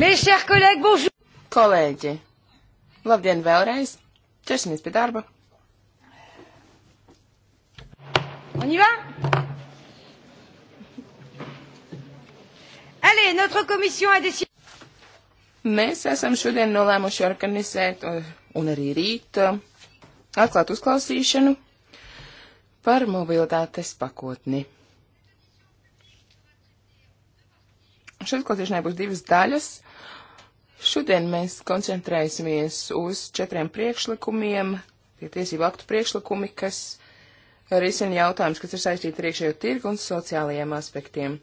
Mes chers collègues, bonjour! Kolēģi, labdien vēlreiz! Ķersimies pie darba! On y va? Allez, notre commission a décidé. Mēs esam šodien nolēmuši organizēt uh, un arī rīt uh, atklāt uzklausīšanu par mobilitātes pakotni. Šai uzklausīšanai būs divas daļas. Šodien mēs koncentrēsimies uz četriem priekšlikumiem, tie tiesību aktu priekšlikumi, kas risina jautājumus, kas ir saistīti ar iekšējo tirgu un sociālajiem aspektiem.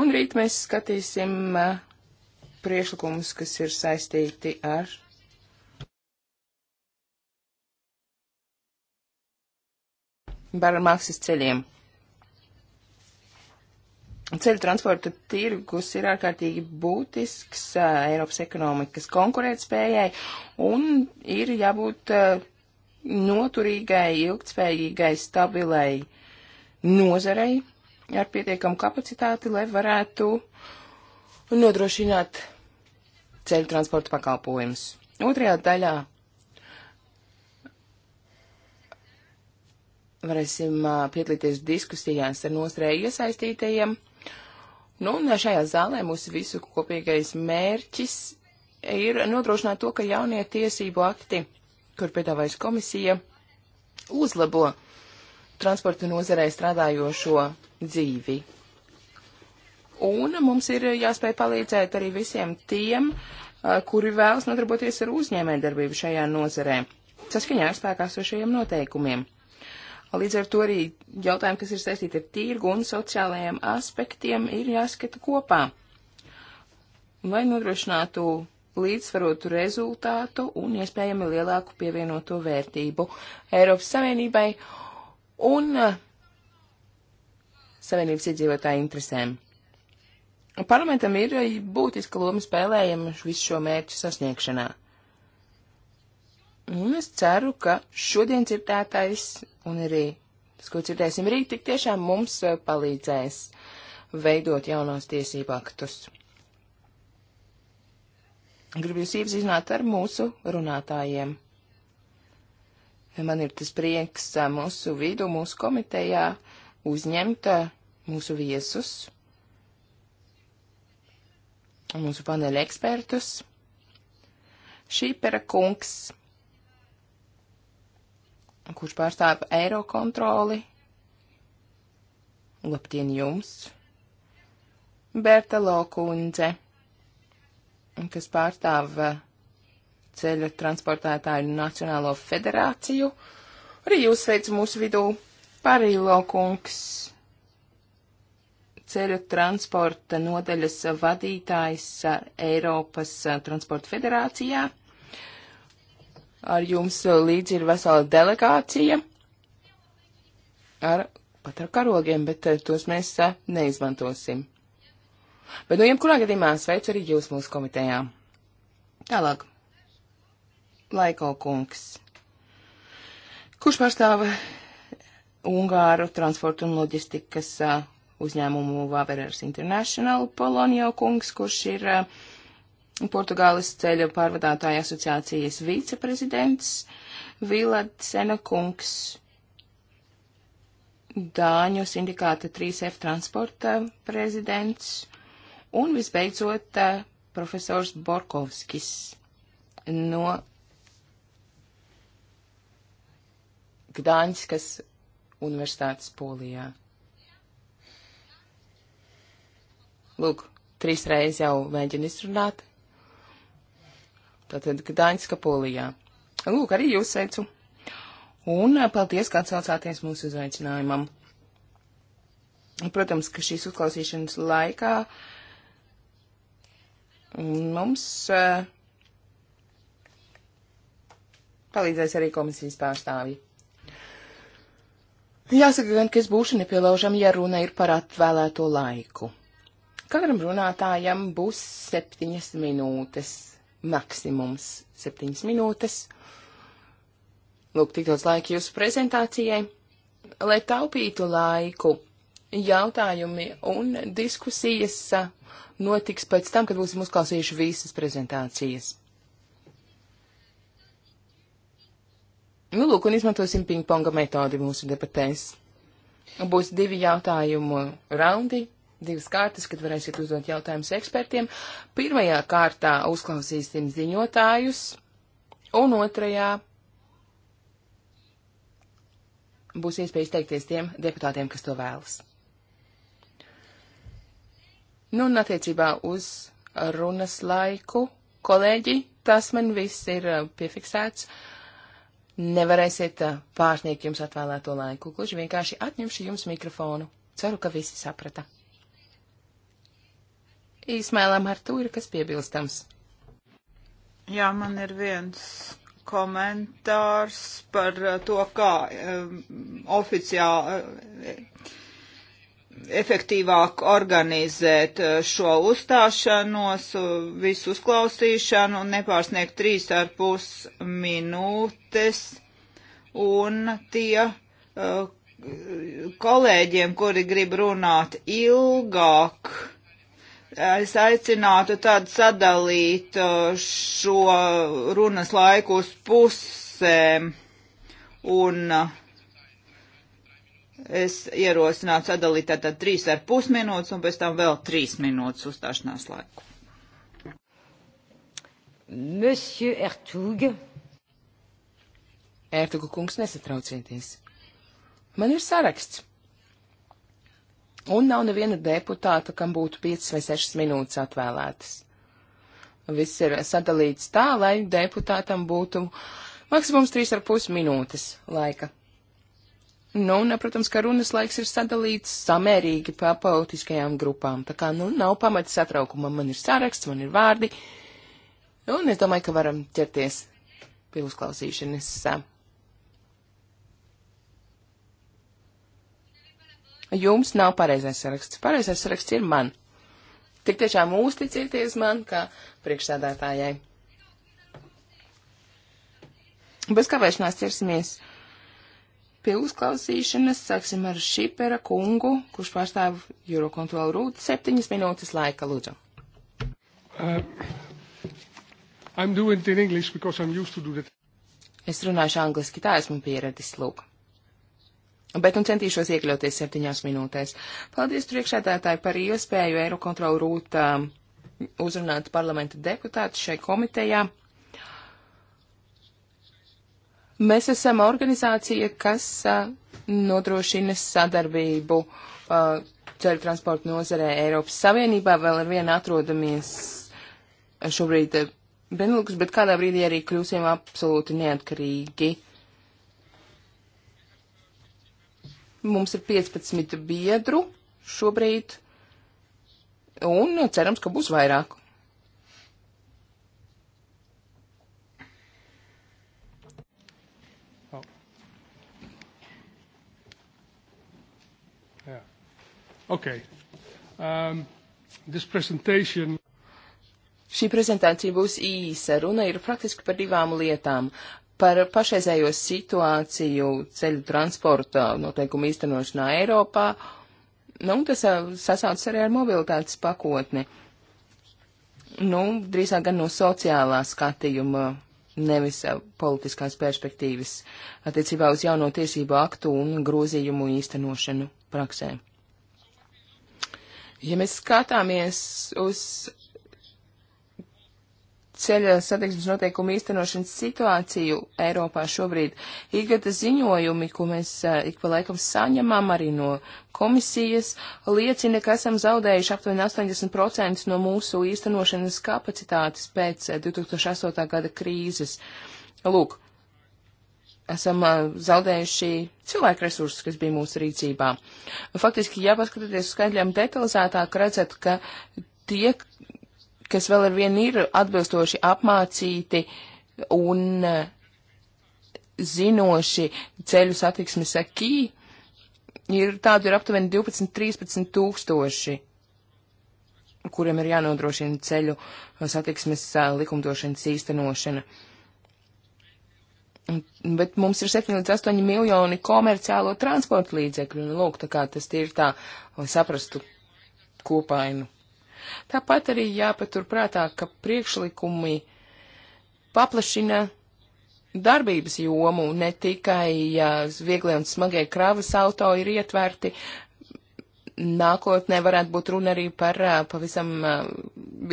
Un rīt mēs skatīsim priekšlikumus, kas ir saistīti ar barmaksas ceļiem. Ceļu transporta tirgus ir ārkārtīgi būtisks Eiropas ekonomikas konkurētspējai un ir jābūt noturīgai, ilgtspējīgai, stabilai nozarei ar pietiekamu kapacitāti, lai varētu nodrošināt ceļu transporta pakalpojumus. Otrajā daļā varēsim piedalīties diskusijās ar nostrēju iesaistītajiem. Nu, un šajā zālē mūsu visu kopīgais mērķis ir nodrošināt to, ka jaunie tiesību akti, kur piedāvājas komisija, uzlabo transporta nozarē strādājošo dzīvi. Un mums ir jāspēj palīdzēt arī visiem tiem, eh, kuri vēlas nodarboties ar uzņēmējdarbību šajā nozarē, saskaņā ar spēkā sošajiem noteikumiem. Līdz ar to arī jautājumi, kas ir saistīti ar tirgu un sociālajiem aspektiem, ir jāskata kopā, lai nodrošinātu līdzsvarotu rezultātu un iespējami lielāku pievienoto vērtību Eiropas Savienībai un eh, Savienības iedzīvotāju interesēm. Parlamentam ir eh, būtiska loma spēlējama visu šo mērķu sasniegšanā. Un es ceru, ka šodien dzirdētais un arī, ko dzirdēsim rīt, tik tiešām mums eh, palīdzēs veidot jaunās tiesību aktus. Gribu jūs iepazīstināt ar mūsu runātājiem. Man ir tas prieks eh, mūsu vidu, mūsu komitejā uzņemt eh, mūsu viesus, mūsu paneļa ekspertus. Šīpera kungs kurš pārstāv eiro kontroli. Labdien jums! Bertelo kundze, kas pārstāv eh, ceļu transportētāju Nacionālo federāciju. Arī jūs sveicu mūsu vidū Parīlo kungs, ceļu transporta nodaļas vadītājs eh, Eiropas eh, transporta federācijā. Ar jums līdzi ir vesela delegācija ar pat ar karogiem, bet eh, tos mēs eh, neizmantosim. Bet, nu, jebkurā gadījumā sveicu arī jūs mūsu komitejā. Tālāk. Laiko kungs. Kurš pārstāv Ungāru transportu un loģistikas eh, uzņēmumu Waverers International Polonio kungs, kurš ir uh, Portugāles ceļu pārvadātāja asociācijas viceprezidents Vilats Senakungs, Dāņu sindikāta 3F transporta prezidents un visbeidzot eh, profesors Borkovskis no Gdaņskas universitātes polijā. Lūk, trīs reizes jau mēģinu izrunāt Tātad Gdaņska polijā. Lūk, arī jūs sveicu. Un eh, paldies, ka atsaucāties mūsu uzaicinājumam. Protams, ka šīs uzklausīšanas laikā mm, mums uh, palīdzēs arī komisijas pārstāvji. Jāsaka gan, ka es būšu nepielaužama, ja runa ir par atvēlēto laiku. Katram runātājam būs septiņas minūtes maksimums - septiņas minūtes. Lūk, tik daudz laika jūsu prezentācijai. Lai taupītu laiku, jautājumi un diskusijas notiks pēc tam, kad būsim uzklausījuši visas prezentācijas. Nu, lūk, un izmantosim pingponga metodi mūsu debatēs. Būs divi jautājumu raundi, divas kārtas, kad varēsiet uzdot jautājumus ekspertiem. Pirmajā kārtā uzklausīsim ziņotājus, un otrajā būs iespēja izteikties tiem deputātiem, kas to vēlas. Nu, un attiecībā uz runas laiku, kolēģi, tas man viss ir uh, piefiksēts. Nevarēsiet uh, pārsniegt jums atvēlēto laiku, gluži vienkārši atņemšu jums mikrofonu. Ceru, ka visi saprata. Īsmēlam ar to ir kas piebilstams. Jā, man ir viens komentārs par eh, to, kā um, oficiāli eh, efektīvāk organizēt eh, šo uzstāšanos, visu uzklausīšanu un nepārsniegt trīs ar pus minūtes. Un tie uh, kolēģiem, kuri grib runāt ilgāk, Es aicinātu tādu sadalīt uh, šo runas laiku uz pusēm un uh, es ierosinātu sadalīt tātad trīs ar pus minūtes un pēc tam vēl trīs minūtes uzstāšanās laiku. Monsieur Ertug. Ertugu kungs, nesatraucieties. Man ir saraksts. Un nav neviena deputāta, kam būtu 5 vai 6 minūtes atvēlētas. Viss ir sadalīts tā, lai deputātam būtu maksimums 3,5 minūtes laika. Nu, un, protams, ka runas laiks ir sadalīts samērīgi pa politiskajām grupām. Tā kā, nu, nav pamata satraukumam. Man ir saraksts, man ir vārdi. Un es domāju, ka varam ķerties pie uzklausīšanas. jums nav pareizais saraksts. Pareizais saraksts ir man. Tik tiešām uzticieties man, kā priekšsēdētājai. Bez kavēšanās ķersimies pie uzklausīšanas. Sāksim ar Šipera kungu, kurš pārstāv Eurokontrolu rūtu septiņas minūtes laika, lūdzu. Uh, I'm doing it in English because I'm used to do that. Es runāšu angliski, tā esmu pieredzis, lūk. Bet nu centīšos iekļauties septiņās minūtēs. Paldies priekšētātāji par iespēju Eirokontrolu rūtā uzrunāt parlamenta deputātu šai komitejā. Mēs esam organizācija, kas a, nodrošina sadarbību ceļu transporta nozarē Eiropas Savienībā. Vēl ar vienu atrodamies šobrīd Benelux, bet kādā brīdī arī kļūsim absolūti neatkarīgi Mums ir 15 biedru šobrīd, un cerams, ka būs vairāk. Oh. Yeah. Okay. Um, this presentation Šī prezentācija būs īsa. Runa ir praktiski par divām lietām. Par pašreizējo situāciju ceļu transporta noteikumu īstenošanā Eiropā, nu, tas uh, sasaucas arī ar mobilitātes pakotni. Nu, drīzāk gan no sociālā skatījuma, nevis uh, politiskās perspektīvas attiecībā uz jauno tiesību aktu un grozījumu īstenošanu praksē. Ja mēs skatāmies uz ceļa satiksmes noteikumu īstenošanas situāciju Eiropā šobrīd. Ikgada ziņojumi, ko mēs eh, ik pa laikam saņemam arī no komisijas, liecina, ka esam zaudējuši aptuveni 80% no mūsu īstenošanas kapacitātes pēc 2008. Eh, gada krīzes. Lūk, esam eh, zaudējuši cilvēku resursus, kas bija mūsu rīcībā. Faktiski, ja paskatāties uz skaidriem detalizētāk, redzat, ka tie kas vēl ar vienu ir atbilstoši apmācīti un eh, zinoši ceļu satiksmes akī, ir tādu ir aptuveni 12-13 tūkstoši, kuriem ir jānodrošina ceļu eh, satiksmes eh, likumdošanas īstenošana. Bet mums ir 7 līdz 8 miljoni komerciālo transporta līdzekļu, un lūk, tā kā tas ir tā, lai saprastu kopainu. Tāpat arī jāpaturprātā, ka priekšlikumi paplašina darbības jomu, ne tikai ja vieglie un smagie kravas auto ir ietverti. Nākotnē varētu būt runa arī par pavisam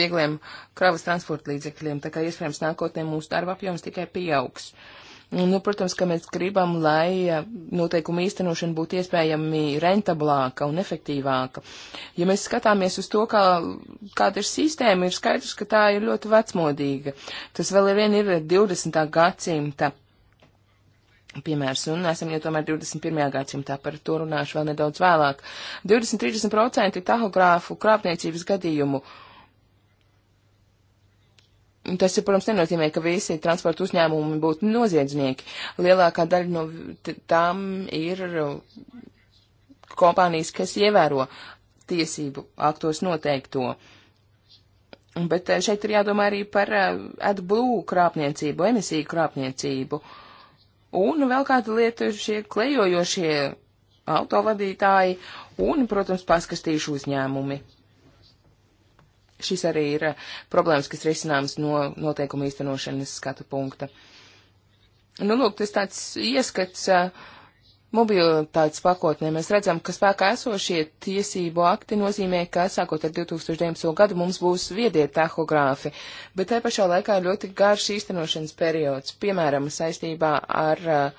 viegliem kravas transporta līdzekļiem, tā kā iespējams nākotnē mūsu darba apjoms tikai pieaugs. Uh, Nu, protams, ka mēs gribam, lai eh, noteikuma īstenošana būtu iespējami rentablāka un efektīvāka. Ja mēs skatāmies uz to, kā, kāda ir sistēma, ir skaidrs, ka tā ir ļoti vecmodīga. Tas vēl ir vien ir 20. gadsimta. Piemērs, un esam jau tomēr 21. gadsimtā, par to runāšu vēl nedaudz vēlāk. 20-30% tahogrāfu krāpniecības gadījumu uh, Tas, protams, nenozīmē, ka visi transporta uzņēmumi būtu noziedznieki. Lielākā daļa no tām ir uh, kompānijas, kas ievēro tiesību aktos noteikto. Bet uh, šeit ir jādomā arī par uh, atblū krāpniecību, emisiju krāpniecību. Un vēl kāda lieta šie klejojošie autovadītāji un, protams, paskastīšu uzņēmumi šis arī ir eh, problēmas, kas risināmas no noteikuma īstenošanas skatu punkta. Nu, lūk, tas tāds ieskats eh, mobilitātes pakotnē. Mēs redzam, ka spēkā esošie tiesību akti nozīmē, ka sākot ar 2019. gadu mums būs viedie tahogrāfi, bet te pašā laikā ir ļoti garš īstenošanas periods, piemēram, saistībā ar eh,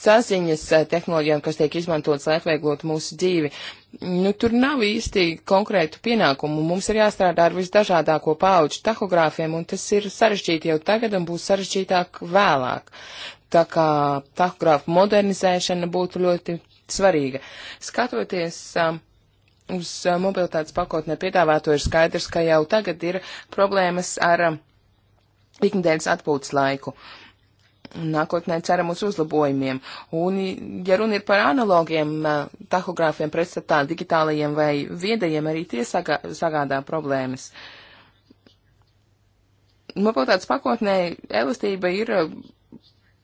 saziņas tehnoloģijām, kas tiek izmantotas, lai atvieglotu mūsu dzīvi. Nu, tur nav īsti konkrētu pienākumu. Mums ir jāstrādā ar visdažādāko pauģu tahogrāfiem, un tas ir sarežģīti jau tagad un būs sarežģītāk vēlāk. Tā kā tahogrāfa modernizēšana būtu ļoti svarīga. Skatoties um, uz uh, mobilitātes pakotnē piedāvāto, ir skaidrs, ka jau tagad ir problēmas ar um, ikdienas atpūtas laiku. Uh, nākotnē ceram uz uzlabojumiem. Un, ja runa ir par analogiem tahogrāfiem pretstatā digitālajiem vai viedajiem, arī tie saga sagādā problēmas. Mobilitātes pakotnē elastība ir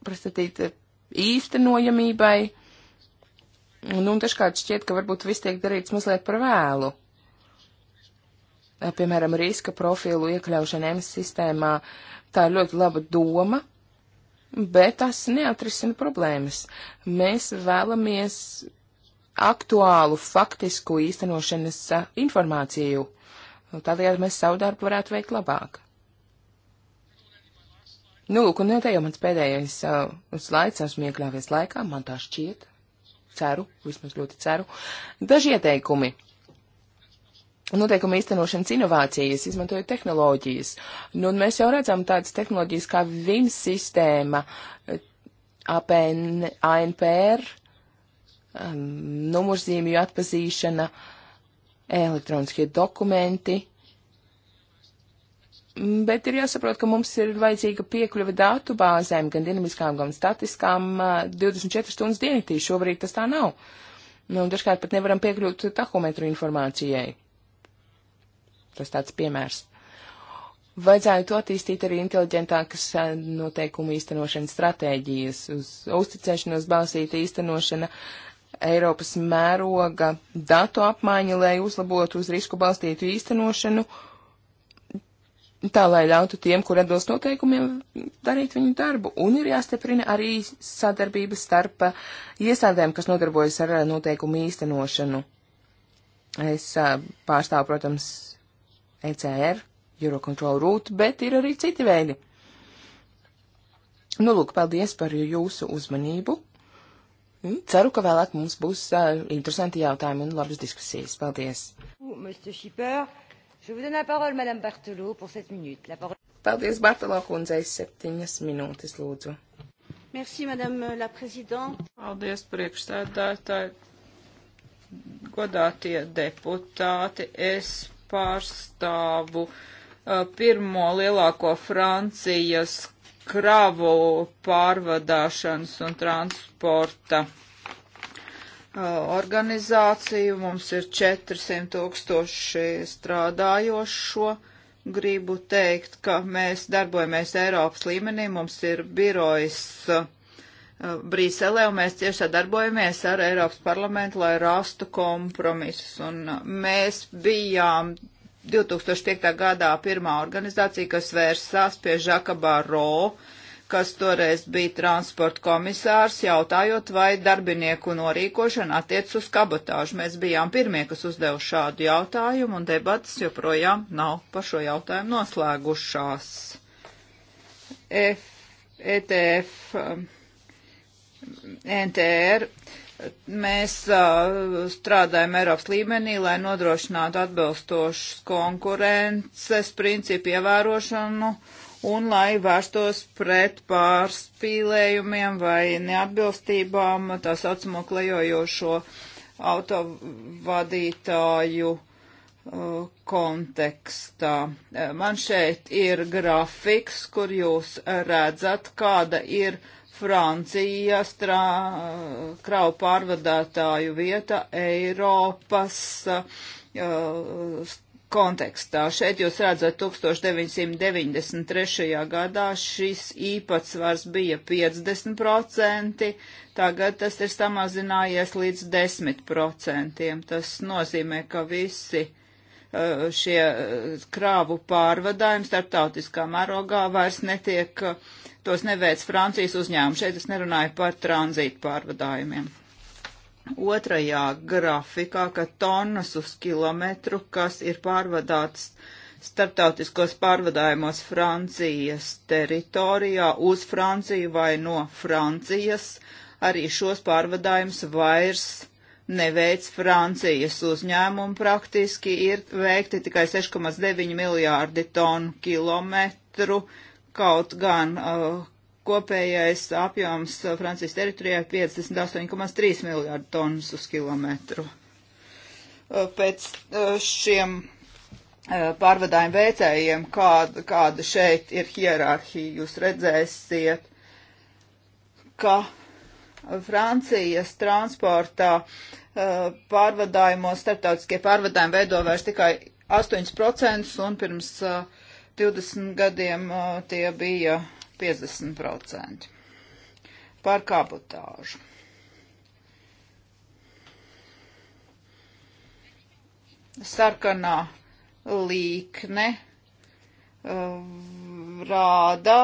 pretstatīta īstenojamībai, nu, un dažkārt šķiet, ka varbūt viss tiek darīts mazliet par vēlu. Piemēram, riska profilu iekļaušana MS sistēmā, tā ir ļoti laba doma, bet tas neatrisina problēmas. Mēs vēlamies aktuālu, faktisku īstenošanas informāciju. Nu, tādējādi mēs savu darbu varētu veikt labāk. Nu, lūk, un te jau mans pēdējais uh, slaids, esmu iekļāvies laikā, man tā šķiet. Ceru, vismaz ļoti ceru. Daži ieteikumi noteikumu īstenošanas inovācijas, izmantojot tehnoloģijas. Nu, un mēs jau redzam tādas tehnoloģijas kā VIM sistēma, APN, ANPR, um, numurzīmju atpazīšana, elektroniskie dokumenti. Mm, bet ir jāsaprot, ka mums ir vajadzīga piekļuve datu bāzēm, gan dinamiskām, gan statiskām, 24 uh, stundas dienitī. Šobrīd tas tā nav. Nu, dažkārt pat nevaram piekļūt tahometru informācijai. Tas tāds piemērs. Vajadzētu attīstīt arī inteliģentākas eh, noteikumu īstenošanas stratēģijas, uz uzticēšanos balstīta īstenošana, Eiropas mēroga datu apmaiņa, lai uzlabotu uz risku balstītu īstenošanu, tā lai ļautu tiem, kur atbilst noteikumiem, darīt viņu darbu. Un ir jāstiprina arī sadarbības starp eh, iestādēm, kas nodarbojas ar eh, noteikumu īstenošanu. Es pārstāvu, protams, ECR, Eurocontrol Route, bet ir arī citi veidi. Nu, lūk, paldies par jūsu uzmanību. Ceru, ka vēlāk mums būs uh, interesanti jautājumi un labas diskusijas. Paldies! Paldies, Bartolo kundzei, septiņas minūtes lūdzu. Merci, madame la présidente. Paldies, priekšstādātāji, godātie deputāti. Es pārstāvu uh, pirmo lielāko Francijas kravu pārvadāšanas un transporta uh, organizāciju. Mums ir 400 tūkstoši strādājošo. Gribu teikt, ka mēs darbojamies Eiropas līmenī, mums ir birojas uh, Brīselē, un mēs cieši sadarbojamies ar Eiropas parlamentu, lai rastu kompromisus. Un uh, mēs bijām 2005. gadā pirmā organizācija, kas vērsās pie Žaka Baro, kas toreiz bija transporta komisārs, jautājot, vai darbinieku norīkošana attiec uz kabotāžu. Mēs bijām pirmie, kas uzdeva šādu jautājumu, un debatas joprojām nav par šo jautājumu noslēgušās. F, ETF. Um, NTR mēs uh, strādājam Eiropas līmenī, lai nodrošinātu atbilstošas konkurences principu ievērošanu un lai vērstos pret pārspīlējumiem vai neatbilstībām tā saucamo klejojošo autovadītāju uh, kontekstā. Man šeit ir grafiks, kur jūs redzat, kāda ir uh, Francijas kravu pārvadātāju vieta Eiropas uh, kontekstā. Šeit jūs redzat 1993. gadā šis īpatsvars bija 50%, tagad tas ir samazinājies līdz 10%. Tas nozīmē, ka visi uh, šie uh, krāvu pārvadājumi starptautiskā mērogā vairs netiek uh, tos neveic Francijas uzņēmumi. Šeit es nerunāju par tranzītu pārvadājumiem. Otrajā grafikā, ka tonnas uz kilometru, kas ir pārvadāts starptautiskos pārvadājumos Francijas teritorijā uz Franciju vai no Francijas, arī šos pārvadājumus vairs neveic Francijas uzņēmumu praktiski ir veikti tikai 6,9 miljārdi tonu kilometru uh, kaut gan uh, kopējais apjoms uh, Francijas teritorijā ir 58,3 miljārdu tonnas uz kilometru. Uh, pēc uh, šiem pārvadājumu veicējiem, kāda, kāda šeit ir hierarhija, jūs redzēsiet, ka Francijas transportā pārvadājumos starptautiskie pārvadājumi veido vairs tikai 8% un pirms uh, 20 gadiem tie bija 50% par kabotāžu. Sarkanā līkne rāda,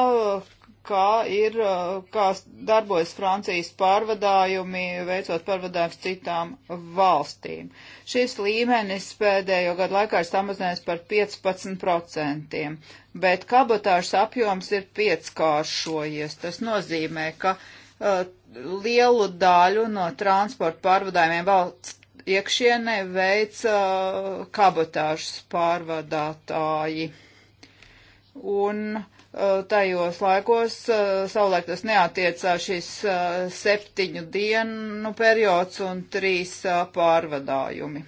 kā ir, uh, kā darbojas Francijas pārvadājumi, veicot pārvadājumus citām valstīm. Šis līmenis pēdējo gadu laikā ir samazinājies par 15%, bet kabotāžas apjoms ir pieckāršojies. Tas nozīmē, ka uh, lielu daļu no transporta pārvadājumiem valsts iekšienē veic uh, kabotāžas pārvadātāji. Un uh, Eh, tajos laikos eh, savulaik tas neatiecā šis eh, septiņu dienu periods un trīs pārvadājumi.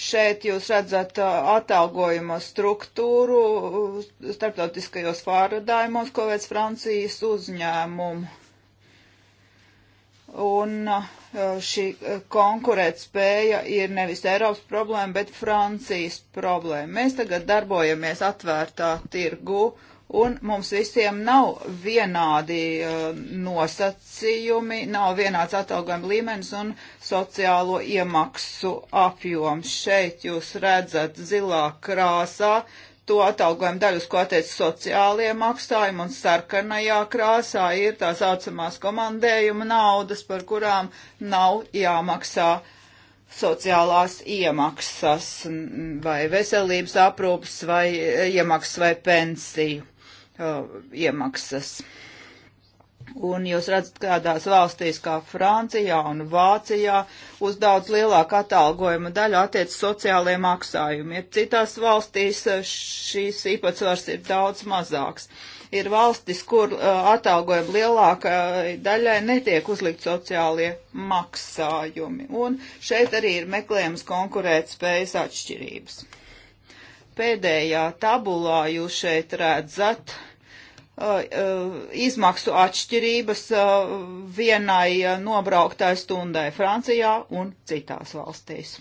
Šeit jūs redzat atalgojuma struktūru starptautiskajos pārvadājumos, ko veids Francijas uzņēmumu Un uh, šī uh, konkurētspēja ir nevis Eiropas problēma, bet Francijas problēma. Mēs tagad darbojamies atvērtā tirgu, un mums visiem nav vienādi uh, nosacījumi, nav vienāds atalgojuma līmenis un sociālo iemaksu apjoms. Šeit jūs redzat zilā krāsā to atalgojumu daļu, uz ko attiec sociālie maksājumi un sarkanajā krāsā ir tā saucamās komandējuma naudas, par kurām nav jāmaksā sociālās iemaksas vai veselības aprūpas vai iemaksas vai pensiju uh, iemaksas. Uh, Un jūs redzat, kādās valstīs kā Francijā un Vācijā uz daudz lielāku atalgojuma daļu attiec sociālajie maksājumi. Ir citās valstīs eh, šīs īpatsvars ir daudz mazāks. Ir valstis, kur uh, atalgojuma lielākai eh, daļai netiek uzlikt sociālie maksājumi. Un šeit arī ir meklējums konkurētspējas atšķirības. Pēdējā tabulā jūs šeit redzat Uh, izmaksu atšķirības uh, vienai uh, nobrauktai stundai Francijā un citās valstīs.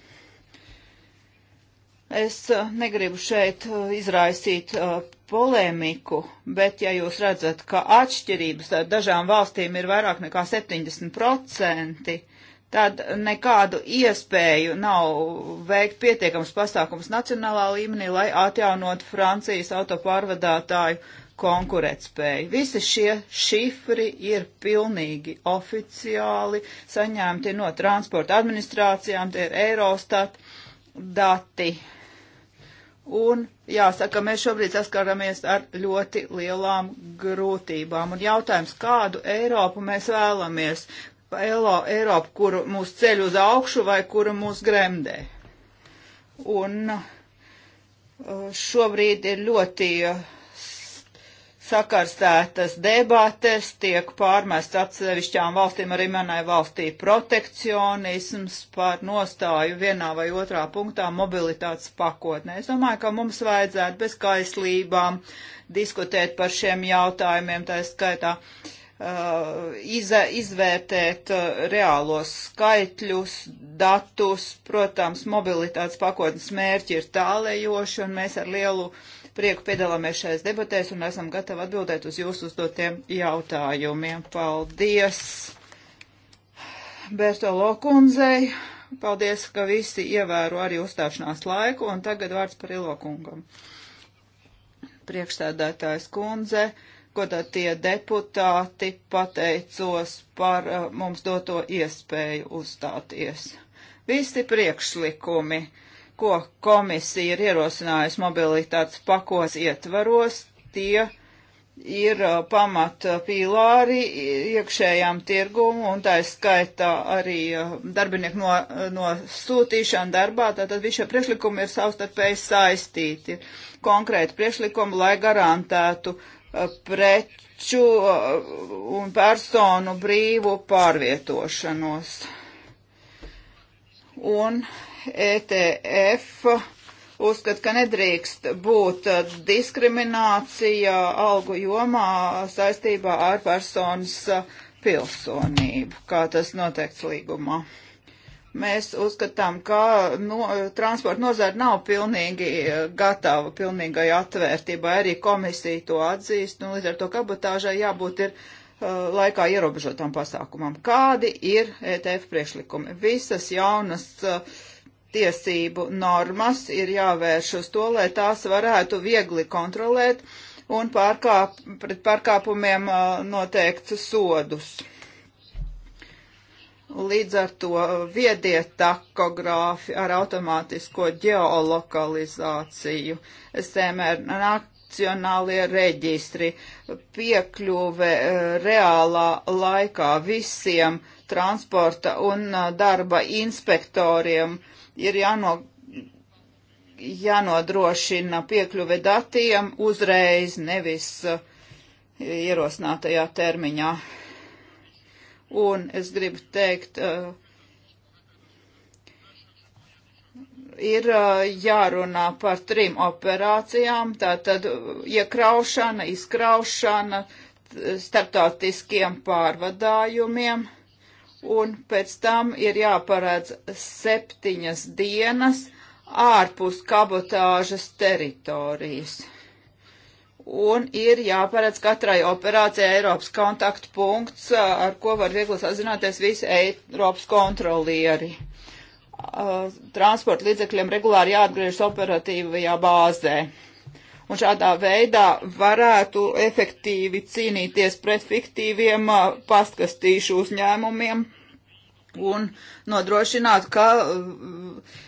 Es negribu šeit izraisīt polēmiku, bet ja jūs redzat, ka atšķirības dažām valstīm ir vairāk nekā 70%, tad nekādu iespēju nav veikt pietiekams pasākums nacionālā līmenī, lai atjaunot Francijas autopārvadātāju konkurētspēju. Visi šie šifri ir pilnīgi oficiāli saņemti no transporta administrācijām, tie ir Eurostat dati. Un jāsaka, mēs šobrīd saskaramies ar ļoti lielām grūtībām. Un jautājums, kādu Eiropu mēs vēlamies? Elo, Eiropu, kuru mūs ceļ uz augšu vai kuru mūs gremdē? Un uh, šobrīd ir ļoti uh, sakarstētas debates, tiek pārmest atsevišķām valstīm, arī manai valstī protekcionisms par nostāju vienā vai otrā punktā mobilitātes pakotnē. Es domāju, ka mums vajadzētu bez kaislībām diskutēt par šiem jautājumiem, tā skaitā uh, iz, izvērtēt uh, reālos skaitļus, datus. Protams, mobilitātes pakotnes mērķi ir tālējoši, un mēs ar lielu uh, prieku piedalāmies šajās debatēs un esam gatavi atbildēt uz jūsu uzdotiem jautājumiem. Paldies Bertolo kundzei, paldies, ka visi ievēro arī uzstāšanās laiku, un tagad vārds par Ilo kungam. Priekšstādātājs kundze, godātie deputāti, pateicos par uh, mums doto iespēju uzstāties. Visi priekšlikumi ko komisija ir ierosinājusi mobilitātes pakos ietvaros, tie ir uh, pamat uh, pīlāri iekšējām tirgumu un tā skaitā arī uh, darbinieku no, no sūtīšana darbā. Tātad visi šie priekšlikumi ir savstarpēji saistīti. Ir konkrēti priekšlikumi, lai garantētu preču un personu brīvu pārvietošanos. Un uh, ETF uzskata, ka nedrīkst būt uh, diskriminācija algu jomā saistībā ar personas uh, pilsonību, kā tas noteikts līgumā. Mēs uzskatām, ka no, transporta nozara nav pilnīgi uh, gatava pilnīgai atvērtībai, arī komisija to atzīst, un līdz ar to kabatāžai jābūt ir laikā ierobežotām pasākumam. Kādi ir ETF priekšlikumi? Visas jaunas uh, tiesību normas ir jāvērš uz to, lai tās varētu viegli kontrolēt un pārkāp, pret pārkāpumiem uh, noteikt sodus. Līdz ar to viedie takogrāfi ar automātisko ģeolokalizāciju, SMR nacionālie reģistri, piekļuve uh, reālā laikā visiem transporta un uh, darba inspektoriem uh, ir jāno, jānodrošina piekļuve datiem uzreiz, nevis uh, ierosinātajā termiņā. Un es gribu teikt, uh, ir eh, jārunā par trim operācijām - tātad iekraušana, izkraušana, starptautiskiem pārvadājumiem un pēc tam ir jāparādz septiņas dienas ārpus kabotāžas teritorijas. Un ir jāparedz katrai operācijai Eiropas kontaktu punkts, ar ko var viegli sazināties visi Eiropas kontrolieri. Transporta līdzekļiem regulāri jāatgriežas operatīvajā bāzē un šādā veidā varētu efektīvi cīnīties pret fiktīviem pastkastīšu uzņēmumiem un nodrošināt, ka uh,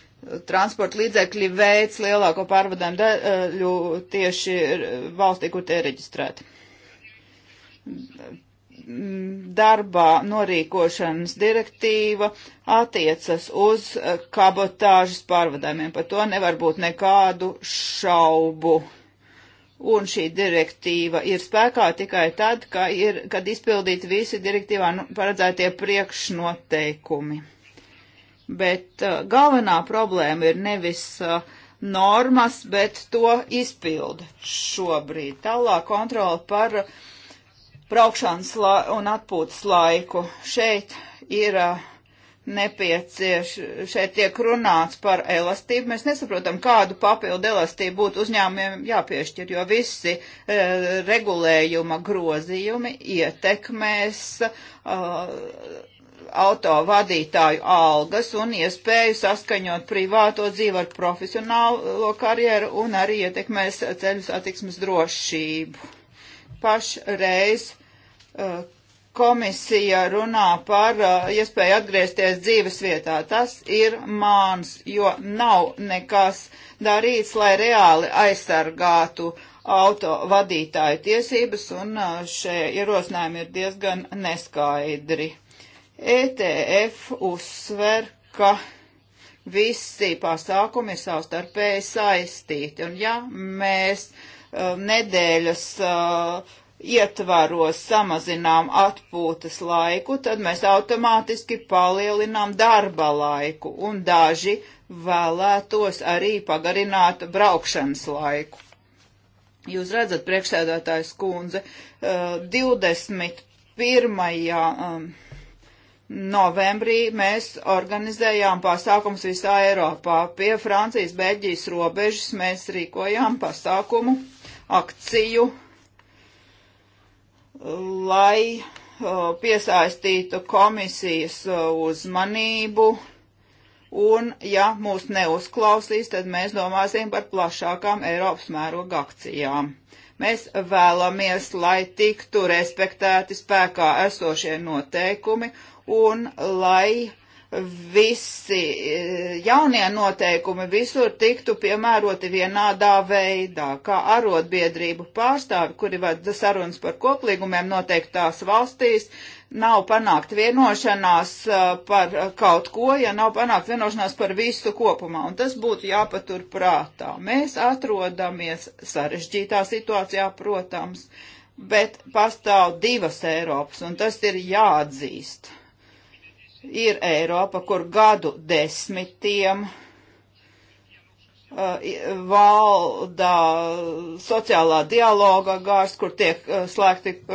transporta līdzekļi veids lielāko pārvadājumu daļu tieši valstī, kur tie ir reģistrēti. Darbā norīkošanas direktīva attiecas uz kabotāžas pārvadājumiem. Par to nevar būt nekādu šaubu. Uh, un šī direktīva ir spēkā tikai tad, ka ir, kad izpildīti visi direktīvā nu, paredzētie priekšnoteikumi. Bet uh, galvenā problēma ir nevis uh, normas, bet to izpildu šobrīd. Tālāk kontrola par braukšanas un atpūtas laiku. Šeit ir uh, nepiecieš, šeit tiek runāts par elastību. Mēs nesaprotam, kādu papildu elastību būtu uzņēmumiem jāpiešķir, jo visi e, regulējuma grozījumi ietekmēs e, auto vadītāju algas un iespēju saskaņot privāto dzīvi ar profesionālo karjeru un arī ietekmēs ceļu satiksmes drošību. Pašreiz e, komisija runā par uh, iespēju atgriezties dzīves vietā. Tas ir māns, jo nav nekas darīts, lai reāli aizsargātu auto vadītāju tiesības, un uh, šie ierosinājumi ir diezgan neskaidri. ETF uzsver, ka visi pasākumi ir savstarpēji saistīti, un ja mēs uh, nedēļas uh, ietvaros samazinām atpūtas laiku, tad mēs automātiski palielinām darba laiku, un daži vēlētos arī pagarināt braukšanas laiku. Jūs redzat, priekšsēdētājs kundze, 21. Eh, ehm, novembrī mēs organizējām pasākums visā Eiropā. Pie Francijas-Beļģijas robežas mēs rīkojām pasākumu akciju lai piesaistītu komisijas uzmanību, un ja mūs neuzklausīs, tad mēs domāsim par plašākām Eiropas mēroga akcijām. Mēs vēlamies, lai tiktu respektēti spēkā esošie noteikumi un lai visi eh, jaunie noteikumi visur tiktu piemēroti vienādā veidā, kā arotbiedrību pārstāvi, kuri vada sarunas par koplīgumiem noteiktās valstīs, nav panākt vienošanās eh, par kaut ko, ja nav panākt vienošanās par visu kopumā, un tas būtu jāpatur prātā. Mēs atrodamies sarežģītā situācijā, protams, bet pastāv divas Eiropas, un tas ir jāatzīst ir Eiropa, kur gadu desmitiem uh, valda sociālā dialoga gārs, kur tiek uh, slēgti uh,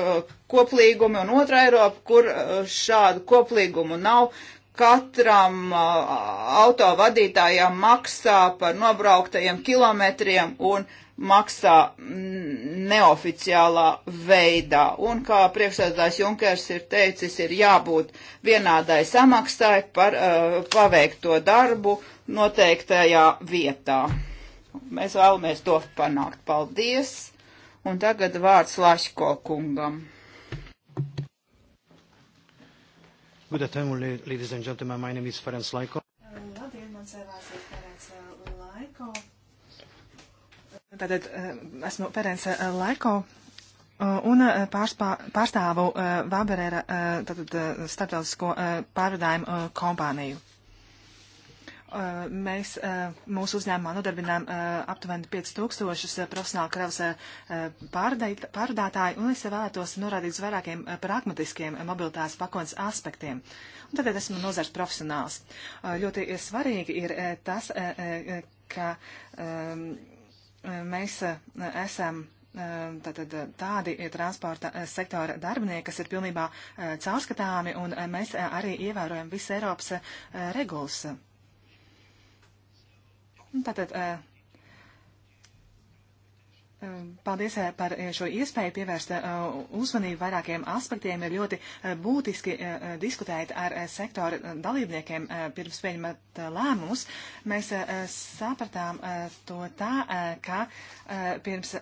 koplīgumi, un otra Eiropa, kur šādu koplīgumu nav. Katram autovadītājam maksā par nobrauktajiem kilometriem un uh, maksā neoficiālā veidā. Un kā priekšsēdētājs Junkers ir teicis, ir jābūt vienādai samaksai par uh, paveikto darbu noteiktajā vietā. Mēs vēlamies to panākt. Paldies! Un tagad vārds Laško kungam. Good afternoon, ladies and gentlemen. My name is Ferenc Laiko. Labdien, mans vārds ir Ferenc uh, Laiko. Tātad eh, esmu Perence eh, Leko eh, un pārspā, pārstāvu Vaberera tātad, starptautisko pārvadājumu kompāniju. Mēs mūsu uzņēmumā nodarbinām aptuveni 5000 profesionālu kravas pārdātāju, un es vēlētos norādīt uz vairākiem pragmatiskiem mobilitātes pakotnes aspektiem. Un tad esmu nozars profesionāls. Ļoti svarīgi ir tas, ka ehm, mēs e, esam e, tātad e, tādi transporta sektora darbinieki, kas ir pilnībā caurskatāmi, un mēs arī ievērojam visu Eiropas regulas. Tātad Paldies eh, par eh, šo iespēju pievērst eh, uzmanību vairākiem aspektiem. Ir ļoti būtiski diskutēt ar sektora dalībniekiem pirms pieņemat lēmumus. Mēs sapratām to tā, ka pirms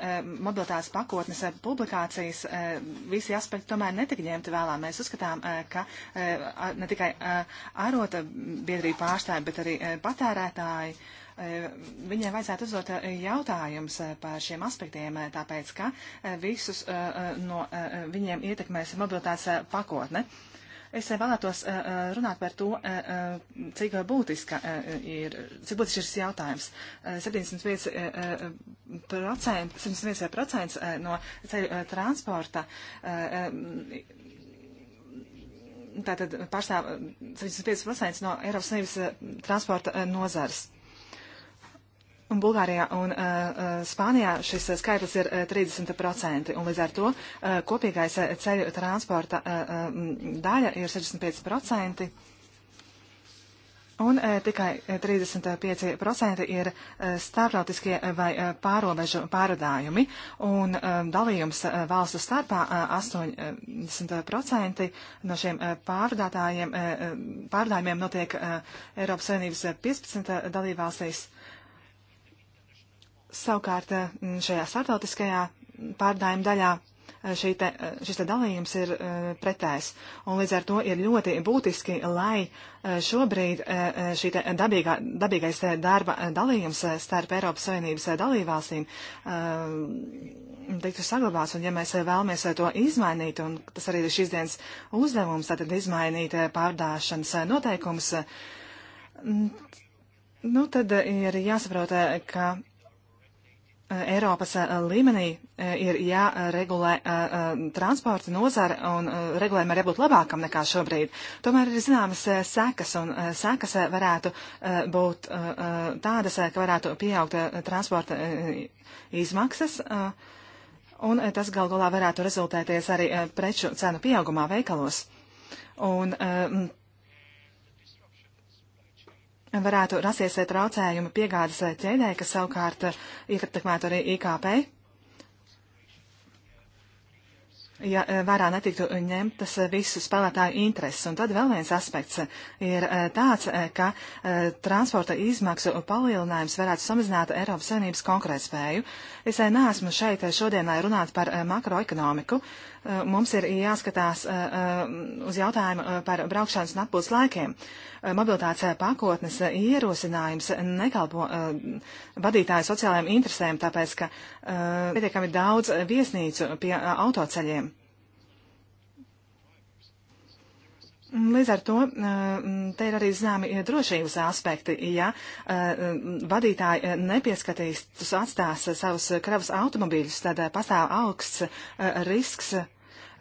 mobilitātes pakotnes publikācijas visi aspekti tomēr netika ņemti vēlā. Mēs uzskatām, ka ne tikai arota biedrība pārstāvja, bet arī patērētāji Eh, viņai vajadzētu uzdot eh, jautājums eh, par šiem aspektiem, tāpēc ka visus no viņiem ietekmēs mobilitātes pakotne. Es vēlētos runāt par to, cik būtiska ir, cik būtiski ir šis jautājums. 75%, 75 no ceļu transporta tātad pārstāv 75% no Eiropas Savienības transporta nozares. Un Bulgārijā un uh, Spānijā šis skaitlis ir 30%, eh, un līdz ar to uh, kopīgais ceļu transporta uh, daļa ir 65%, un uh, tikai 35% ir uh, starptautiskie vai uh, pārobežu pārādājumi, un uh, dalījums uh, valstu starpā uh, 80% no šiem uh, pārādājumiem uh, notiek uh, Eiropas Savienības 15 dalībvalstīs. Uh, Savukārt mm, šajā startautiskajā pārdājuma daļā eh, te, eh, šis te dalījums ir eh, pretējs. Un līdz ar to ir ļoti būtiski, lai šobrīd šī dabīgā, dabīgais darba dalījums starp Eiropas Savienības dalībvalstīm tiktu saglabāts. Un ja mēs vēlamies to izmainīt, un tas arī ir šīs dienas uzdevums, tātad izmainīt pārdāšanas noteikums, mm, nu tad ir jāsaprot, ka Eh, Eiropas eh, līmenī eh, ir jāregulē transporta nozara un regulējumam ir jābūt labākam nekā šobrīd. Tomēr ir zināmas sekas un sekas varētu būt tādas, ka varētu pieaugt transporta izmaksas. Un tas gal galā varētu rezultēties arī preču cenu pieaugumā veikalos. Un, uh, varētu rasties eh, traucējumi piegādes eh, ķēdē, kas savukārt eh, ietekmētu arī IKP. Ja vērā netiktu ņemtas visu spēlētāju intereses. Un tad vēl viens aspekts ir tāds, ka transporta izmaksu palielinājums varētu samazināt Eiropas Savienības konkurētspēju. Es neesmu šeit šodien, lai runātu par makroekonomiku, Eh, mums ir jāskatās eh, eh, uz jautājumu par braukšanas un atpūtas laikiem. Mobilitātes pakotnes ierosinājums nekalpo vadītāju sociālajiem interesēm, tāpēc ka pietiekami daudz viesnīcu pie autoceļiem. Mm, līdz ar to mm, te ir arī zināmi drošības aspekti. Ja mm, vadītāji nepieskatīs, atstās savus kravas automobīļus, tad pastāv augsts risks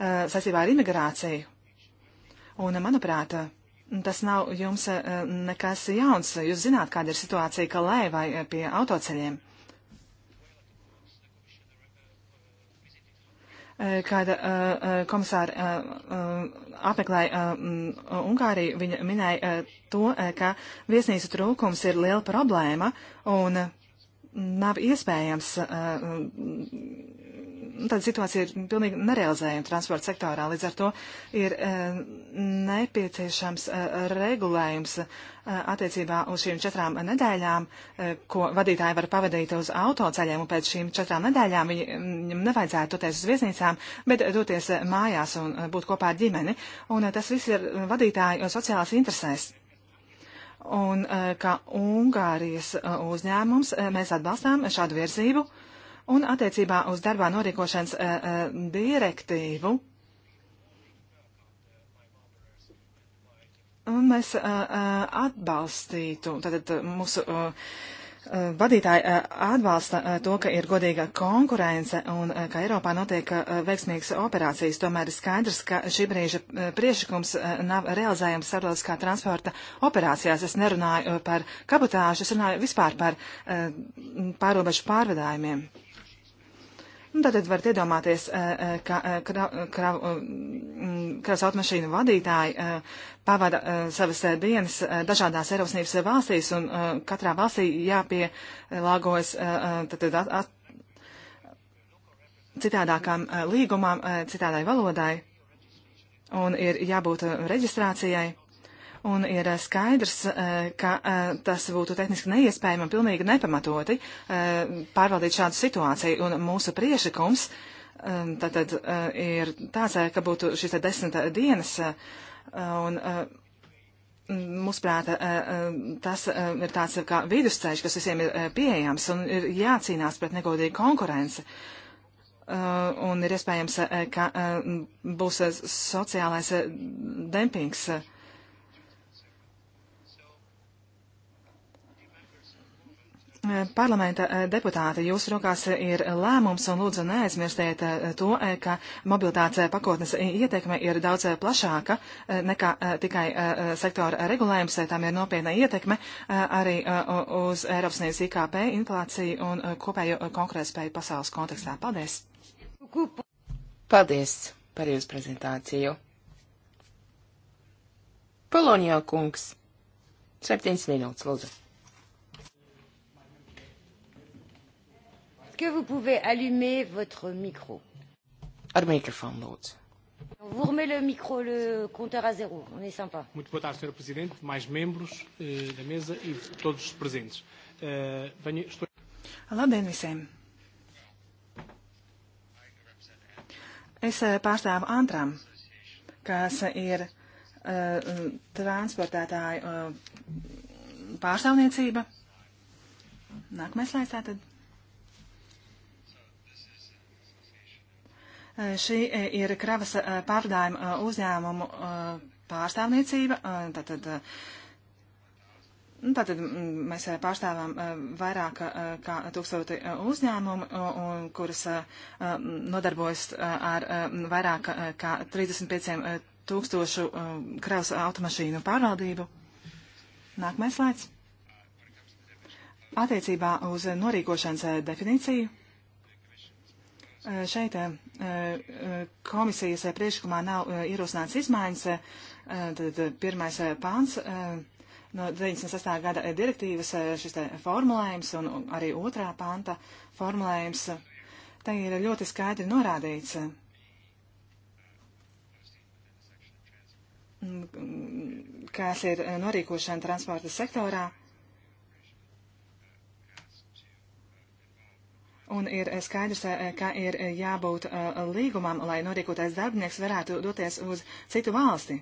Uh, saistībā ar imigrāciju. Un, uh, manuprāt, uh, tas nav jums nekas jauns. Jūs zināt, kāda ir situācija Kalē vai pie autoceļiem. Kāda komisāra apmeklēja Ungāriju, viņa minēja to, ka viesnīcu trūkums ir liela problēma un nav iespējams tāda situācija ir pilnīgi nerealizējama transporta sektorā. Līdz ar to ir eh, nepieciešams eh, regulējums eh, attiecībā uz šīm četrām nedēļām, ko vadītāji var pavadīt uz autoceļiem, un pēc šīm četrām nedēļām viņam nevajadzētu doties uz viesnīcām, bet doties mājās un būt kopā ar ģimeni. Un tas viss ir vadītāju sociālās interesēs un kā Ungārijas uzņēmums mēs atbalstām šādu virzību. Un attiecībā uz darbā norīkošanas uh, uh, direktīvu. Un mēs uh, atbalstītu, tātad mūsu vadītāji atbalsta to, ka ir godīga konkurence un ka Eiropā notiek veiksmīgas operācijas. Tomēr ir skaidrs, ka šī brīža priešakums nav realizējams starptautiskā transporta operācijās. Es nerunāju par kabotāžu, es runāju vispār par pārobežu pārvadājumiem. Un nu, tātad varat iedomāties, eh, eh, ka eh, mm, kravas automašīnu vadītāji pavada savas dienas dažādās Eiropas Savienības valstīs, un katrā valstī jāpielāgojas tātad at, at, citādākām līgumām, citādai valodai, un ir jābūt reģistrācijai. Un ir eh, skaidrs, eh, ka eh, tas būtu tehniski neiespējami un pilnīgi nepamatoti pārvaldīt šādu situāciju. Un mūsu priešakums tātad ir tāds, ka būtu šīs desmit dienas. Un, Mūsuprāt, tas ir tāds kā vidusceļš, kas visiem ir pieejams un ir jācīnās pret negodīgu konkurenci un ir iespējams, ka būs sociālais dempings. Parlamenta eh, deputāti, jūsu rokās ir lēmums un lūdzu neaizmirstiet eh, to, eh, ka mobilitātes pakotnes ietekme ir daudz plašāka nekā tikai sektora regulējums, tam ir nopietna ietekme arī uz Eiropas Savienības IKP inflāciju un kopējo konkurētspēju pasaules kontekstā. Paldies! Paldies par jūsu prezentāciju! Polonijā kungs, septiņas minūtes, lūdzu. Est-ce que vous pouvez allumer votre micro? Ar microfone, lūdzu. On vous remet le micro, le compteur à zéro. On est sympa. Muito boa tarde, Sr. Presidente, mais membros eh, da mesa e todos os presentes. Eh, venho, estou... Labdien visiem! Es eh, pārstāvu Antram, kas ir uh, transportētāju uh, pārstāvniecība. Nākamais slaids tātad. Šī eh, eh, ir kravas pārdājuma uzņēmumu pārstāvniecība. Tātad, Tātad mēs pārstāvām vairāk kā tūkstoti eh, uzņēmumu, kuras mm, nodarbojas ar mm, vairāk kā 35 tūkstošu kravas automašīnu pārvaldību. Nākamais slaids. Attiecībā uz norīkošanas definīciju. Eh, šeit eh, eh, komisijas priekšlikumā nav ierosināts izmaiņas. Tad pirmais pāns no 96. gada direktīvas šis formulējums un arī otrā panta formulējums. Te ir ļoti skaidri norādīts, mm, mm, kas ir norīkošana transporta sektorā. Un ir eh, skaidrs, eh, eh, ka ir jābūt līgumam, lai norīkotais darbinieks varētu doties uz citu valsti,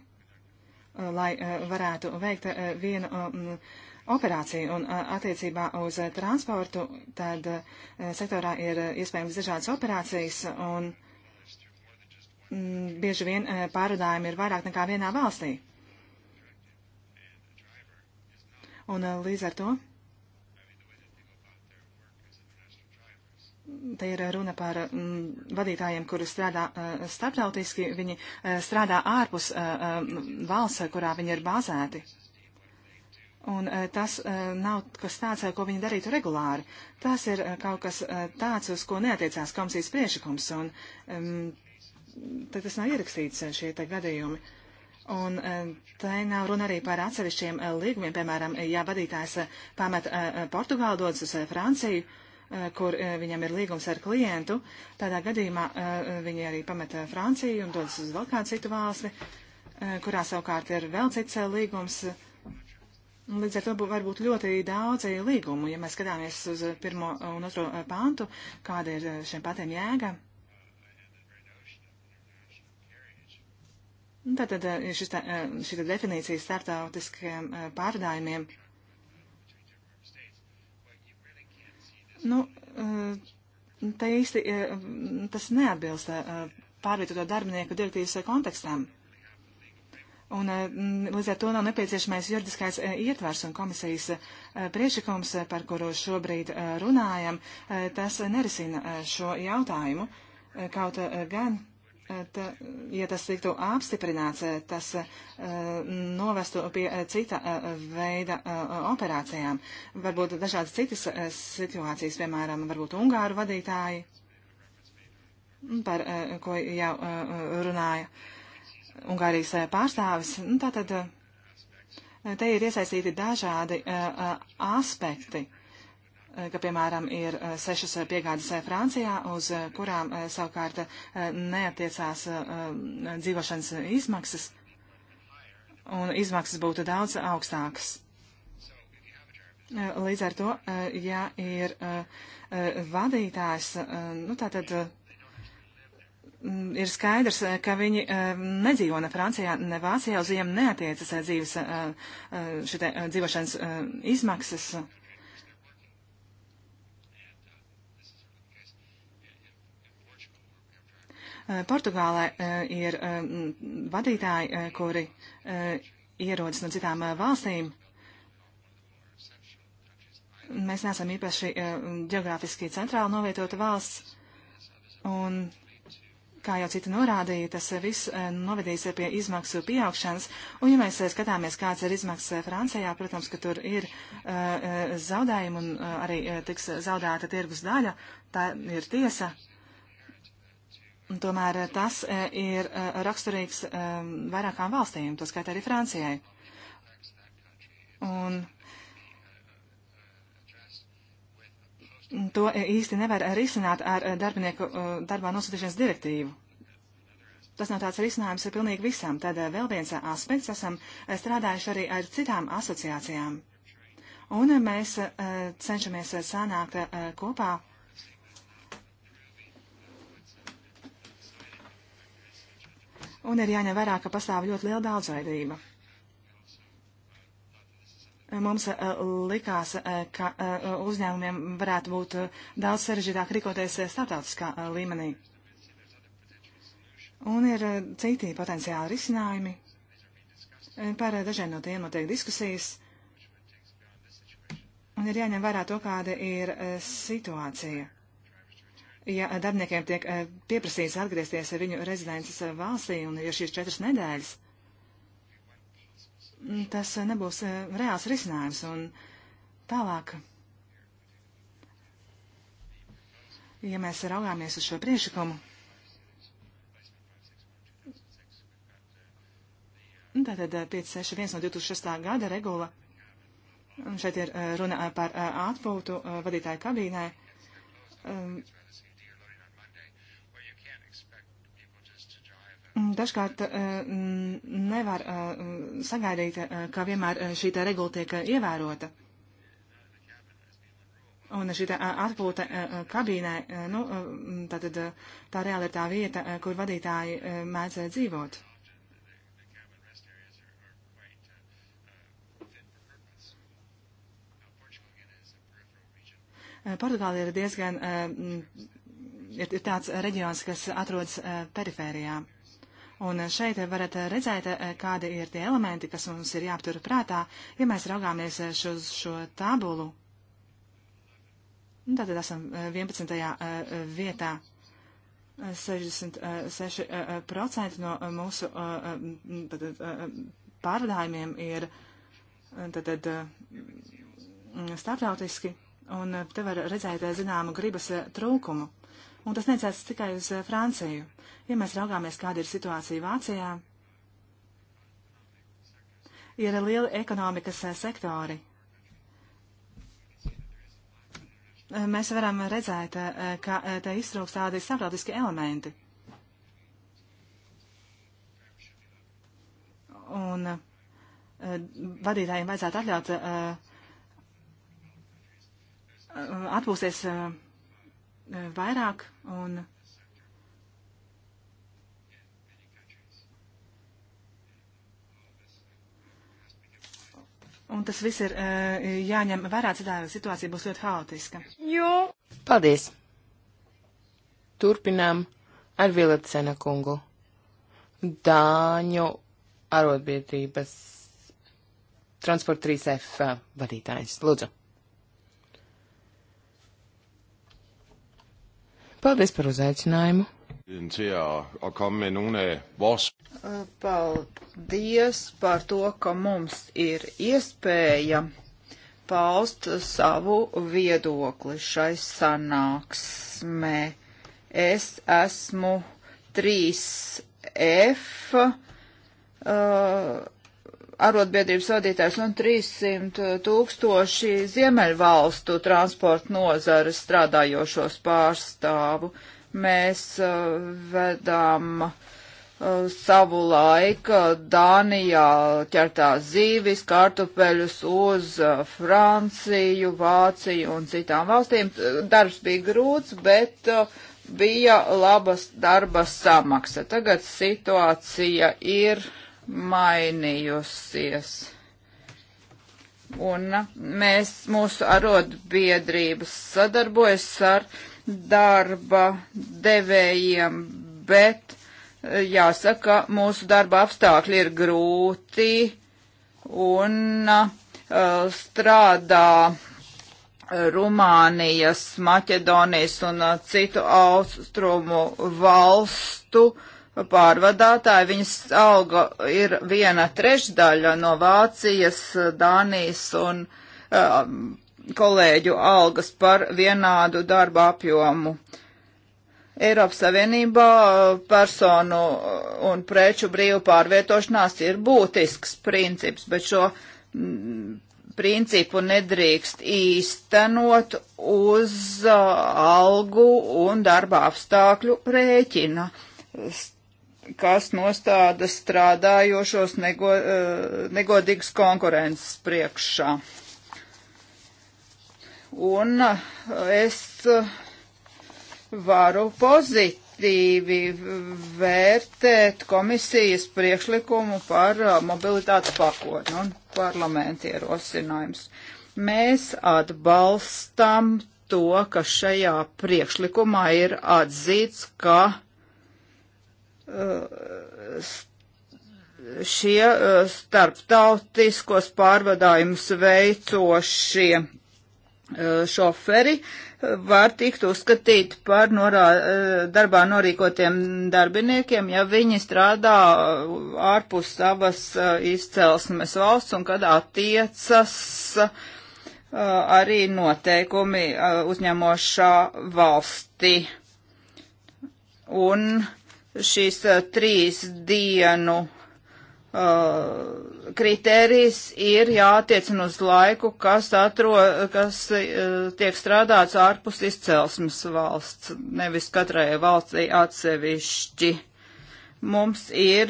lai varētu veikt vienu mm, operāciju. Un attiecībā uz transportu, tad sektorā ir iespējams dažādas operācijas, un mm, bieži vien pārādājumi ir vairāk nekā vienā valstī. Un līdz ar to Te ir runa par mm, vadītājiem, kuri strādā eh, starptautiski, viņi eh, strādā ārpus eh, valsts, kurā viņi ir bāzēti. Un tas nav kas tāds, ko viņi darītu regulāri. Tas ir kaut kas tāds, uz ko neatiecās komisijas priešakums, un mm, tad tas nav ierakstīts šie te gadījumi. Un te nav runa arī par atsevišķiem līgumiem, piemēram, ja vadītājs pamet Portugālu dodas uz Franciju, Eh, kur eh, viņam ir līgums ar klientu, tādā gadījumā eh, viņi arī pameta Franciju un dodas uz vēl kādu citu valsti, kurā savukārt ir vēl cits līgums. Līdz ar to var būt ļoti daudz līgumu. Ja mēs skatāmies uz pirmo un otro pāntu, kāda ir šiem patiem jēga, Tātad šis, šī definīcija startautiskajiem pārdājumiem Nu, eh, tā īsti eh, tas neatbilst eh, pārvietoto darbinieku direktīvas kontekstam. Un līdz ar to nav nepieciešamais juridiskais ietvers un komisijas priešakums, par kuru šobrīd runājam, tas nerisina šo jautājumu. Kaut gan ta, ja tas tiktu apstiprināts, tas eh, novestu pie eh, cita eh, veida operācijām. Varbūt dažādas citas situācijas, piemēram, varbūt Ungāru vadītāji, mm, par ko jau runāja Ungārijas pārstāvis. Mm, tātad te ir iesaistīti dažādi aspekti Eh, ka, piemēram, ir eh, sešas eh, piegādes Francijā, uz kurām savukārt neatiecās dzīvošanas izmaksas, un izmaksas būtu daudz augstākas. Līdz ar to, ja ir vadītājs, nu tātad ir skaidrs, ka viņi nedzīvo ne Francijā, ne Vācijā, uz viņiem neatiecas dzīves, šitā, dzīvošanas izmaksas. Eh, Portugālē eh, ir eh, vadītāji, kuri ierodas no citām valstīm. Mēs neesam īpaši geogrāfiski centrāli novietota valsts, un, kā jau cita norādīja, tas viss novedīs pie izmaksu pieaugšanas, un, ja mēs skatāmies, kāds ir izmaksas Francijā, protams, ka tur ir zaudējumi un arī tiks zaudēta tirgus daļa, tā ir tiesa, Tomēr eh, tas eh, ir eh, raksturīgs vairākām valstīm, to skaitā arī Francijai. Un to īsti nevar risināt ar darbinieku darbā nosūtīšanas direktīvu. Tas nav tāds risinājums ir pilnīgi visam. Tad vēl viens aspekts esam strādājuši arī ar citām asociācijām. Un mēs cenšamies sanākt kopā un ir jāņem vērā, ka pastāv ļoti liela daudzveidība. Mums eh, likās, eh, ka eh, uzņēmumiem varētu būt daudz sarežģītāk rīkoties starptautiskā līmenī. Un ir citi potenciāli risinājumi. Par dažiem no tiem notiek diskusijas. Un ir jāņem vērā to, kāda ir situācija ja darbiniekiem tiek eh, pieprasīts atgriezties viņu rezidences eh, valstī un ir šīs četras nedēļas, mm, tas eh, nebūs reāls risinājums. Un tālāk, ja mēs raugāmies uz šo priešakumu, Tātad 561 no 2006. gada regula. Un šeit ir runa par atpūtu vadītāju kabīnē. Mm, dažkārt eh, mm, nevar eh, sagaidīt, eh, ka vienmēr šī regula tiek ievērota. Un šī atpūta kabīnē, nu, tātad mm, tā reāli ir tā vieta, kur vadītāji mēdz dzīvot. Portugāla ir diezgan, ir, ir tāds reģions, kas atrodas perifērijā. Un šeit varat redzēt, kādi ir tie elementi, kas mums ir jāaptur prātā, ja mēs raugāmies šo, šo tabulu. Un tātad esam 11. Eh, vietā. 66% eh, no mūsu eh, tātad, pārdājumiem ir tātad, starptautiski, un te var redzēt zināmu gribas trūkumu un tas necās tikai uz eh, Franciju. Ja mēs raugāmies, kāda ir situācija Vācijā, ir lieli ekonomikas eh, sektori. Eh, mēs varam redzēt, ka te iztrūkst tādi saprotiski elementi. Un vadītājiem vajadzētu atļaut atpūsties Eh, vairāk un Un tas viss ir eh, jāņem vērā, citādi situācija būs ļoti haotiska. Jo. Paldies. Turpinām ar Vilacena kungu. Dāņu arotbiedrības transporta 3F vadītājs. Lūdzu. Paldies par uzaicinājumu. Paldies par to, ka mums ir iespēja paust savu viedokli šai sanāksmē. Es esmu 3F. Uh, arotbiedrības vadītājs un 300 tūkstoši Ziemeļvalstu transporta nozares strādājošos pārstāvu. Mēs uh, vedām uh, savu laiku Dānijā ķertās zīvis, kartupeļus uz uh, Franciju, Vāciju un citām valstīm. Darbs bija grūts, bet uh, bija labas darba samaksa. Tagad situācija ir mainījusies. Un mēs, mūsu arotbiedrības sadarbojas ar darba devējiem, bet jāsaka, mūsu darba apstākļi ir grūti un uh, strādā Rumānijas, Maķedonijas un uh, citu austrumu valstu uh, pārvadātāji, viņas alga ir viena trešdaļa no Vācijas, Dānijas un um, kolēģu algas par vienādu darba apjomu. Eiropas Savienībā uh, personu uh, un preču brīvu pārvietošanās ir būtisks princips, bet šo m, mm, principu nedrīkst īstenot uz uh, algu un darba apstākļu rēķina. Es kas nostāda strādājošos nego, eh, negodīgas konkurences priekšā. Un eh, es eh, varu pozitīvi vērtēt komisijas priekšlikumu par mobilitātes pakotni un parlamentu ierosinājumus. Mēs atbalstam to, ka šajā priekšlikumā ir atzīts, ka Uh, šie uh, starptautiskos pārvadājumus veicošie uh, šoferi var tikt uzskatīti par norā, darbā norīkotiem darbiniekiem, ja viņi strādā ārpus savas izcelsmes valsts un kad attiecas arī noteikumi uzņemošā valstī. Un uh, šīs eh, trīs dienu uh, kriterijs ir jātiecina uz laiku, kas, atro, kas uh, tiek strādāts ārpus izcelsmes valsts, nevis katrai valstī atsevišķi mums ir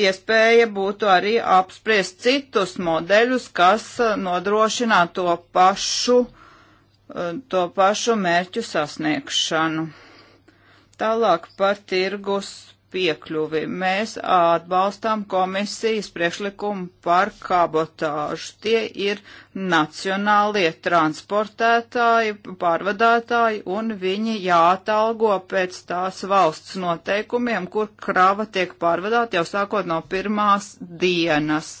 iespēja būtu arī apspriest citus modeļus, kas nodrošinā to pašu, to pašu mērķu sasniegšanu. Tālāk par tirgus piekļuvi. Mēs atbalstām komisijas priekšlikumu par kabotāžu. Tie ir nacionālie transportētāji, pārvadātāji, un viņi jāatalgo pēc tās valsts noteikumiem, kur krava tiek pārvadāta jau sākot no pirmās dienas.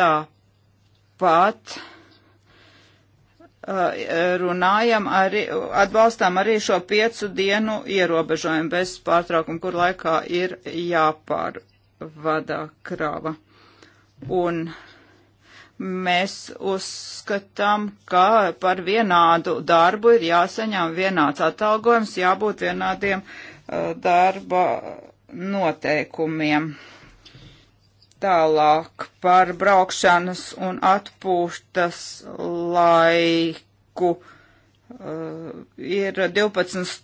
Tāpat Eh, runājam arī, atbalstām arī šo piecu dienu ierobežojumu bez pārtraukuma, kur laikā ir jāpārvada krava. Un mēs uzskatām, ka par vienādu darbu ir jāsaņem vienāds atalgojums, jābūt vienādiem eh, darba noteikumiem. Tālāk par braukšanas un atpūštas laiku uh, ir 12,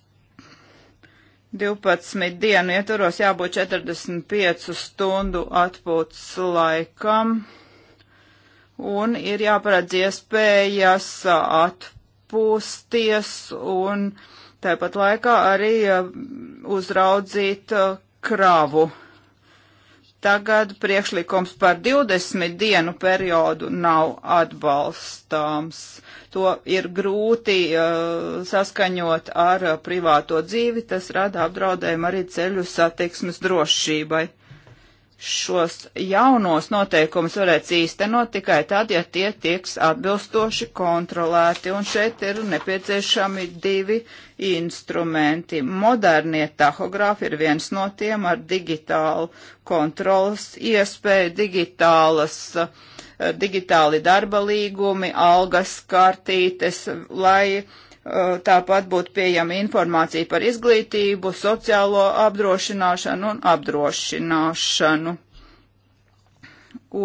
12 dienu ietvaros jābūt 45 stundu atpūtas laikam un ir jāparedz iespējas atpūsties un tāpat laikā arī uh, uzraudzīt uh, kravu. Tagad priekšlikums par 20 dienu periodu nav atbalstāms. To ir grūti uh, saskaņot ar uh, privāto dzīvi, tas rada apdraudējumu arī ceļu satiksmes drošībai šos jaunos noteikumus varēs īstenot tikai tad, ja tie tieks atbilstoši kontrolēti. Un šeit ir nepieciešami divi instrumenti. Modernie tahografi ir viens no tiem ar digitālu kontrolas iespēju, digitālas, eh, digitāli darba līgumi, algas kartītes, lai Eh, tāpat būtu pieejama informācija par izglītību, sociālo apdrošināšanu un apdrošināšanu.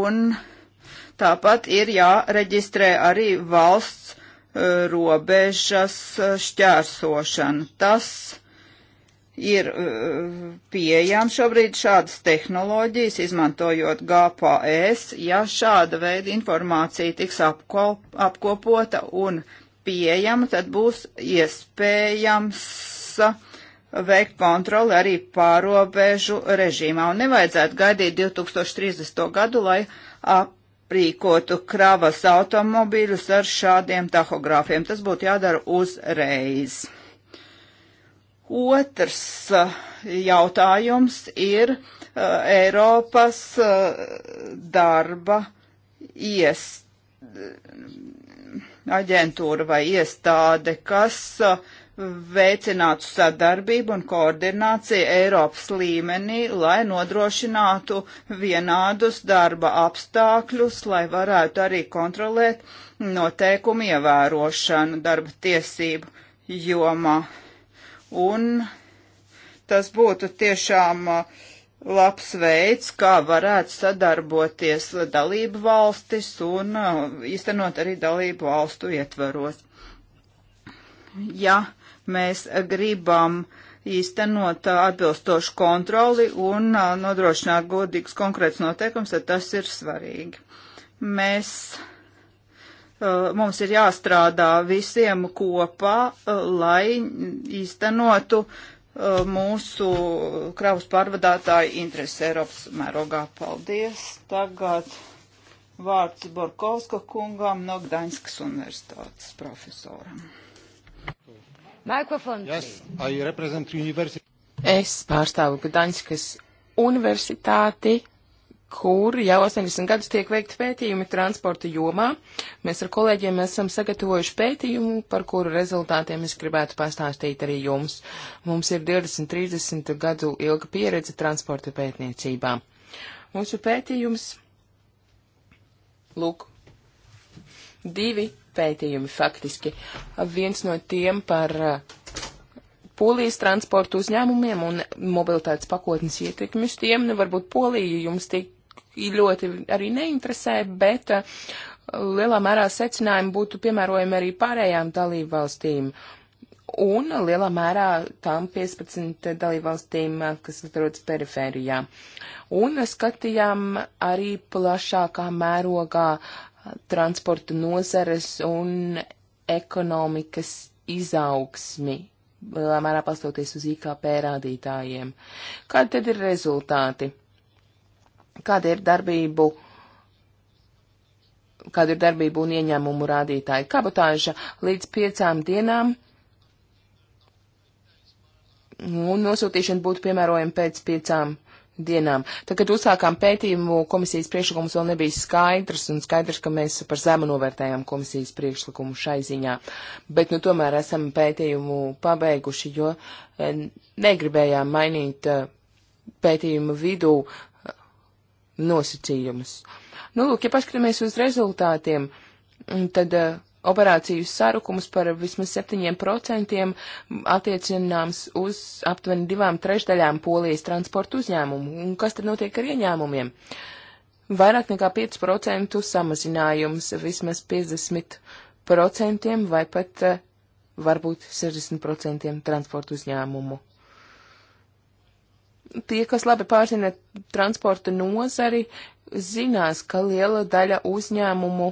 Un tāpat ir jāreģistrē arī valsts eh, robežas eh, šķērsošana. Tas ir pieejams šobrīd šādas tehnoloģijas, izmantojot GPS. Ja šāda veida informācija tiks apkopota un apkopota, pieejama, tad būs iespējams uh, veikt kontroli arī pārobežu režīmā. Un nevajadzētu gaidīt 2030. gadu, lai aprīkotu kravas automobīļus ar šādiem tahogrāfiem. Tas būtu jādara uzreiz. Otrs uh, jautājums ir uh, Eiropas uh, darba iestādes aģentūra vai iestāde, kas uh, veicinātu sadarbību un koordināciju Eiropas līmenī, lai nodrošinātu vienādus darba apstākļus, lai varētu arī kontrolēt noteikumu ievērošanu darba tiesību jomā. Un tas būtu tiešām uh, labs veids, kā varētu sadarboties dalību valstis un uh, īstenot arī dalību valstu ietvaros. Ja mēs gribam īstenot uh, atbilstošu kontroli un uh, nodrošināt godīgus konkrēts noteikums, tad tas ir svarīgi. Mēs mums ir jāstrādā visiem kopā, lai īstenotu mūsu kravas pārvadātāju interesi Eiropas mērogā. Paldies! Tagad vārds Borkovska kungam no Gdaņskas universitātes profesoram. Mikrofons. Yes, I represent university. Es pārstāvu Gdaņskas universitāti kur jau 80 gadus tiek veikti pētījumi transporta jomā. Mēs ar kolēģiem esam sagatavojuši pētījumu, par kuru rezultātiem es gribētu pastāstīt arī jums. Mums ir 20-30 gadu ilga pieredze transporta pētniecībā. Mūsu pētījums, lūk, divi pētījumi faktiski. Viens no tiem par eh, polijas transportu uzņēmumiem un mobilitātes pakotnes ietekmi uz tiem. Nu, varbūt Polija jums tik ļoti arī neinteresē, bet uh, lielā mērā secinājumi būtu piemērojami arī pārējām dalību valstīm. Un lielā mērā tām 15 dalību valstīm, uh, kas atrodas perifērijā. Un skatījām arī plašākā mērogā uh, transporta nozares un ekonomikas izaugsmi lielā mērā pastoties uz IKP rādītājiem. Kādi tad ir rezultāti? kāda ir darbību, kāda ir darbību un ieņēmumu rādītāji. Kabotāža līdz piecām dienām un nosūtīšana būtu piemērojama pēc piecām dienām. Tad, kad uzsākām pētījumu, komisijas priekšlikums vēl nebija skaidrs, un skaidrs, ka mēs par zemu novērtējām komisijas priekšlikumu šai ziņā. Bet, nu, tomēr esam pētījumu pabeiguši, jo eh, negribējām mainīt eh, pētījumu vidū nosacījumus. Nu, lūk, ja paskatāmies uz rezultātiem, mm, tad uh, operāciju sarukums par vismaz 7% attiecināms uz aptuveni divām trešdaļām polijas transporta uzņēmumu. Un kas tad notiek ar ieņēmumiem? Vairāk nekā 5% samazinājums, vismaz 50% vai pat uh, varbūt 60% transporta uzņēmumu Tie, kas labi pārzina transporta nozari, zinās, ka liela daļa uzņēmumu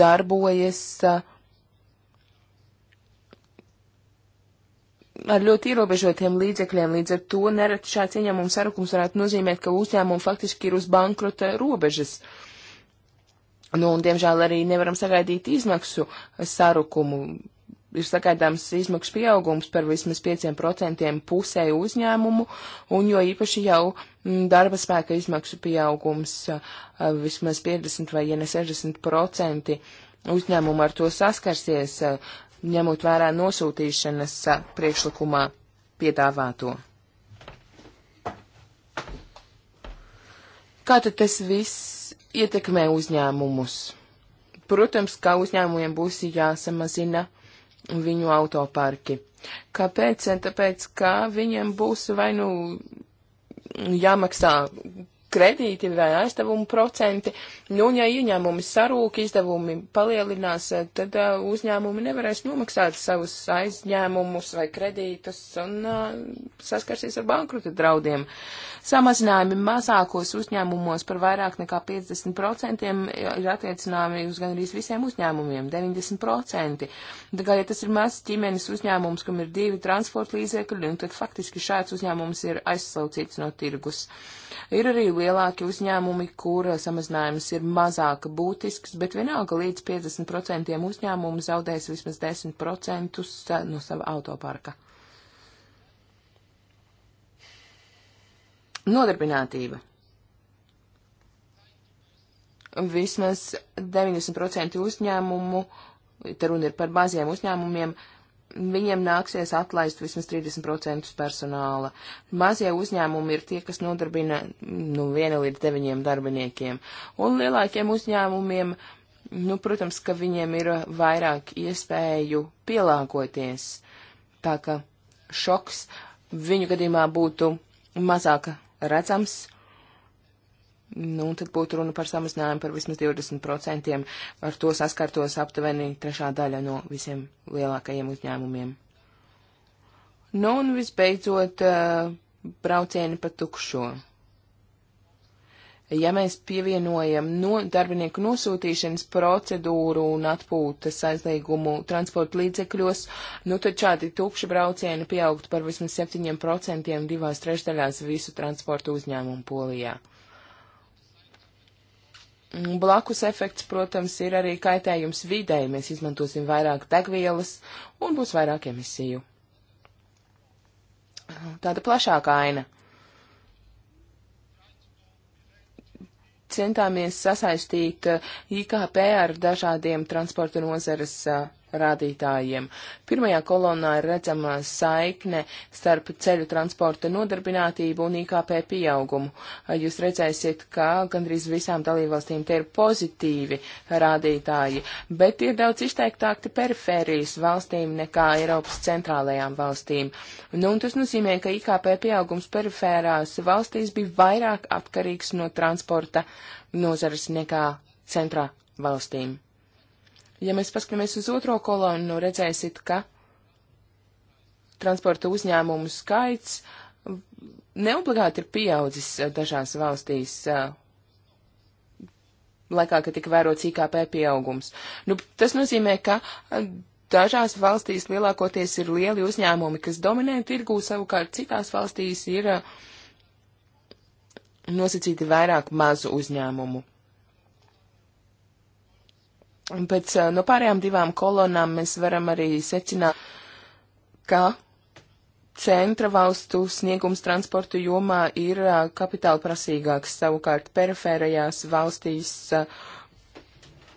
darbojas ar ļoti ierobežotiem līdzekļiem, līdz ar to nereti šāds ieņēmums sarukums varētu nozīmēt, ka uzņēmumi faktiski ir uz bankrota robežas. Nu, un, diemžēl, arī nevaram sagaidīt izmaksu sarukumu ir sagaidāms izmaksu pieaugums par vismaz 5% pusē uzņēmumu, un jo īpaši jau mm, darba spēka izmaksu pieaugums vismaz 50 vai ja ne 60% uzņēmumu ar to saskarsies, ņemot vērā nosūtīšanas priekšlikumā piedāvāto. Kā tad tas viss ietekmē uzņēmumus? Protams, ka uzņēmumiem būs jāsamazina viņu autoparki. Kāpēc? Tāpēc, ka viņiem būs vai nu jāmaksā kredīti vai aizdevumu procenti. Nu, un ja ieņēmumi sarūk, izdevumi palielinās, tad uh, uzņēmumi nevarēs nomaksāt savus aizņēmumus vai kredītus un uh, saskarsies ar bankrota draudiem. Samazinājumi mazākos uzņēmumos par vairāk nekā 50% ir attiecināmi uz gan arī visiem uzņēmumiem - 90%. Tā kā, ja tas ir mazs ģimenes uzņēmums, kam ir divi transporta līdzekļi, tad faktiski šāds uzņēmums ir aizslaucīts no tirgus. Ir arī lielāki uzņēmumi, kur samazinājums ir mazāk būtisks, bet vienalga līdz 50% uzņēmumu zaudēs vismaz 10% eh, no sava autoparka. Nodarbinātība. Vismaz 90% uzņēmumu, te runa ir par maziem uzņēmumiem, uh, viņiem nāksies atlaist vismaz 30% personāla. Mazie uzņēmumi ir tie, kas nodarbina nu, vienu līdz deviņiem darbiniekiem. Un lielākiem uzņēmumiem, nu, protams, ka viņiem ir vairāk iespēju pielāgoties. Tā ka šoks viņu gadījumā būtu mazāk redzams Nu, tad būtu runa par samazinājumu par vismaz 20%. Ar to saskartos aptuveni trešā daļa no visiem lielākajiem uzņēmumiem. Nu, un visbeidzot, eh, braucieni pa tukšo. Ja mēs pievienojam no darbinieku nosūtīšanas procedūru un atpūtas aizliegumu transporta līdzekļos, nu tad šādi tukši braucieni pieaugtu par vismaz 7% divās trešdaļās visu transportu uzņēmumu Polijā. Mm, blakus efekts, protams, ir arī kaitējums videi. Mēs izmantosim vairāk degvielas un būs vairāk emisiju. Tāda plašāka aina. Centāmies sasaistīt uh, IKP ar dažādiem transporta nozares uh, rādītājiem. Pirmajā kolonā ir redzama saikne starp ceļu transporta nodarbinātību un IKP pieaugumu. Jūs redzēsiet, ka gandrīz visām dalībvalstīm tie ir pozitīvi rādītāji, bet ir daudz izteiktāki perifērijas valstīm nekā Eiropas centrālajām valstīm. Nu, un tas nozīmē, ka IKP pieaugums perifērās valstīs bija vairāk atkarīgs no transporta nozares nekā centrā valstīm. Ja mēs paskatāmies uz otro kolonu, redzēsit, ka transporta uzņēmumu skaits neobligāti ir pieaudzis eh, dažās valstīs eh, laikā, kad tika vērots IKP pieaugums. Nu, tas nozīmē, ka eh, dažās valstīs lielākoties ir lieli uzņēmumi, kas dominē tirgū, savukārt citās valstīs ir nosacīti vairāk mazu uzņēmumu. Pēc no pārējām divām kolonām mēs varam arī secināt, ka centra valstu sniegums transportu jomā ir kapitāla prasīgāks, savukārt perifērajās valstīs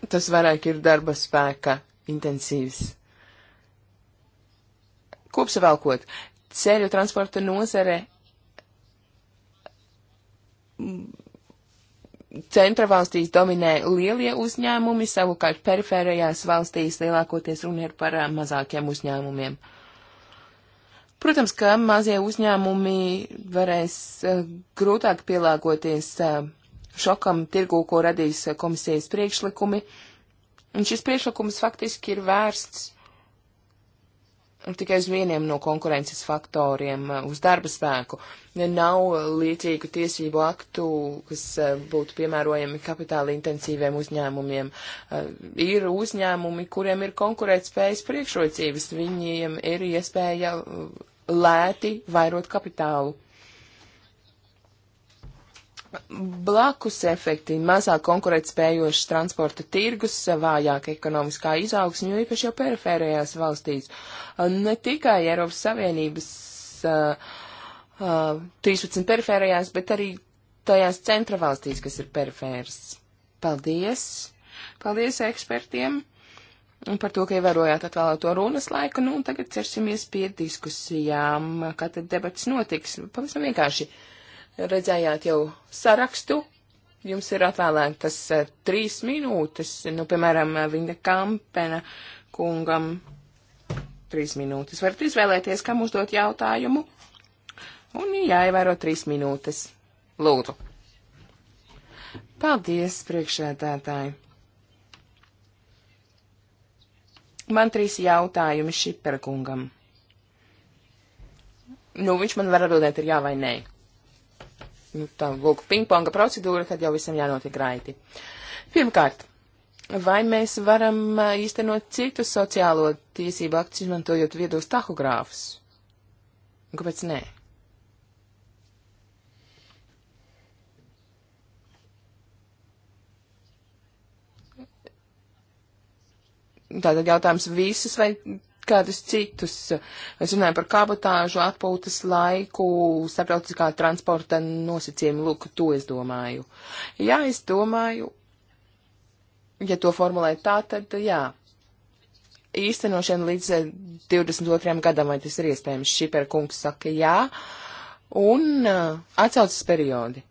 tas vairāk ir darba spēka intensīvs. Kopsavēlkot, ceļu transporta nozare centra valstīs dominē lielie uzņēmumi, savukārt perifērajās valstīs lielākoties runa ir par mazākiem uzņēmumiem. Protams, ka mazie uzņēmumi varēs grūtāk pielāgoties šokam tirgū, ko radīs komisijas priekšlikumi, un šis priekšlikums faktiski ir vērsts tikai uz vieniem no konkurences faktoriem, uh, uz darba spēku. Nav līdzīgu tiesību aktu, kas uh, būtu piemērojami kapitāla intensīviem uzņēmumiem. Uh, ir uzņēmumi, kuriem ir konkurētspējas priekšrocības, viņiem ir iespēja lēti vairot kapitālu. Blakus efekti - mazāk konkurētspējošs transporta tirgus, vājāka ekonomiskā izaugsme, jo īpaši jau perifērējās valstīs. Ne tikai Eiropas Savienības uh, uh, 13 perifērējās, bet arī tajās centra valstīs, kas ir perifēras. Paldies! Paldies ekspertiem par to, ka ievērojāt atvēlēto runas laiku. Nu, un tagad ķersimies pie diskusijām, kā tad debats notiks. Pavisam vienkārši. Uh, redzējāt jau sarakstu. Jums ir atvēlētas e, trīs minūtes, nu, piemēram, e, Vinda Kampena kungam trīs minūtes. Varat izvēlēties, kam uzdot jautājumu, un jāievēro trīs minūtes. Lūdzu. Paldies, priekšētētāji. Man trīs jautājumi Šiperkungam. Nu, viņš man var atbildēt ar jā vai nē nu, tā lūk, pingponga procedūra, kad jau visam jānotiek raiti. Pirmkārt, vai mēs varam īstenot citus sociālo tiesību aktus, izmantojot viedos tahogrāfus? Un kāpēc nē? Tātad jautājums visus vai kādus citus. Es runāju par kabotāžu, atpūtas laiku, starptautiskā transporta nosacījumu. Lūk, to es domāju. Jā, es domāju, ja to formulē tā, tad jā. Īstenošana līdz 22. Eh, gadam, vai tas ir iespējams, Šiperkungs saka jā, un uh, atsaucas periodi.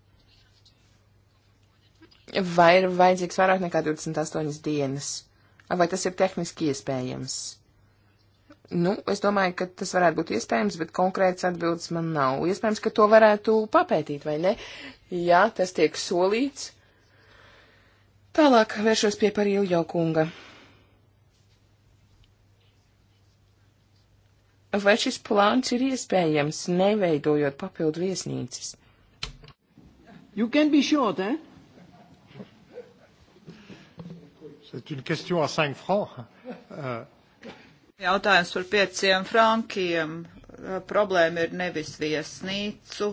Vai ir vajadzīgs vairāk nekā 28 dienas? Vai tas ir tehniski iespējams? Nu, es domāju, ka tas varētu būt iespējams, bet konkrēts atbildes man nav. Iespējams, ka to varētu papētīt, vai ne? Jā, tas tiek solīts. Tālāk vēršos pie parīlu jaukunga. Vai šis plāns ir iespējams, neveidojot papildu viesnīcas? You can be sure, eh? C'est une question à 5 francs. Euh... Jautājums par pieciem frankiem. Problēma ir nevis viesnīcu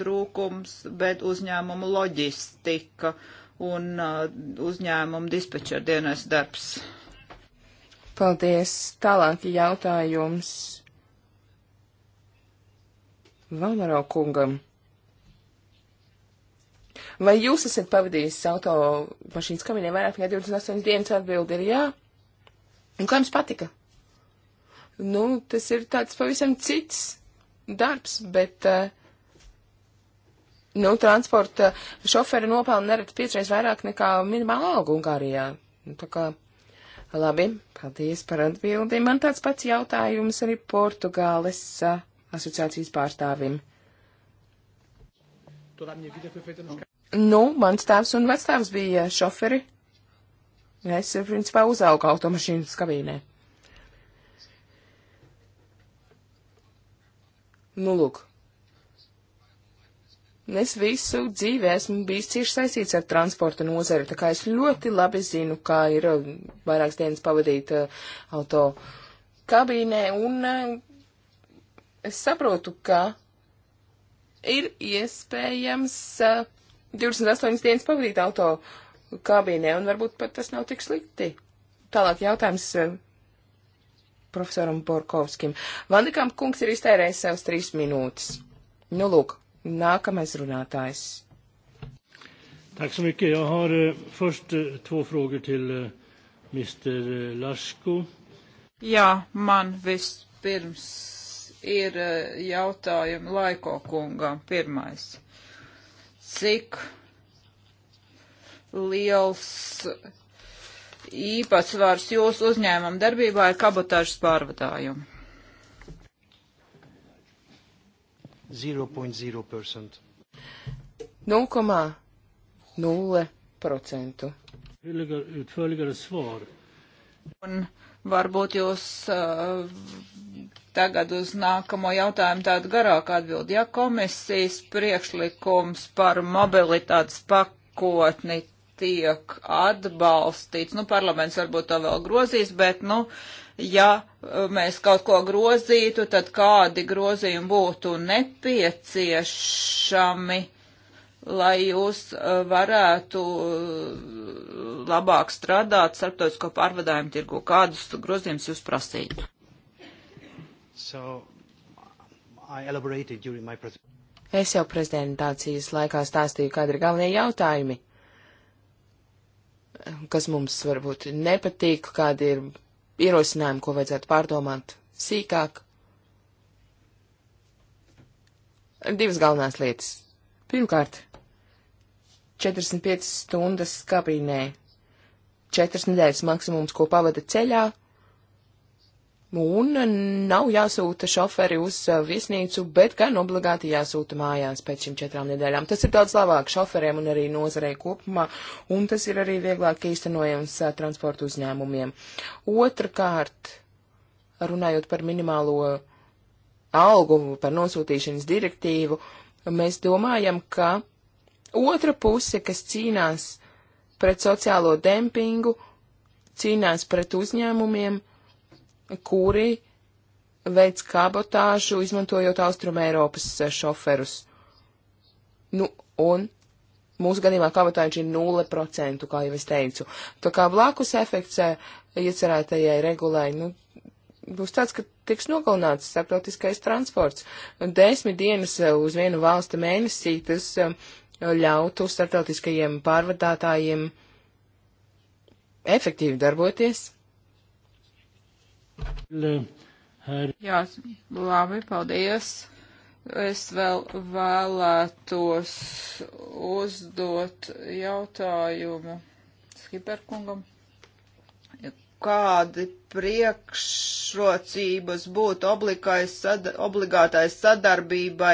trūkums, bet uzņēmumu loģistika un uh, uzņēmumu dispečera dienas darbs. Paldies. Tālāk jautājums Vamaro kungam. Vai jūs esat pavadījis automašīnas kabinē vairāk nekā 28 dienas atbildi ir jā? Un kā jums patika? nu, tas ir tāds pavisam cits darbs, bet, eh, nu, transporta šoferi nopelna nerad piecreiz vairāk nekā minimāla alga Ungārijā. Nu, tā kā, labi, paldies par atbildi. Man tāds pats jautājums arī Portugāles eh, asociācijas pārstāvim. Nu, mans tēvs un vecstāvs bija šoferi. Es, eh, principā, uzaugu automašīnas kabīnē. Nu, lūk. Es visu dzīvi esmu bijis cieši saistīts ar transporta nozari, tā kā es ļoti labi zinu, kā ir uh, vairākas dienas pavadīt uh, auto kabīnē, un uh, es saprotu, ka ir iespējams uh, 28 dienas pavadīt auto kabīnē, un varbūt pat tas nav tik slikti. Tālāk jautājums uh, profesoram Borkovskim. Vandikam kungs ir iztērējis savus trīs minūtes. Nu, lūk, nākamais runātājs. Tack så mycket. Jag har eh, först eh, två frågor till eh, Mr. Lasko. Jā, man vispirms ir jautājumi Laiko kungam. Pirmais. Cik liels īpatsvars jūsu uzņēmuma darbībā ir kabotāžas pārvadājumi? 0,0%. 0,0%. Un varbūt jūs uh, tagad uz nākamo jautājumu tādu garāku atbildi. Ja komisijas priekšlikums par mobilitātes pakotni tiek atbalstīts. Nu, parlaments varbūt to vēl grozīs, bet, nu, ja e, mēs kaut ko grozītu, tad kādi grozījumi būtu nepieciešami, lai jūs e, varētu e, labāk strādāt starptautisko pārvadājumu tirgu? Kādus grozījumus jūs prasītu? So, I elaborated during my presentation. Es jau prezentācijas laikā stāstīju, kādi ir galvenie jautājumi kas mums varbūt nepatīk, kādi ir ierosinājumi, ko vajadzētu pārdomāt sīkāk. Divas galvenās lietas. Pirmkārt, 45 stundas kabīnē, 4 nedēļas maksimums, ko pavada ceļā, Un nav jāsūta šoferi uz uh, viesnīcu, bet gan obligāti jāsūta mājās pēc šīm četrām nedēļām. Tas ir daudz labāk šoferiem un arī nozarei kopumā, un tas ir arī vieglāk īstenojams uh, transporta uzņēmumiem. Otrakārt, runājot par minimālo algu, par nosūtīšanas direktīvu, mēs domājam, ka otra puse, kas cīnās pret sociālo dempingu, cīnās pret uzņēmumiem, kuri veids kabotāžu, izmantojot Austrum Eiropas eh, šoferus. Nu, un mūsu gadījumā kabotāži ir 0%, kā jau es teicu. Tā kā blakus efekts eh, iecerētajai regulai, nu, būs tāds, ka tiks nogalināts starptautiskais transports. Desmit dienas eh, uz vienu valstu mēnesī tas ļautu starptautiskajiem pārvadātājiem efektīvi darboties. Jā, labi, paldies. Es vēl vēlētos uzdot jautājumu Skiperkungam. Kādi priekšrocības būtu sad obligātais sadarbībai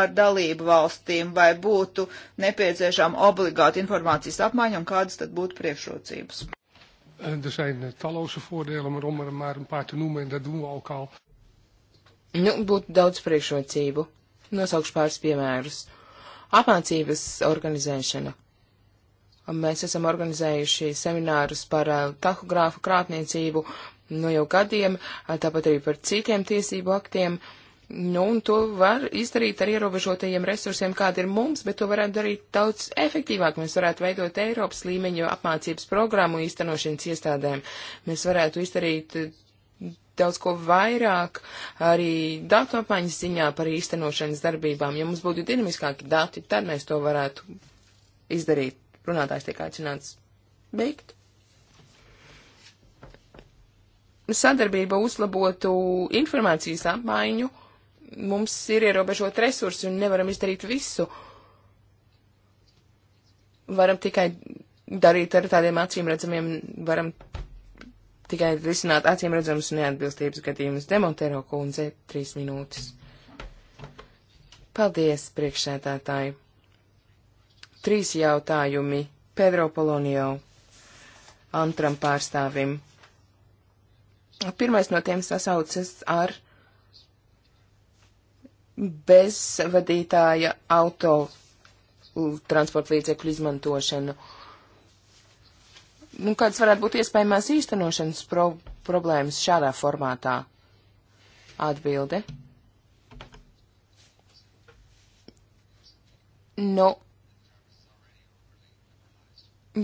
ar dalību valstīm, vai būtu nepieciešama obligāta informācijas apmaiņa un kādas tad būtu priekšrocības? er zijn eh, talloze voordelen, maar om er maar een paar te noemen, en dat doen we ook al. Nu būtu daudz priekšrocību. Nosaukšu pāris piemērus. Apmācības organizēšana. Mēs esam organizējuši seminārus par eh, tahogrāfu krāpniecību no nu jau gadiem, tāpat arī par citiem tiesību aktiem. Uh, Nu, un to var izdarīt ar ierobežotajiem resursiem, kāda ir mums, bet to varētu darīt daudz efektīvāk. Mēs varētu veidot Eiropas līmeņu apmācības programmu īstenošanas iestādēm. Mēs varētu izdarīt eh, daudz ko vairāk arī datu apmaiņas ziņā par īstenošanas darbībām. Ja mums būtu dinamiskāki dati, tad mēs to varētu izdarīt. Runātājs tiek aicināts beigt. Sadarbība uzlabotu informācijas apmaiņu mums ir ierobežot resursi un nevaram izdarīt visu. Varam tikai darīt ar tādiem acīm redzamiem, varam tikai risināt acīm redzamus neatbilstības gadījumus. Demontēro kundze, trīs minūtes. Paldies, priekšsētātāji. Trīs jautājumi Pedro Polonio antram pārstāvim. Pirmais no tiem sasaucas ar bez vadītāja auto transporta līdzekļu izmantošanu. Nu, kādas varētu būt iespējamās īstenošanas pro problēmas šādā formātā? Atbilde. Nu,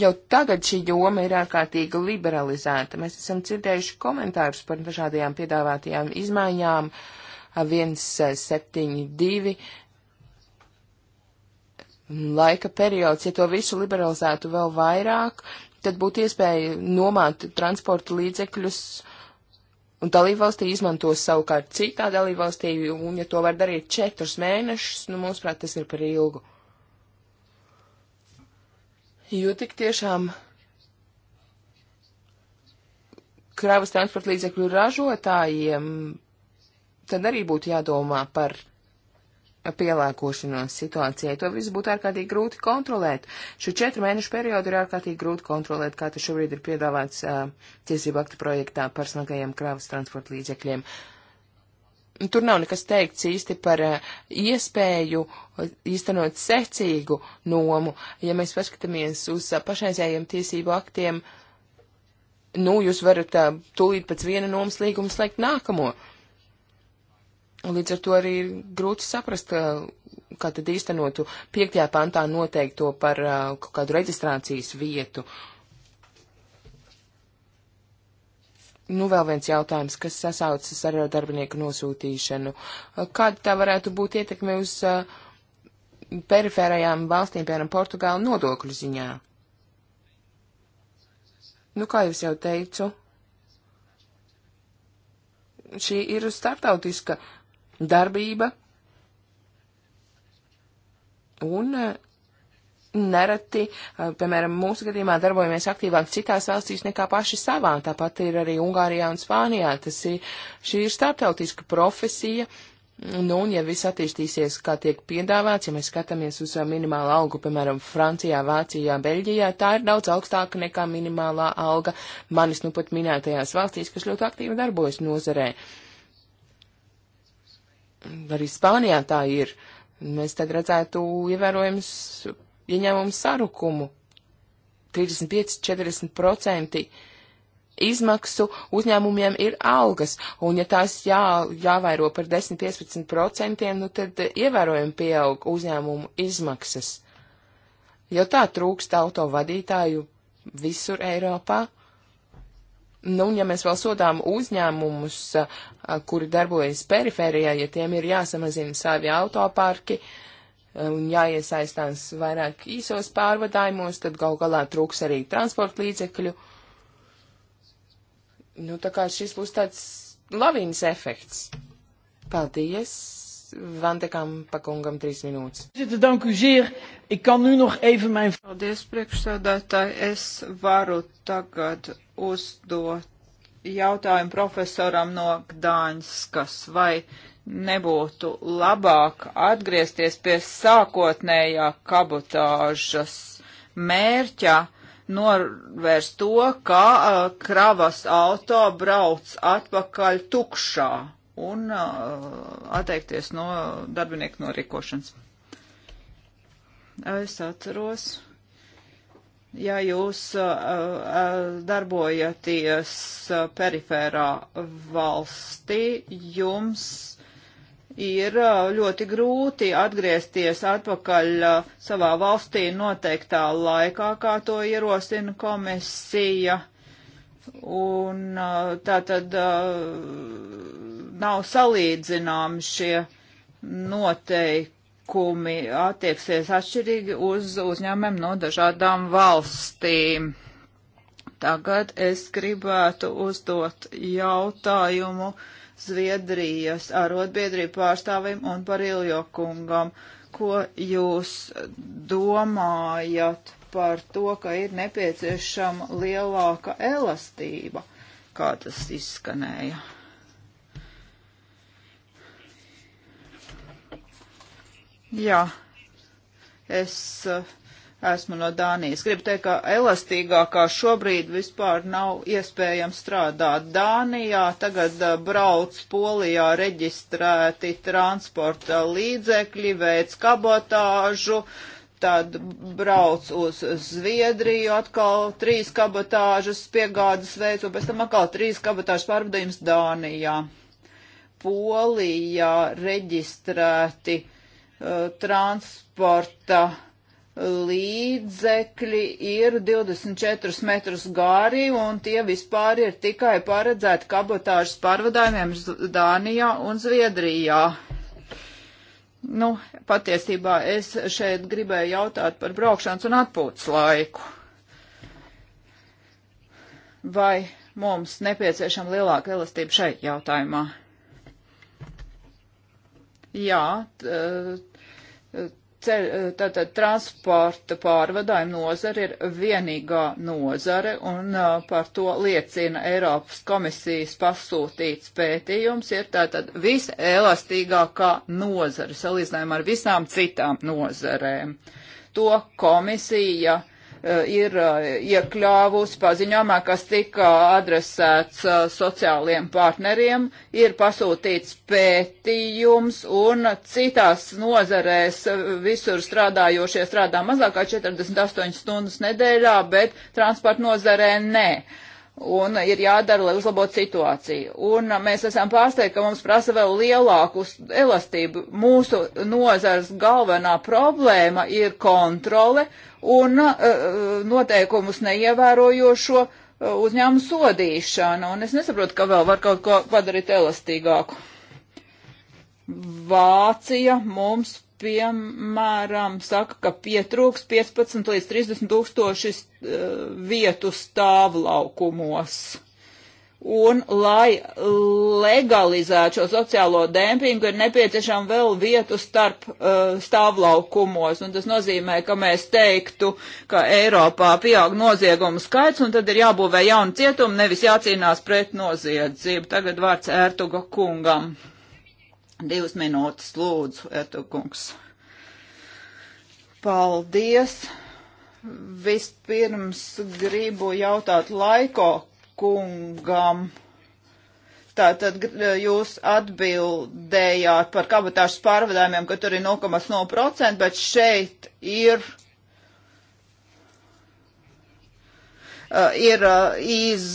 jau tagad šī joma ir ārkārtīgi liberalizēta. Mēs esam dzirdējuši komentārus par dažādajām piedāvātajām izmaiņām. Uh, 172 eh, laika periods. Ja to visu liberalizētu vēl vairāk, tad būtu iespēja nomāt transporta līdzekļus. Un dalībvalstī izmantos savukārt citā dalībvalstī, un ja to var darīt četrus mēnešus, nu, mūsuprāt, tas ir par ilgu. Jo tik tiešām kravas transporta līdzekļu ražotājiem tad arī būtu jādomā par pielāgošanos situācijai. To visu būtu ārkārtīgi grūti kontrolēt. Šo četru mēnešu periodu ir ārkārtīgi grūti kontrolēt, kā tas šobrīd ir piedāvāts uh, tiesību aktu projektā par smagajiem kravas transporta līdzekļiem. Tur nav nekas teikts īsti par uh, iespēju īstenot secīgu nomu. Ja mēs paskatāmies uz uh, pašreizējiem tiesību aktiem, nu, jūs varat uh, tūlīt pēc viena nomas līguma slēgt nākamo. Uh, Līdz ar to arī ir grūti saprast, kā tad īstenotu piektajā pantā noteikto par kaut kādu reģistrācijas vietu. Nu, vēl viens jautājums, kas sasaucas ar darbinieku nosūtīšanu. Kāda tā varētu būt ietekme uz perifērajām valstīm, piemēram, Portugāla nodokļu ziņā? Nu, kā jau es jau teicu, šī ir startautiska darbība un e, nereti, e, piemēram, mūsu gadījumā darbojamies aktīvāk citās valstīs nekā paši savā. Tāpat ir arī Ungārijā un Spānijā. Tas ir, šī ir starptautiska profesija. Nu, un ja viss attīstīsies, kā tiek piedāvāts, ja mēs skatāmies uz e, minimālu algu, piemēram, Francijā, Vācijā, Beļģijā, tā ir daudz augstāka nekā minimālā alga manis nu pat minētajās valstīs, kas ļoti aktīvi darbojas nozarē. Uh, Arī Spānijā tā ir. Mēs tad redzētu ievērojams ieņēmumu sarukumu. 35-40% izmaksu uzņēmumiem ir algas, un ja tās jā, jāvairo par 10-15%, nu tad ievērojami pieaug uzņēmumu izmaksas. Jo tā trūkst auto vadītāju visur Eiropā. Nu, un ja mēs vēl sodām uzņēmumus, kuri darbojas perifērijā, ja tiem ir jāsamazina savi autoparki un jāiesaistās vairāk īsos pārvadājumos, tad gal galā trūks arī transporta līdzekļu. Nu, tā kā šis būs tāds lavīnas efekts. Paldies! Vantekam pakungam trīs minūtes. Nu Paldies, priekšsēdētāji. Es varu tagad uzdot jautājumu profesoram no Gdaņskas, vai nebūtu labāk atgriezties pie sākotnējā kabotāžas mērķa, norvērst to, ka eh, kravas auto brauc atpakaļ tukšā un uh, atteikties no darbinieku norīkošanas. Es atceros, ja jūs uh, uh, darbojaties perifērā valstī, jums ir ļoti grūti atgriezties atpakaļ savā valstī noteiktā laikā, kā to ierosina komisija. Un tā tad nav salīdzināmi šie noteikumi, attieksies atšķirīgi uz uzņēmumiem no dažādām valstīm. Tagad es gribētu uzdot jautājumu Zviedrijas arotbiedrību pārstāvim un par Iljo kungam. Ko jūs domājat par to, ka ir nepieciešama lielāka elastība, kā tas izskanēja? Jā, es eh, esmu no Dānijas. Gribu teikt, ka elastīgākā šobrīd vispār nav iespējams strādāt. Dānijā tagad eh, brauc Polijā reģistrēti transporta līdzekļi, veids kabotāžu, tad brauc uz Zviedriju atkal trīs kabatāžas piegādes veids, un pēc tam atkal trīs kabatāžas pārvadījums Dānijā. Polijā reģistrēti Uh, transporta līdzekļi ir 24 metrus gāri un tie vispār ir tikai paredzēti kabotāžas pārvadājumiem Dānijā un Zviedrijā. Nu, patiesībā es šeit gribēju jautāt par braukšanas un atpūtas laiku. Vai mums nepieciešama lielāka elastība šeit jautājumā? Jā, e, e, tātad transporta pārvadājuma nozara ir vienīgā nozare, un e, par to liecina Eiropas komisijas pasūtīts pētījums, ir tātad viselastīgākā nozara, salīdzinājumā ar visām citām nozarēm. To komisija Eh, ir eh, iekļāvusi paziņojumā, kas tika adresēts eh, sociāliem partneriem, ir pasūtīts pētījums un citās nozarēs visur strādājošie strādā mazāk kā 48 stundas nedēļā, bet transporta nozarē nē. Ne un ir jādara, lai uzlabotu situāciju. Un mēs esam pārsteigti, ka mums prasa vēl lielāku elastību. Mūsu nozars galvenā problēma ir kontrole un uh, uh noteikumus neievērojošo uh, uzņēmumu sodīšana. Un es nesaprotu, ka vēl var kaut ko padarīt elastīgāku. Vācija mums piemēram, saka, ka pietrūks 15 līdz 30 tūkstoši uh, vietu stāvlaukumos. Un, lai legalizētu šo sociālo dempingu, ir nepieciešama vēl vietu starp uh, stāvlaukumos. Un tas nozīmē, ka mēs teiktu, ka Eiropā pieaug noziegumu skaits, un tad ir jābūvē jauna cietuma, nevis jācīnās pret noziedzību. Tagad vārds Ērtuga kungam. Divas minūtes lūdzu, Etukungs. Paldies! Vispirms gribu jautāt laiko kungam. Tātad jūs atbildējāt par kabatāšu pārvadājumiem, ka tur ir 0,0%, bet šeit ir, uh, ir uh, iz,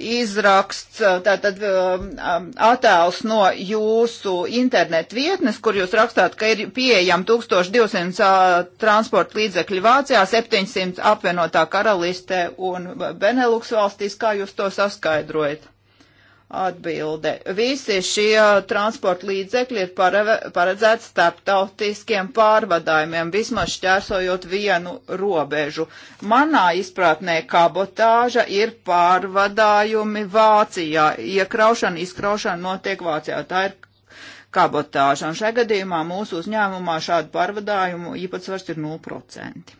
izraksts, tātad attēls no jūsu internet vietnes, kur jūs rakstāt, ka ir pieejam 1200 transporta līdzekļi Vācijā, 700 apvienotā karalistē un Benelux valstīs. Kā jūs to saskaidrojat? Atbilde. Visi šie transporta līdzekļi ir paredzēti starptautiskiem pārvadājumiem, vismaz šķērsojot vienu robežu. Manā izpratnē kabotāža ir pārvadājumi Vācijā. Iekraušana, izkraušana notiek Vācijā. Tā ir kabotāža. Un šajā gadījumā mūsu uzņēmumā šādu pārvadājumu īpatsvars ir 0%.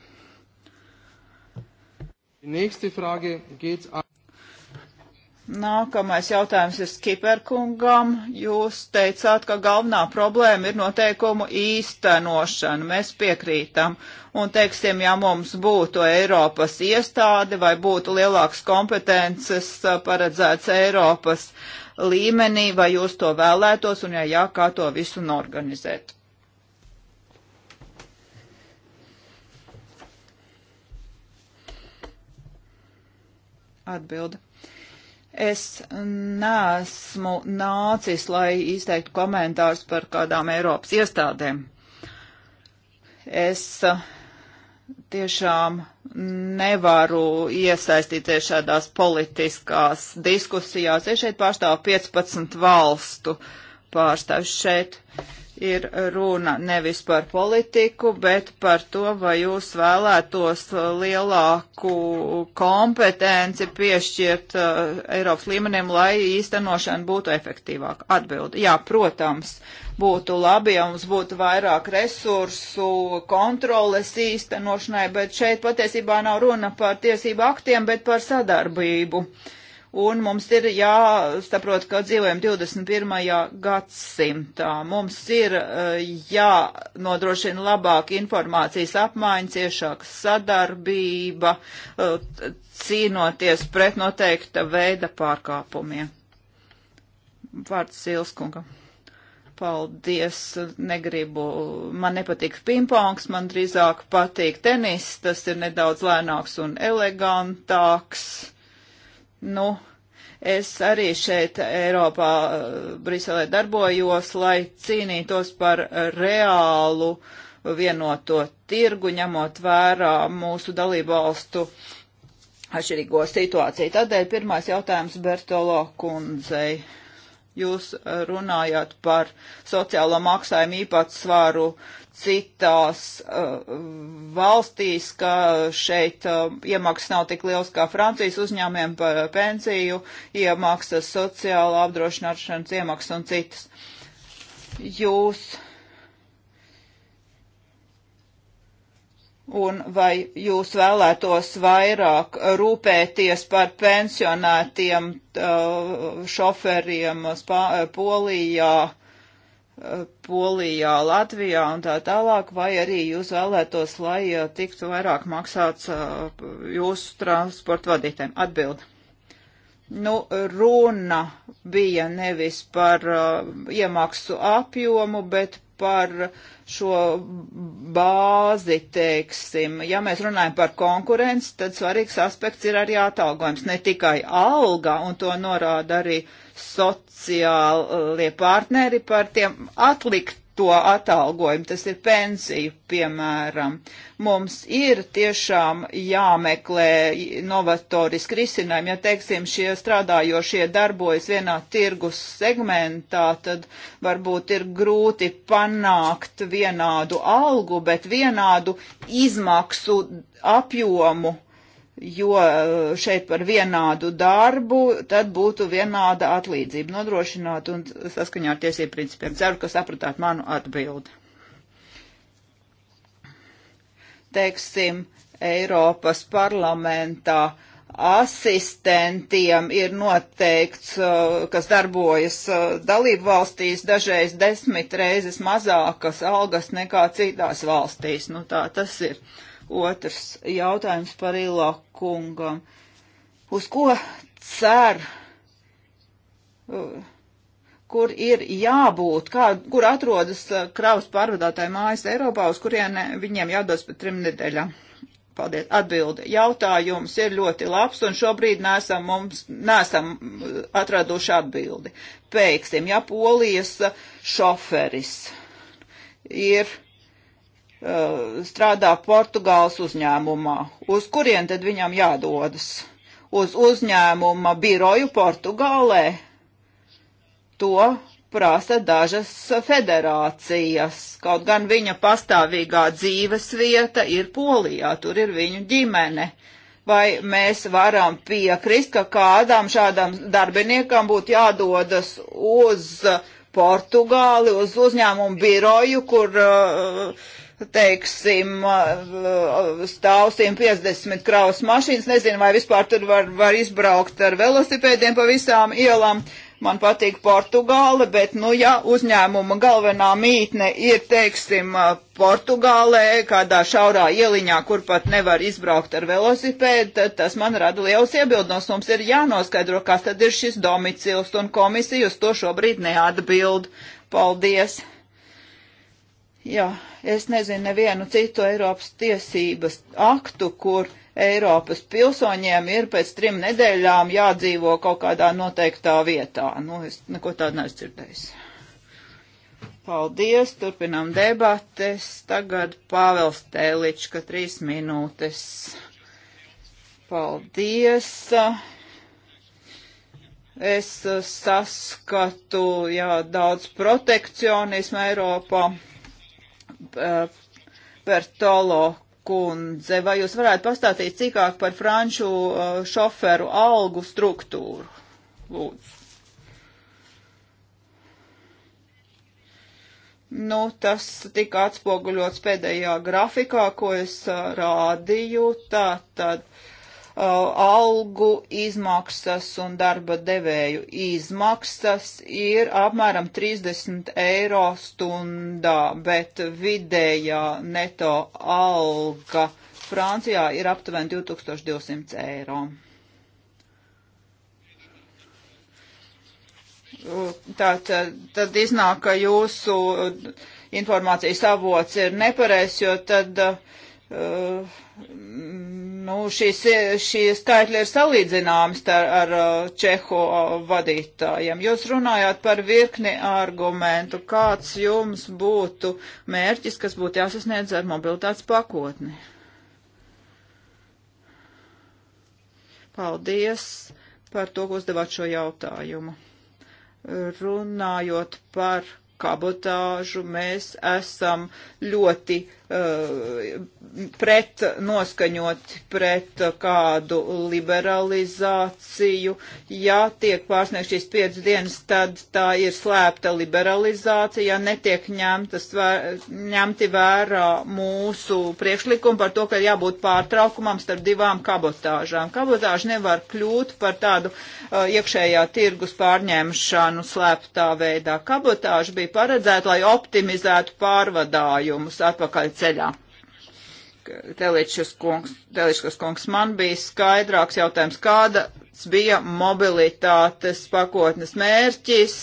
Nächste Frage geht an Nākamais jautājums ir Skiperkungam. Jūs teicāt, ka galvenā problēma ir noteikumu īstenošana. Mēs piekrītam. Un, teiksim, ja mums būtu Eiropas iestāde vai būtu lielāks kompetences uh, paredzēts Eiropas līmenī, vai jūs to vēlētos un, ja jā, kā to visu norganizēt? Atbilde. Es neesmu nācis, lai izteiktu komentārus par kādām Eiropas iestādēm. Es uh, tiešām nevaru iesaistīties šādās politiskās diskusijās. Es šeit pārstāvu 15 valstu pārstāvju šeit ir runa nevis par politiku, bet par to, vai jūs vēlētos lielāku kompetenci piešķirt uh, Eiropas līmenim, lai īstenošana būtu efektīvāka. Atbildi. Jā, protams, būtu labi, ja mums būtu vairāk resursu kontroles īstenošanai, bet šeit patiesībā nav runa par tiesību aktiem, bet par sadarbību. Uh, un mums ir jāsaprot, ka dzīvojam 21. gadsimtā. Mums ir eh, jānodrošina labāka informācijas apmaiņa, ciešāka sadarbība, eh, cīnoties pret noteikta veida pārkāpumiem. Vārds Silskunga. Paldies, negribu, man nepatīk pingpongs, man drīzāk patīk tenis, tas ir nedaudz lēnāks un elegantāks Nu, es arī šeit Eiropā, Briselē darbojos, lai cīnītos par reālu vienoto tirgu, ņemot vērā mūsu dalībvalstu atšķirīgo situāciju. Tādēļ pirmais jautājums Bertolo kundzei. Jūs runājāt par sociālo maksājumu īpatsvaru uh, citās uh, valstīs, ka šeit uh, iemaksas nav tik liels kā Francijas uzņēmiem par pensiju, iemaksas sociāla apdrošināšanas iemaksas un citas. Jūs un vai jūs vēlētos vairāk rūpēties par pensionētiem uh, šoferiem Spā Polijā? Polijā, Latvijā un tā tālāk, vai arī jūs vēlētos, lai eh, tiktu vairāk maksāts eh, jūsu transporta vadītājiem? Atbildi. Nu, runa bija nevis par uh, iemaksu apjomu, bet par šo bāzi, teiksim. Ja mēs runājam par konkurenci, tad svarīgs aspekts ir arī atalgojums, ne tikai alga, un to norāda arī uh, sociālie partneri par tiem atlikt to atalgojumu, tas ir pensiju, piemēram. Mums ir tiešām jāmeklē novatoriski risinājumi. Ja, teiksim, šie strādājošie darbojas vienā tirgus segmentā, tad varbūt ir grūti panākt vienādu algu, bet vienādu izmaksu apjomu jo eh, šeit par vienādu darbu tad būtu vienāda atlīdzība nodrošināta un saskaņā ar tiesību principiem. Ceru, ka sapratāt manu atbildi. Teiksim, Eiropas parlamentā asistentiem ir noteikts, eh, kas darbojas eh, dalību valstīs, dažreiz desmit reizes mazākas algas nekā citās valstīs. Nu tā tas ir. Uh, Otrs jautājums par Ilā kungam. Uz ko cer? Kur ir jābūt, kā, kur atrodas uh, kravas pārvadātāji mājas Eiropā, uz kurien uh, viņiem jādodas pēc trim nedēļām? Paldies. Atbilde. Jautājums ir ļoti labs, un šobrīd nesam, mums, nesam uh, atraduši atbildi. Pēksim, ja polijas šoferis ir Uh, strādā Portugāles uzņēmumā. Uz kurien tad viņam jādodas? Uz uzņēmuma biroju Portugālē? To prasa dažas federācijas. Kaut gan viņa pastāvīgā dzīves vieta ir Polijā, tur ir viņu ģimene. Vai mēs varam piekrist, ka kādam šādam darbiniekam būtu jādodas uz Portugāli, uz uzņēmumu biroju, kur uh, teiksim, stāv 150 kraus mašīnas, nezinu, vai vispār tur var, var izbraukt ar velosipēdiem pa visām ielām. Man patīk Portugāle, bet, nu, ja uzņēmuma galvenā mītne ir, teiksim, Portugālē, kādā šaurā ieliņā, kur pat nevar izbraukt ar velosipēdu, tad tas man rada liels iebildnos. Mums ir jānoskaidro, kas tad ir šis domicils, un komisija uz to šobrīd neatbild. Paldies! Jā, es nezinu nevienu citu Eiropas tiesības aktu, kur Eiropas pilsoņiem ir pēc trim nedēļām jādzīvo kaut kādā noteiktā vietā. Nu, es neko tādu neesmu dzirdējis. Paldies, turpinām debates. Tagad Pāvels Tēlička, trīs minūtes. Paldies. Es saskatu, jā, daudz protekcionismu Eiropā Bertolo kundze, vai jūs varētu pastāstīt cikāk par franču uh, šoferu algu struktūru? Lūdzu. Nu, tas tika atspoguļots pēdējā grafikā, ko es uh, rādīju. Tā tad. Uh, algu izmaksas un darba devēju izmaksas ir apmēram 30 eiro stundā, bet vidējā neto alga Francijā ir aptuveni 2200 eiro. Tā, tad, tad iznāk, ka jūsu informācijas avots ir nepareizs, jo tad uh, Nu, šis, šie skaitļi ir salīdzināmi ar, ar uh, Čehu uh, vadītājiem. Jūs runājāt par virkni argumentu. Kāds jums būtu mērķis, kas būtu jāsasniedz ar mobilitātes pakotni? Paldies par to, ka uzdevāt šo jautājumu. Runājot par kabotāžu mēs esam ļoti uh, pret noskaņoti pret kādu liberalizāciju. Ja tiek pārsniegt šīs piecas dienas, tad tā ir slēpta liberalizācija, ja netiek ņemtas, vēr, ņemti vērā mūsu priekšlikumi par to, ka jābūt pārtraukumam starp divām kabotāžām. Kabotāža nevar kļūt par tādu uh, iekšējā tirgus pārņemšanu slēptā veidā. Kabotāža bija ir paredzēta, lai optimizētu pārvadājumus atpakaļ ceļā. Teličus kungs, Teličus kungs, man bija skaidrāks jautājums, kādas bija mobilitātes pakotnes mērķis,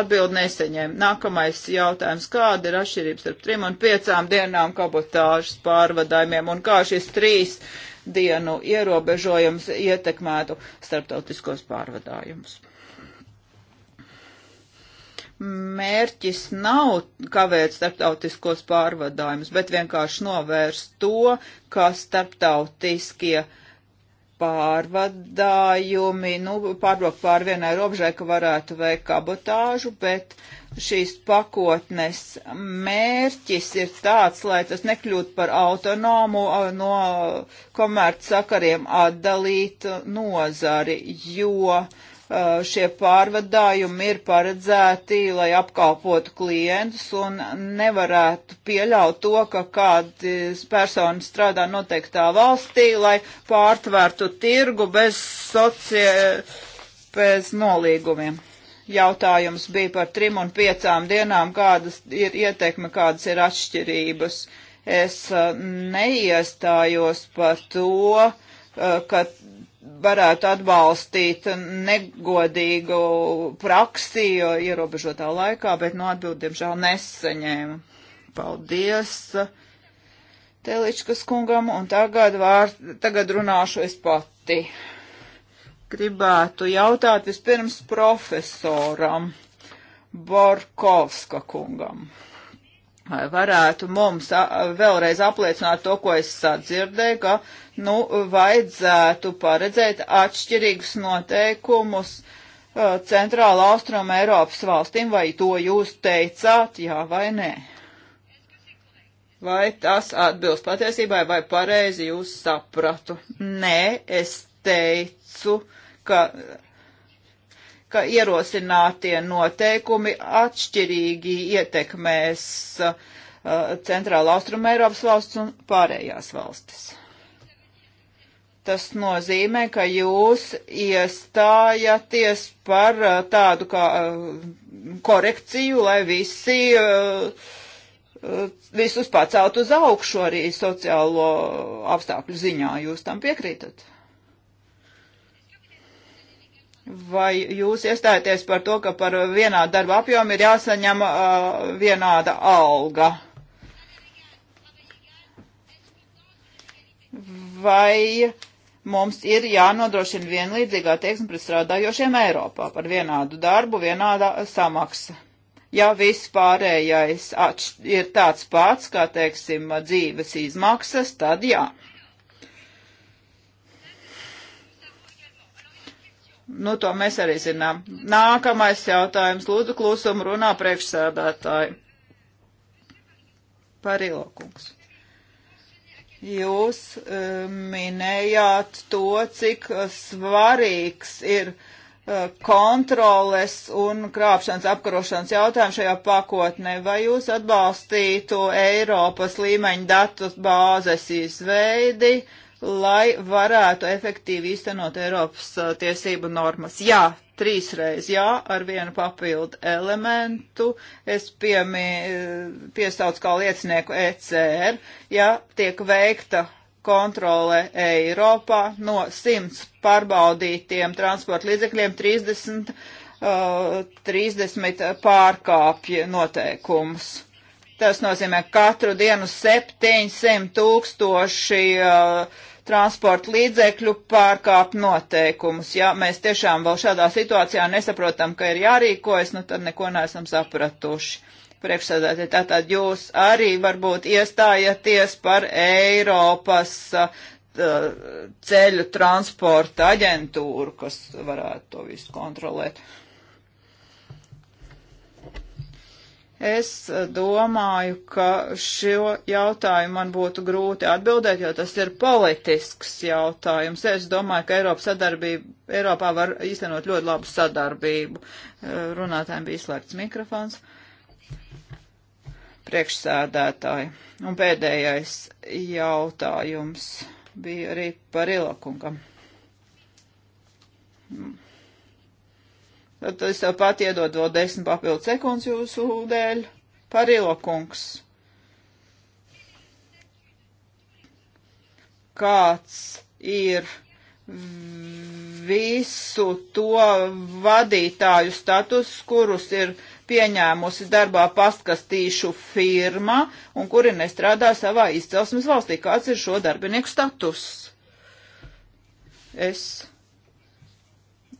atbild neseņēma. Nākamais jautājums, kāda ir atšķirības starp trim un piecām dienām kabotāžas pārvadājumiem un kā šis trīs dienu ierobežojums ietekmētu starptautiskos pārvadājumus? mērķis nav kavēt starptautiskos pārvadājumus, bet vienkārši novērst to, ka starptautiskie pārvadājumi, nu, pārbraukt pār vienai robežai, ka varētu veikt kabotāžu, bet šīs pakotnes mērķis ir tāds, lai tas nekļūtu par autonomu no komerc sakariem atdalītu nozari, jo uh, Eh, šie pārvadājumi ir paredzēti, lai apkalpotu klientus un nevarētu pieļaut to, ka kāds persona strādā noteiktā valstī, lai pārtvērtu tirgu bez socie, bez nolīgumiem. Jautājums bija par trim un piecām dienām, kādas ir ietekme, kādas ir atšķirības. Es eh, neiestājos par to, eh, ka varētu atbalstīt negodīgu praksi ierobežotā laikā, bet no atbildi, diemžēl, nesaņēmu. Paldies Teličkas kungam, un tagad, vār, tagad runāšu es pati. Gribētu jautāt vispirms profesoram Borkovska kungam. Vai varētu mums vēlreiz apliecināt to, ko es sadzirdēju, ka nu, vajadzētu paredzēt atšķirīgus noteikumus uh, centrāla austruma Eiropas valstīm, vai to jūs teicāt, jā vai nē? Vai tas atbilst patiesībai, vai pareizi jūs sapratu? Nē, es teicu, ka ka ierosinātie noteikumi atšķirīgi ietekmēs uh, Centrāla Austruma Eiropas valsts un pārējās valstis. Tas nozīmē, ka jūs iestājaties par uh, tādu kā uh, korekciju, lai visi, uh, visus pacelt uz augšu arī sociālo apstākļu ziņā. Jūs tam piekrītat? Vai jūs iestājaties par to, ka par vienādu darbu apjomu ir jāsaņem uh, vienāda alga? Vai uh, mums ir jānodrošina vienlīdzīga attieksme pret strādājošiem Eiropā par vienādu darbu, vienādā samaksa. Ja viss pārējais ir tāds pats, kā, teiksim, dzīves izmaksas, tad jā. Nu, to mēs arī zinām. Nākamais jautājums. Lūdzu, klusumu runā priekšsēdētāji. Parīlokungs jūs um, minējāt to, cik svarīgs ir uh, kontroles un krāpšanas apkarošanas jautājumu šajā pakotnē. Vai jūs atbalstītu Eiropas līmeņa datus bāzes izveidi, lai varētu efektīvi īstenot Eiropas uh, tiesību normas? Jā, trīsreiz jā ar vienu papildu elementu. Es piemi, piesaucu kā liecinieku ECR, ja tiek veikta kontrole Eiropā no 100 pārbaudītiem transporta līdzekļiem 30, uh, 30 pārkāpja noteikumus. Tas nozīmē, ka katru dienu 700 tūkstoši uh, transporta līdzekļu pārkāp noteikumus. Ja mēs tiešām vēl šādā situācijā nesaprotam, ka ir jārīkojas, nu tad neko neesam sapratuši. Priekšsēdētāji, tātad jūs arī varbūt iestājaties par Eiropas uh, ceļu transporta aģentūru, kas varētu to visu kontrolēt. Uh, Es eh, domāju, ka šo jautājumu man būtu grūti atbildēt, jo tas ir politisks jautājums. Es domāju, ka Eiropas sadarbība, Eiropā var īstenot ļoti labu sadarbību. Eh, runātājiem bija izslēgts mikrofons. Priekšsēdētāji. Un pēdējais jautājums bija arī par Ilakunkam. Mm Tad es tev pat iedod vēl desmit papildu sekundes jūsu dēļ. Parilo kungs. Kāds ir visu to vadītāju status, kurus ir pieņēmusi darbā pastkastīšu firma un kuri nestrādā savā izcelsmes valstī? Kāds ir šo darbinieku status? Es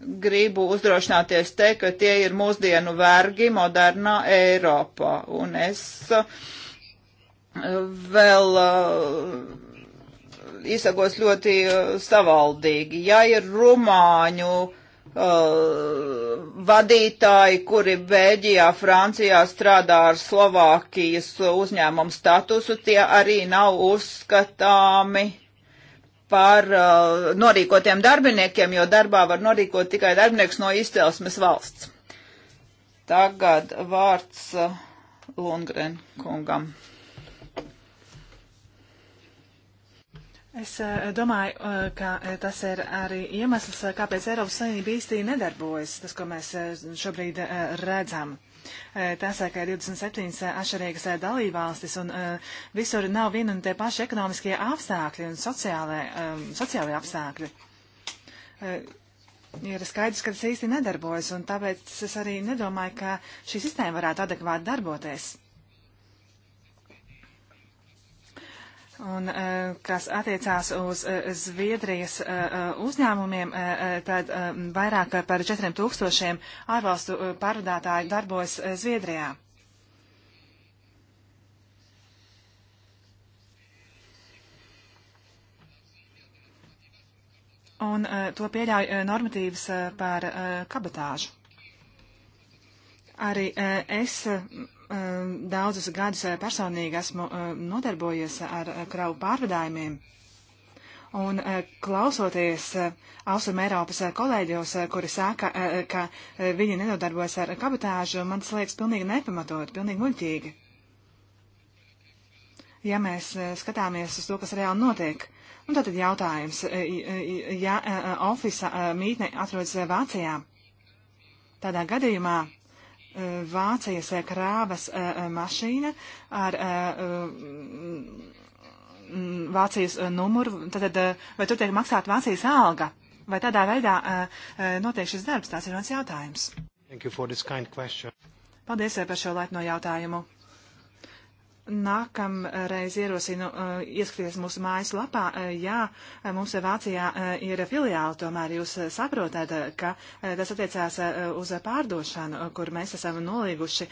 gribu uzdrošināties teikt, ka tie ir mūsdienu vergi modernā Eiropā. Un es eh, vēl eh, izsakos ļoti eh, savaldīgi. Ja ir rumāņu uh, vadītāji, kuri Bēļģijā, Francijā strādā ar Slovākijas uzņēmumu statusu, tie arī nav uzskatāmi uh, par uh, norīkotiem darbiniekiem, jo darbā var norīkot tikai darbinieks no izcelsmes valsts. Tagad vārds uh, Lundgren kungam. Es uh, domāju, uh, ka uh, tas ir arī iemesls, uh, kāpēc Eiropas Savienība īsti nedarbojas, tas, ko mēs uh, šobrīd uh, redzam. Eh, tā saka 27 eh, atšķirīgas eh, dalībvalstis, un visur nav viena un tie paši ekonomiskie apstākļi un sociālai, sociālai apstākļi. Ir skaidrs, ka tas īsti nedarbojas, un tāpēc es arī nedomāju, ka šī sistēma varētu adekvāti darboties. Un, eh, kas attiecās uz eh, Zviedrijas eh, uzņēmumiem, tad vairāk par 4000 ārvalstu pārvadātāju darbojas Zviedrijā. Un to pieļauj normatīvas par kabatāžu. Arī es Um, daudzus gadus uh, personīgi esmu uh, nodarbojies ar uh, kravu pārvadājumiem. Un klausoties Austrum Eiropas kolēģos, kuri saka, ka viņi nenodarbojas ar kabatāžu, man tas liekas pilnīgi nepamatot, pilnīgi muļķīgi. Ja mēs skatāmies uz to, kas reāli notiek, un tad jautājums, ja ofisa mītne atrodas Vācijā, tādā gadījumā Eh, Vācijas eh, krāvas eh, mašīna ar mm, mm, Vācijas numuru, tad vai tur tiek maksāta Vācijas alga? Vai tādā veidā notiek šis darbs? Tās ir mans jautājums. Kind of Paldies par šo laipno jautājumu. Nākamreiz ierosinu uh, eh, ieskaties mūsu mājas lapā. Uh, eh, jā, eh, mums Vācijā uh, ir filiāli, tomēr jūs saprotat, ka tas attiecās uz pārdošanu, kur mēs esam nolīguši.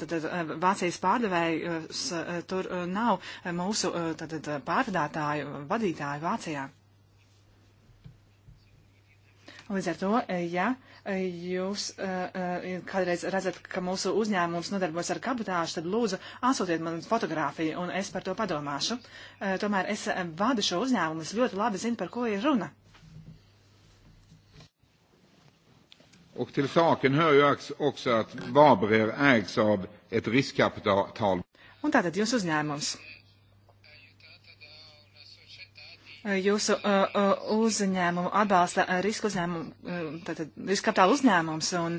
Tad Vācijas pārdevējus tur nav mūsu tad, pārvadātāju vadītāju Vācijā. Līdz ar to, ja jūs eh, eh, kādreiz redzat, ka mūsu uzņēmums nodarbojas ar kabatāšu, tad lūdzu atsūtiet man fotografiju un es par to padomāšu. Eh, tomēr es vadu šo uzņēmumu, es ļoti labi zinu, par ko ir runa. Och till saken hör ju också att Vabrer ägs av ett riskkapital. Un tātad jūsu uzņēmums Jūsu uh, uh, uzņēmumu atbalsta uh, riska uzņēmumu, uh, tātad riska kapitāla uzņēmums, un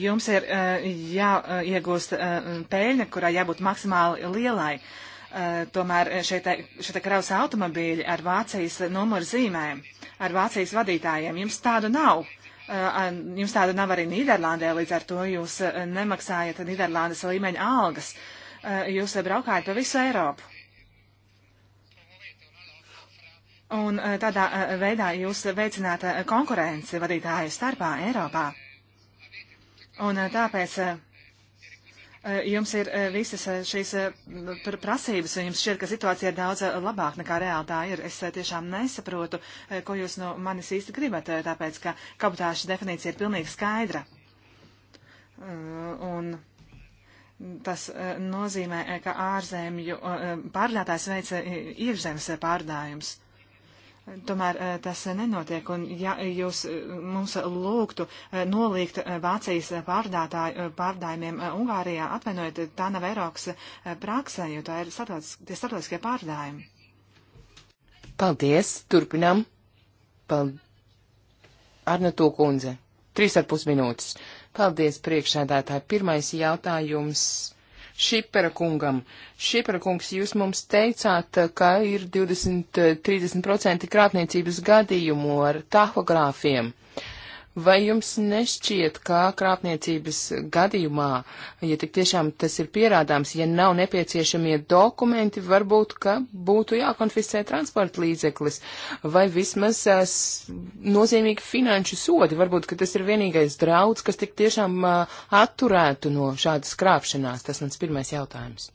jums ir uh, jāiegūst uh, pēļņa, kurai jābūt maksimāli lielai. Tomēr šeit, šeit kraus automobīļi ar Vācijas numuru zīmēm, ar Vācijas vadītājiem, jums tādu nav. Jums tādu nav arī Nīderlandē, līdz ar to jūs nemaksājat Nīderlandes līmeņa algas. Jūs braukājat pa visu Eiropu Un eh, tādā eh, veidā jūs veicināt eh, konkurenci vadītāju starpā Eiropā. Un tāpēc jums ir visas šīs prasības, un jums šķiet, ka situācija ir daudz labāka nekā reāli tā ir. Es tiešām nesaprotu, ko jūs no manis īsti gribat, tāpēc, ka kabatāša definīcija ir pilnīgi skaidra. Un tas nozīmē, ka ārzemju pārdātājs veica iekšzemes pārdājums. Tomēr eh, tas nenotiek, un ja jūs eh, mums lūgtu eh, nolīgt Vācijas pārdājumiem Ungārijā, atvainojiet, tā nav Eiropas praksē, jo tā ir starptautiskie pārdājumi. Paldies, turpinām. Paldies. Arna Tūkundze, trīs ar pus minūtes. Paldies, priekšēdētāji. Pirmais jautājums Šipera kungam. Šipera kungs, jūs mums teicāt, ka ir 20-30% krāpniecības gadījumu ar tahogrāfiem. Uh, Vai jums nešķiet, kā krāpniecības gadījumā, ja tik tiešām tas ir pierādāms, ja nav nepieciešamie dokumenti, varbūt, ka būtu jākonfiscē transporta līdzeklis, vai vismaz as, eh, nozīmīgi finanšu sodi, varbūt, ka tas ir vienīgais draudz, kas tik tiešām a, eh, atturētu no šādas krāpšanās? Tas mans pirmais jautājums.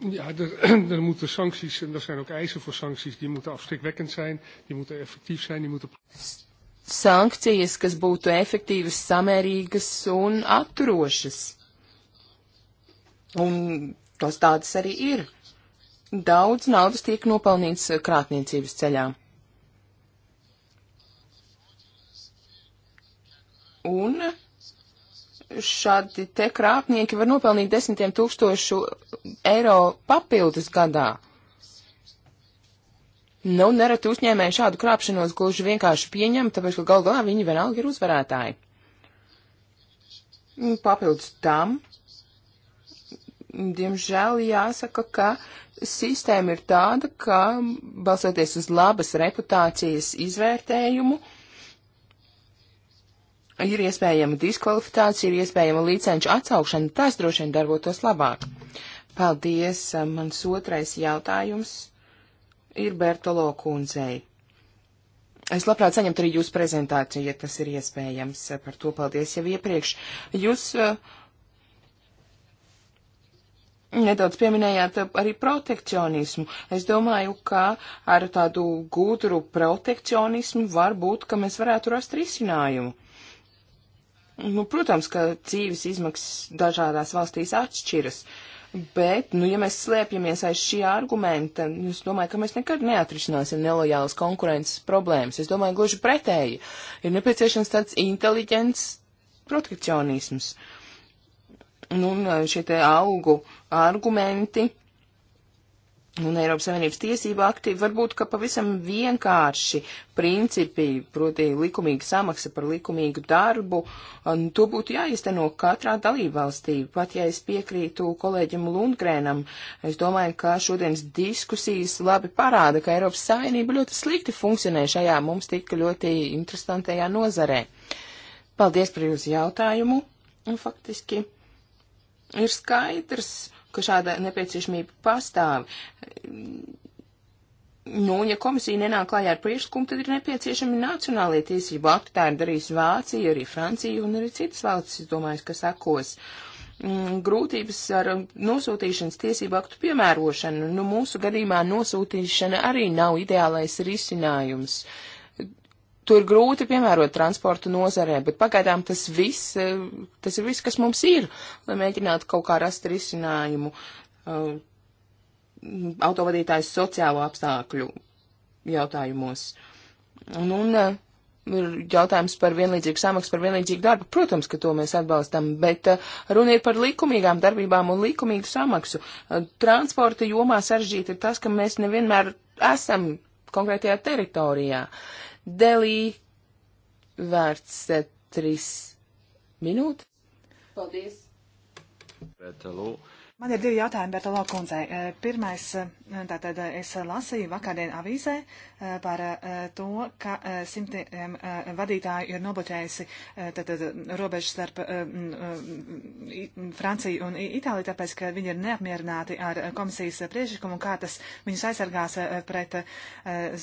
Ja, er, er moeten sancties en er zijn ook eisen voor sancties. Die moeten afschrikwekkend zijn, die moeten effectief zijn, die moeten. Sankcijas, kas būtu efektīvas, samērīgas un atturošas. Un tos tādas arī ir. Daudz naudas tiek nopelnīts krātniecības ceļā. Un šādi te krāpnieki var nopelnīt desmitiem tūkstošu eiro papildus gadā. Nu, nereti uzņēmēji šādu krāpšanos gluži vienkārši pieņem, tāpēc, ka gal galā viņi vienalga ir uzvarētāji. Nu, papildus tam, diemžēl jāsaka, ka sistēma ir tāda, ka balsoties uz labas reputācijas izvērtējumu, uh, ir iespējama diskvalifikācija, ir iespējama licenču atsaukšana, tas droši vien darbotos labāk. Paldies, mans otrais jautājums ir Bertolo kundzei. Es labprāt saņemtu arī jūsu prezentāciju, ja tas ir iespējams. Par to paldies jau iepriekš. Jūs uh, Nedaudz pieminējāt arī protekcionismu. Es domāju, ka ar tādu gudru protekcionismu var būt, ka mēs varētu rast risinājumu. Nu, protams, ka dzīves izmaksas dažādās valstīs atšķiras, bet, nu, ja mēs slēpjamies aiz šī argumenta, nu, es domāju, ka mēs nekad neatrisināsim nelojālas konkurences problēmas. Es domāju, gluži pretēji. Ir nepieciešams tāds inteliģents protekcionisms. Nu, eh, šie te augu argumenti un Eiropas Savienības tiesība akti varbūt, ka pavisam vienkārši principi, proti likumīga samaksa par likumīgu darbu, un to būtu jāizteno katrā dalībvalstī. Pat ja es piekrītu kolēģim Lundgrēnam, es domāju, ka šodienas diskusijas labi parāda, ka Eiropas Savienība ļoti slikti funkcionē šajā mums tik ļoti interesantajā nozarē. Paldies par jūsu jautājumu. Un faktiski ir skaidrs ka šāda nepieciešamība pastāv. Nu, ja komisija nenāk klājā ar priekšlikumu, tad ir nepieciešami nacionālie tiesību akti. Tā ir darījusi Vācija, arī Francija un arī citas valstis, es domāju, kas sekos. Mm, grūtības ar nosūtīšanas tiesību aktu piemērošanu. Nu, mūsu gadījumā nosūtīšana arī nav ideālais risinājums. Uh, to ir grūti piemērot transportu nozarē, bet pagaidām tas viss, eh, tas ir viss, kas mums ir, lai mēģinātu kaut kā rast risinājumu uh, autovadītājs sociālo apstākļu jautājumos. Un, un uh, ir jautājums par vienlīdzīgu samaksu par vienlīdzīgu darbu. Protams, ka to mēs atbalstam, bet uh, runa ir par likumīgām darbībām un likumīgu samaksu. Uh, transporta jomā saržģīti ir tas, ka mēs nevienmēr esam konkrētajā teritorijā. Uh, Delī vērts eh, trīs minūtes. Paldies! Pētalo. Man ir divi jautājumi Bertolo kundzei. Eh, pirmais, eh, tātad eh, es lasīju vakardien avīzē par to, ka simtiem vadītāju ir nobloķējusi tātad robežu starp Franciju un Itāliju, tāpēc, ka viņi ir neapmierināti ar komisijas priekšlikumu, kā tas viņus aizsargās pret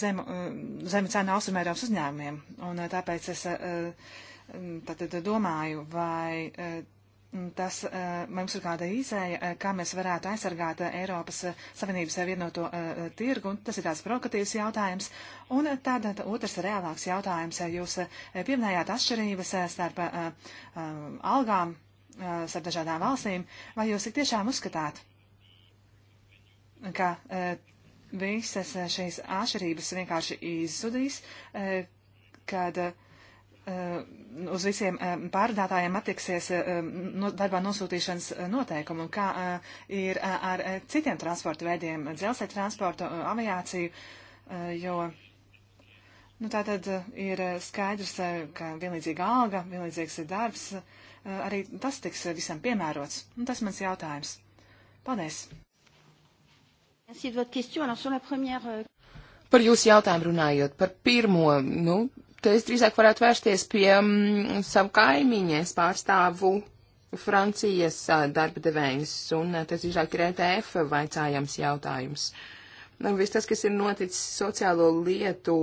zemu, zemu cenu austrumēropas uzņēmumiem. Un tāpēc es tātad domāju, vai Tas eh, mums ir kāda izēja, eh, kā mēs varētu aizsargāt eh, Eiropas Savienības vienoto tirgu, un tas ir tāds provokatīvs jautājums. Un tad otrs reālāks jautājums. Jūs pieminējāt atšķirības starp algām, starp dažādām valstīm. Vai jūs tik tiešām uzskatāt, ka visas šīs atšķirības vienkārši izzudīs, kad. Uh, Uh, uz visiem uh, pārdātājiem attieksies uh, no, darbā nosūtīšanas noteikumu un kā ir ar citiem transporta veidiem, dzelzceļa transportu, aviāciju, jo nu, tā tad ir skaidrs, ka vienlīdzīga alga, vienlīdzīgs darbs, arī tas tiks visam piemērots. Un tas mans jautājums. Paldies! Euh, par jūsu jautājumu runājot, par pirmo, nu, Te es drīzāk varētu vērsties pie mm, savu kaimiņu, es pārstāvu Francijas darba devējus, un tas drīzāk ir ETF vaicājams jautājums. Nu, viss tas, kas ir noticis sociālo lietu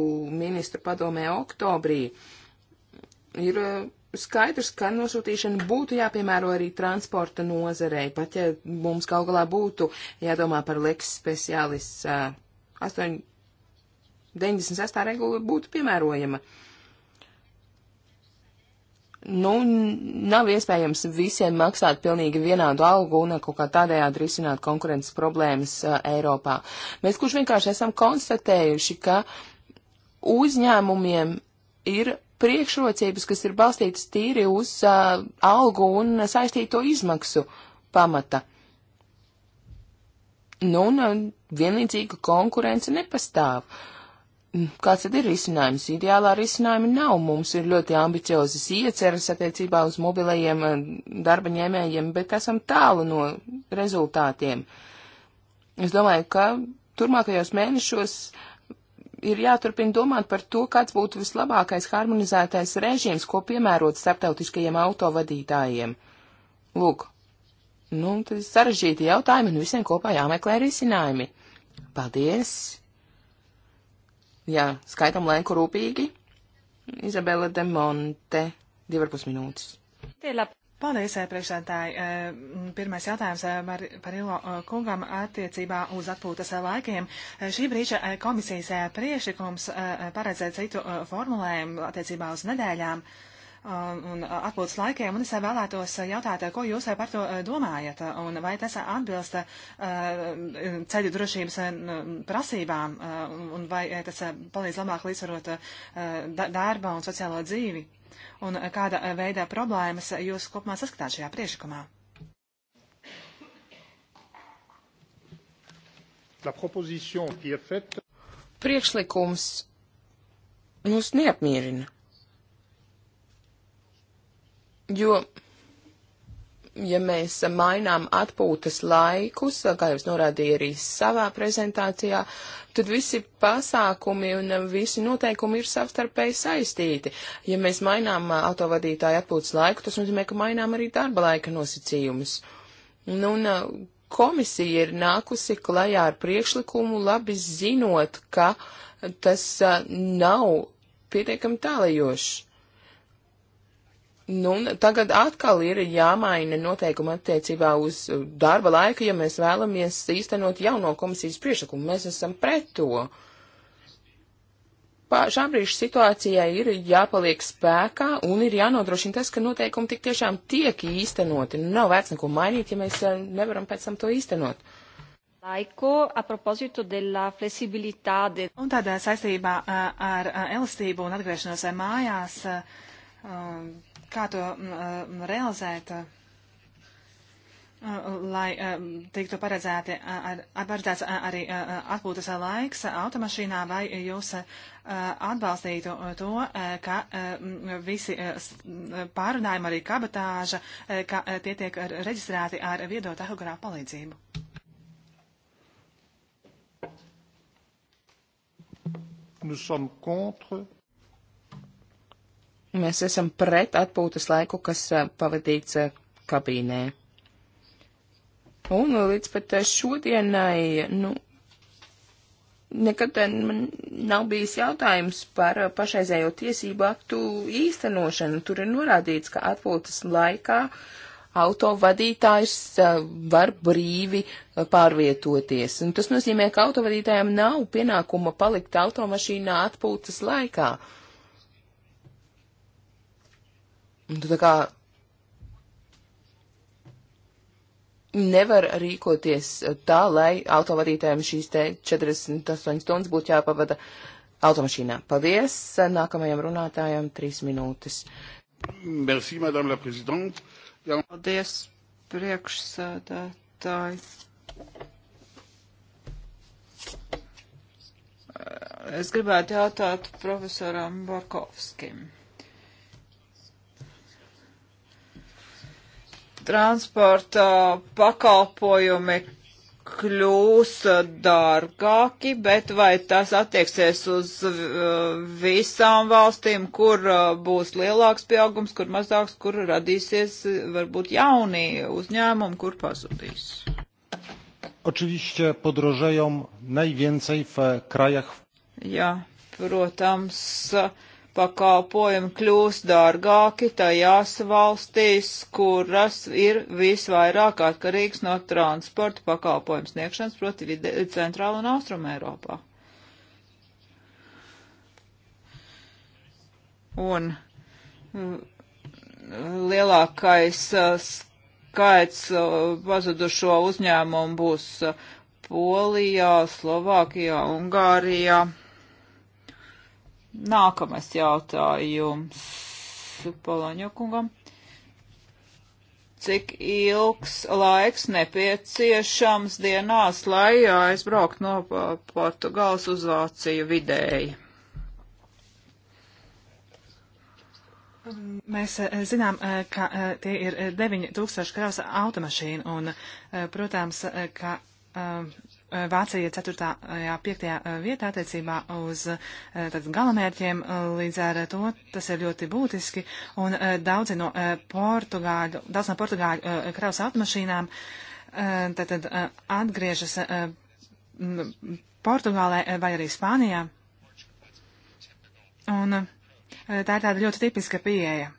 ministru padomē oktobrī, ir skaidrs, ka nosūtīšana būtu jāpiemēro arī transporta nozarei, pat ja mums kaut galā būtu jādomā par leks speciālis uh, 8 96. regula būtu piemērojama. Nu, nav iespējams visiem maksāt pilnīgi vienādu algu un kaut kā tādējādi risināt konkurences problēmas uh, Eiropā. Mēs kurš vienkārši esam konstatējuši, ka uzņēmumiem ir priekšrocības, kas ir balstītas tīri uz uh, algu un saistīto izmaksu pamata. Nu, un vienlīdzīga konkurence nepastāv. Uh, kāds tad ir risinājums? Ideālā risinājuma nav. Mums ir ļoti ambiciozas ieceras attiecībā uz mobilajiem eh, darba ņēmējiem, bet esam tālu no rezultātiem. Es domāju, ka turmākajos mēnešos ir jāturpina domāt par to, kāds būtu vislabākais harmonizētais režīms, ko piemērot starptautiskajiem autovadītājiem. Lūk, nu, tas ir sarežģīti jautājumi un visiem kopā jāmeklē risinājumi. Paldies! Jā, skaitam lēnku rūpīgi. Izabela de Monte, divarpus minūtes. Paldies, eh, priekšsēdētāji. Eh, pirmais jautājums eh, par Ilo kungam attiecībā uz atpūtas laikiem. Šī brīža komisijas priešlikums paredzēja citu formulējumu attiecībā uz nedēļām. Um, un atpūtas laikiem, un es vēlētos jautāt, ko jūs par to uh, domājat, un vai tas atbilst uh, ceļu drošības uh, nu, prasībām, un vai tas palīdz labāk līdzsvarot darba un sociālo dzīvi, un kāda veida problēmas jūs kopumā saskatāt šajā priešakumā? Priekšlikums mūs neapmierina. Jo, ja mēs mainām atpūtas laikus, kā jau es norādīju arī savā prezentācijā, tad visi pasākumi un visi noteikumi ir savstarpēji saistīti. Ja mēs mainām autovadītāju atpūtas laiku, tas nozīmē, ka mainām arī darba laika nosacījumus. Nu, un komisija ir nākusi klajā ar priekšlikumu, labi zinot, ka tas nav pietiekami tālajošs. Nu, tagad atkal ir jāmaina noteikuma attiecībā uz uh, darba laiku, ja mēs vēlamies īstenot jauno komisijas priešakumu. Mēs esam pret to. Šobrīd situācijai ir jāpaliek spēkā un ir jānodrošina tas, ka noteikumi tik tiešām tiek īstenoti. Nu, nav vērts neko mainīt, ja mēs uh, nevaram pēc tam to īstenot. Laiku, a proposito della flessibilità. De... Un tādā saistībā uh, ar elastību un atgriešanos mājās. Um, kā to mm, mm, realizēt, uh, lai uh, tiktu paredzēti, uh, ar, paredzēts arī atpūtas laiks automašīnā, vai jūs atbalstītu to, ka mm, visi pārunājumi, arī kabatāža, ka tie tiek reģistrēti ar viedo tahogrāfu palīdzību? Nous sommes contre Mēs esam pret atpūtas laiku, kas eh, pavadīts eh, kabīnē. Un eh, līdz pat šodienai, nu, nekad man nav bijis jautājums par pašreizējo tiesību aktu īstenošanu. Tur ir norādīts, ka atpūtas laikā autovadītājs var brīvi pārvietoties. Un tas nozīmē, ka autovadītājiem nav pienākuma palikt automašīnā atpūtas laikā. Uh, Un nu, tā kā nevar rīkoties tā, lai autovadītājiem šīs te 48 stundas būtu jāpavada automašīnā. Paldies! Nākamajam runātājam trīs minūtes. Merci, madame la présidente. Jā... Paldies, priekšsēdētāji. Es gribētu jautāt profesoram Barkovskim. transporta pakalpojumi kļūs uh, dārgāki, bet vai tas attieksies uz uh, visām valstīm, kur uh, būs lielāks pieaugums, kur mazāks, kur radīsies varbūt jauni uzņēmumi, kur pazudīs? Oczywiście podrożeją najwięcej w krajach. Ja, protams, uh, pakalpojumi kļūst dārgāki tajās valstīs, kuras ir visvairāk atkarīgs no transporta pakalpojumu sniegšanas, proti vide, centrāla un austruma Eiropā. Un mm, lielākais uh, skaits uh, pazudušo uzņēmumu būs uh, Polijā, Slovākijā, Ungārijā. Nākamais jautājums Poloņokungam. Cik ilgs laiks nepieciešams dienās, lai aizbraukt no Portugāles uz Vāciju vidēji? Mēs eh, zinām, eh, ka eh, tie ir 9000 kravas automašīnu un, protams, ka Vācija 4. un 5. vietā attiecībā uz tad, galamērķiem, līdz ar to tas ir ļoti būtiski, un daudzi no Portugāļu, daudz no Portugāļu kraus automašīnām tad, tad atgriežas Portugālē vai arī Spānijā. Un tā ir tāda ļoti tipiska pieeja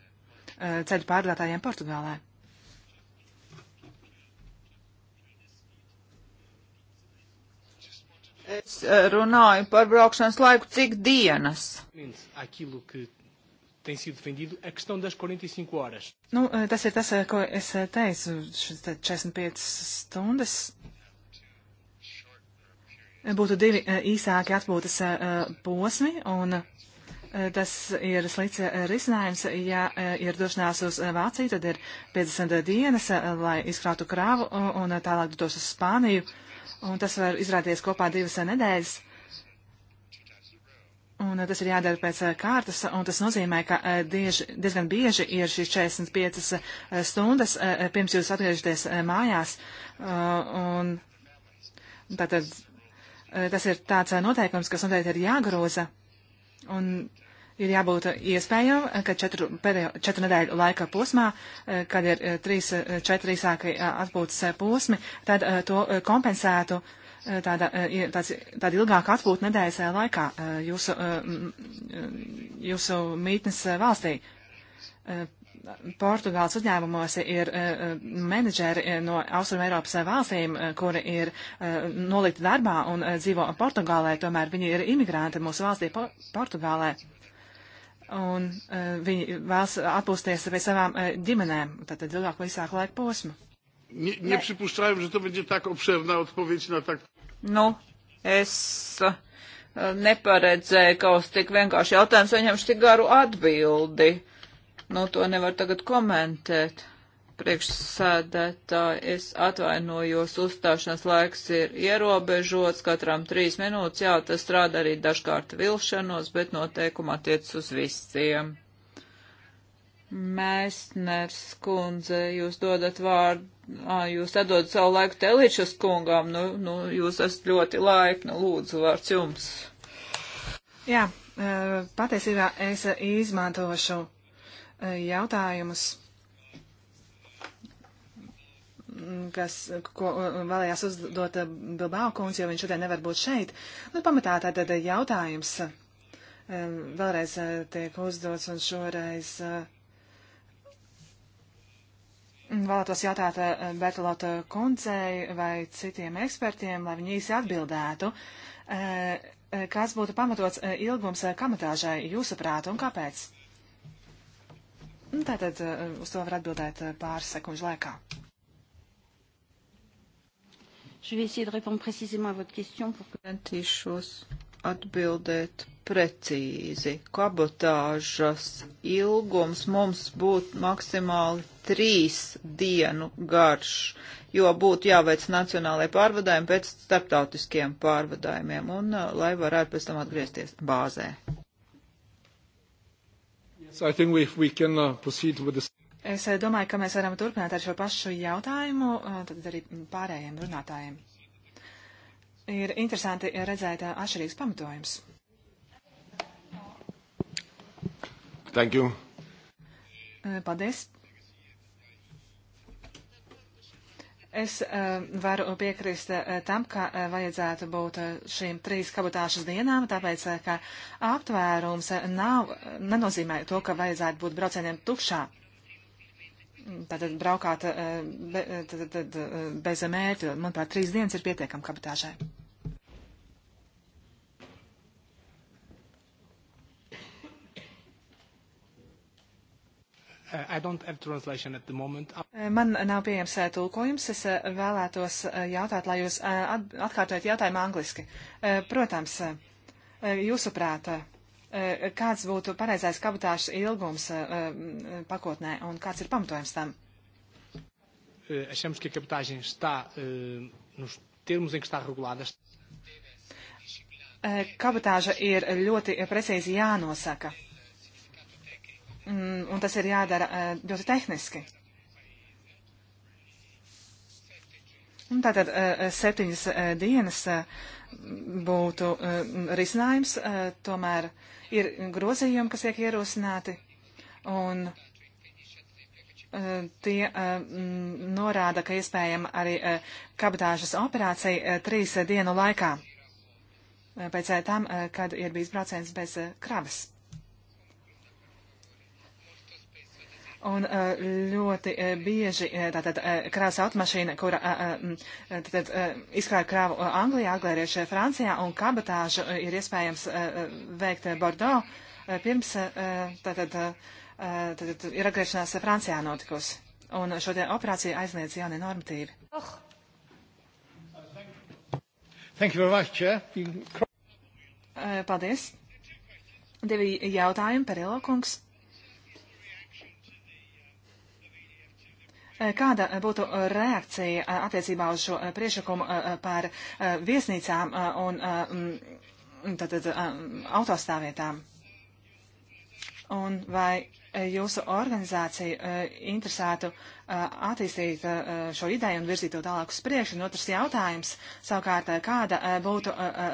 ceļu pārdotājiem Portugālē. Es eh, runāju par braukšanas laiku cik dienas. Tem sido defendido a questão das 45 e horas. Nu, eh, tas ir tas, eh, ko es teicu, 45 stundas. Būtu divi īsāki atpūtas posmi, un tas ir slikts risinājums. Ja ir došanās uz Vāciju, tad ir 50 dienas, lai izkrātu krāvu un tālāk dotos uz Spāniju un tas var izrādīties kopā divas nedēļas. Un eh, tas ir jādara pēc eh, kārtas, un tas nozīmē, ka eh, diež, diezgan bieži ir šīs 45 stundas pirms jūs atgriežaties mājās. Un tātad tas ir tāds noteikums, kas noteikti ir jāgroza. Un ir jābūt iespējām, ka četru, pēdējo četru nedēļu laika posmā, eh, kad ir eh, trīs, eh, četri īsākie atpūtas posmi, tad to kompensētu tāda, tāds, tāda ilgāka atpūta nedēļas laikā jūsu, jūsu mītnes valstī. Portugāles uzņēmumos ir menedžeri no Austrum Eiropas valstīm, kuri ir nolikti darbā un dzīvo Portugālē, tomēr viņi ir imigranti mūsu valstī Portugālē un uh, viņi vēlas atpūsties pie savām uh, ģimenēm, tātad ilgāk vai īsāk laika posmu. Nie, nie przypuszczałem, że to będzie tak obszerna odpowiedź na tak. Nu, es uh, neparedzēju, ka uz tik vienkārši jautājums saņemšu tik garu atbildi. Nu, to nevar tagad komentēt priekšsēdētāji, es atvainojos, uzstāšanās laiks ir ierobežots, katram trīs minūtes, jā, tas strādā arī dažkārt vilšanos, bet noteikuma attiec uz visiem. Mēsners kundze, jūs dodat vārdu, ā, jūs atdodat savu laiku Teličas kungām, nu, nu, jūs esat ļoti laipni, lūdzu, vārds jums. Jā, patiesībā es izmantošu jautājumus kas, ko eh, vēlējās uzdot eh, Bilbao kungs, jo viņš šodien nevar būt šeit. Nu, pamatā tātad jautājums eh, vēlreiz tiek uzdots un šoreiz vēlētos jautāt Bertolota kundzei vai citiem ekspertiem, lai viņi īsi atbildētu. Kāds būtu pamatots ilgums kamatāžai jūsuprāt un kāpēc? Nu, tātad uz to var atbildēt pāris sekundžu laikā. Centīšos atbildēt precīzi. Kabotāžas ilgums mums būtu maksimāli trīs dienu garš, jo būtu jāveic nacionālajie pārvadājumi pēc starptautiskiem pārvadājumiem, un uh, lai varētu pēc tam atgriezties bāzē. Yes, Es eh, domāju, ka mēs varam turpināt ar šo pašu jautājumu, eh, tad arī pārējiem runātājiem. Ir interesanti redzēt eh, atšķirīgs pamatojums. Thank you. Paldies. Es uh, varu piekrist uh, tam, ka uh, vajadzētu būt uh, šīm trīs kabotāšas dienām, tāpēc, uh, ka aptvērums nav, nenozīmē to, ka vajadzētu būt braucieniem tukšā. Uh, tātad braukāt eh, be, eh, tātad, tātad, eh, bez mērķa. Manuprāt, trīs dienas ir pietiekami kabatāžai. Uh, man nav pieejams tulkojums. Es vēlētos jautāt, lai jūs atkārtojat jautājumu angliski. Protams, jūsuprāt, E, kāds būtu pareizais kabatāšas ilgums e, pakotnē un kāds ir pamatojums tam? E, achamos que a cabotagem está nos termos em que está regulada. Kabatāža ir ļoti precīzi jānosaka. Mm, un tas ir jādara ļoti tehniski. Un tātad septiņas dienas būtu risinājums, tomēr ir grozījumi, kas tiek ierosināti, un e, tie e, norāda, ka iespējama arī e, kabatāžas operācija trīs dienu laikā pēc tam, kad ir bijis brauciens bez kravas. Un e, ļoti e, bieži e, tātad, krāsa automašīna, kura tātad, izkrāja krāvu Anglijā, Anglērieši Francijā, un kabatāžu ir iespējams veikt Bordeaux pirms tātad, tātad, ir atgriešanās Francijā notikusi. Un šo te operāciju aizliedz jaunie normatīvi. Oh. Thank you very much, Chair. Paldies. Divi jautājumi, Perilo kungs. Eh, kāda eh, būtu eh, reakcija attiecībā uz šo priešakumu par viesnīcām un tātad mm, mm, autostāvvietām? Un vai jūsu organizācija e, interesētu e, attīstīt e, šo ideju un virzīt to tālāk uz priekšu? Un otrs jautājums, savukārt, kāda būtu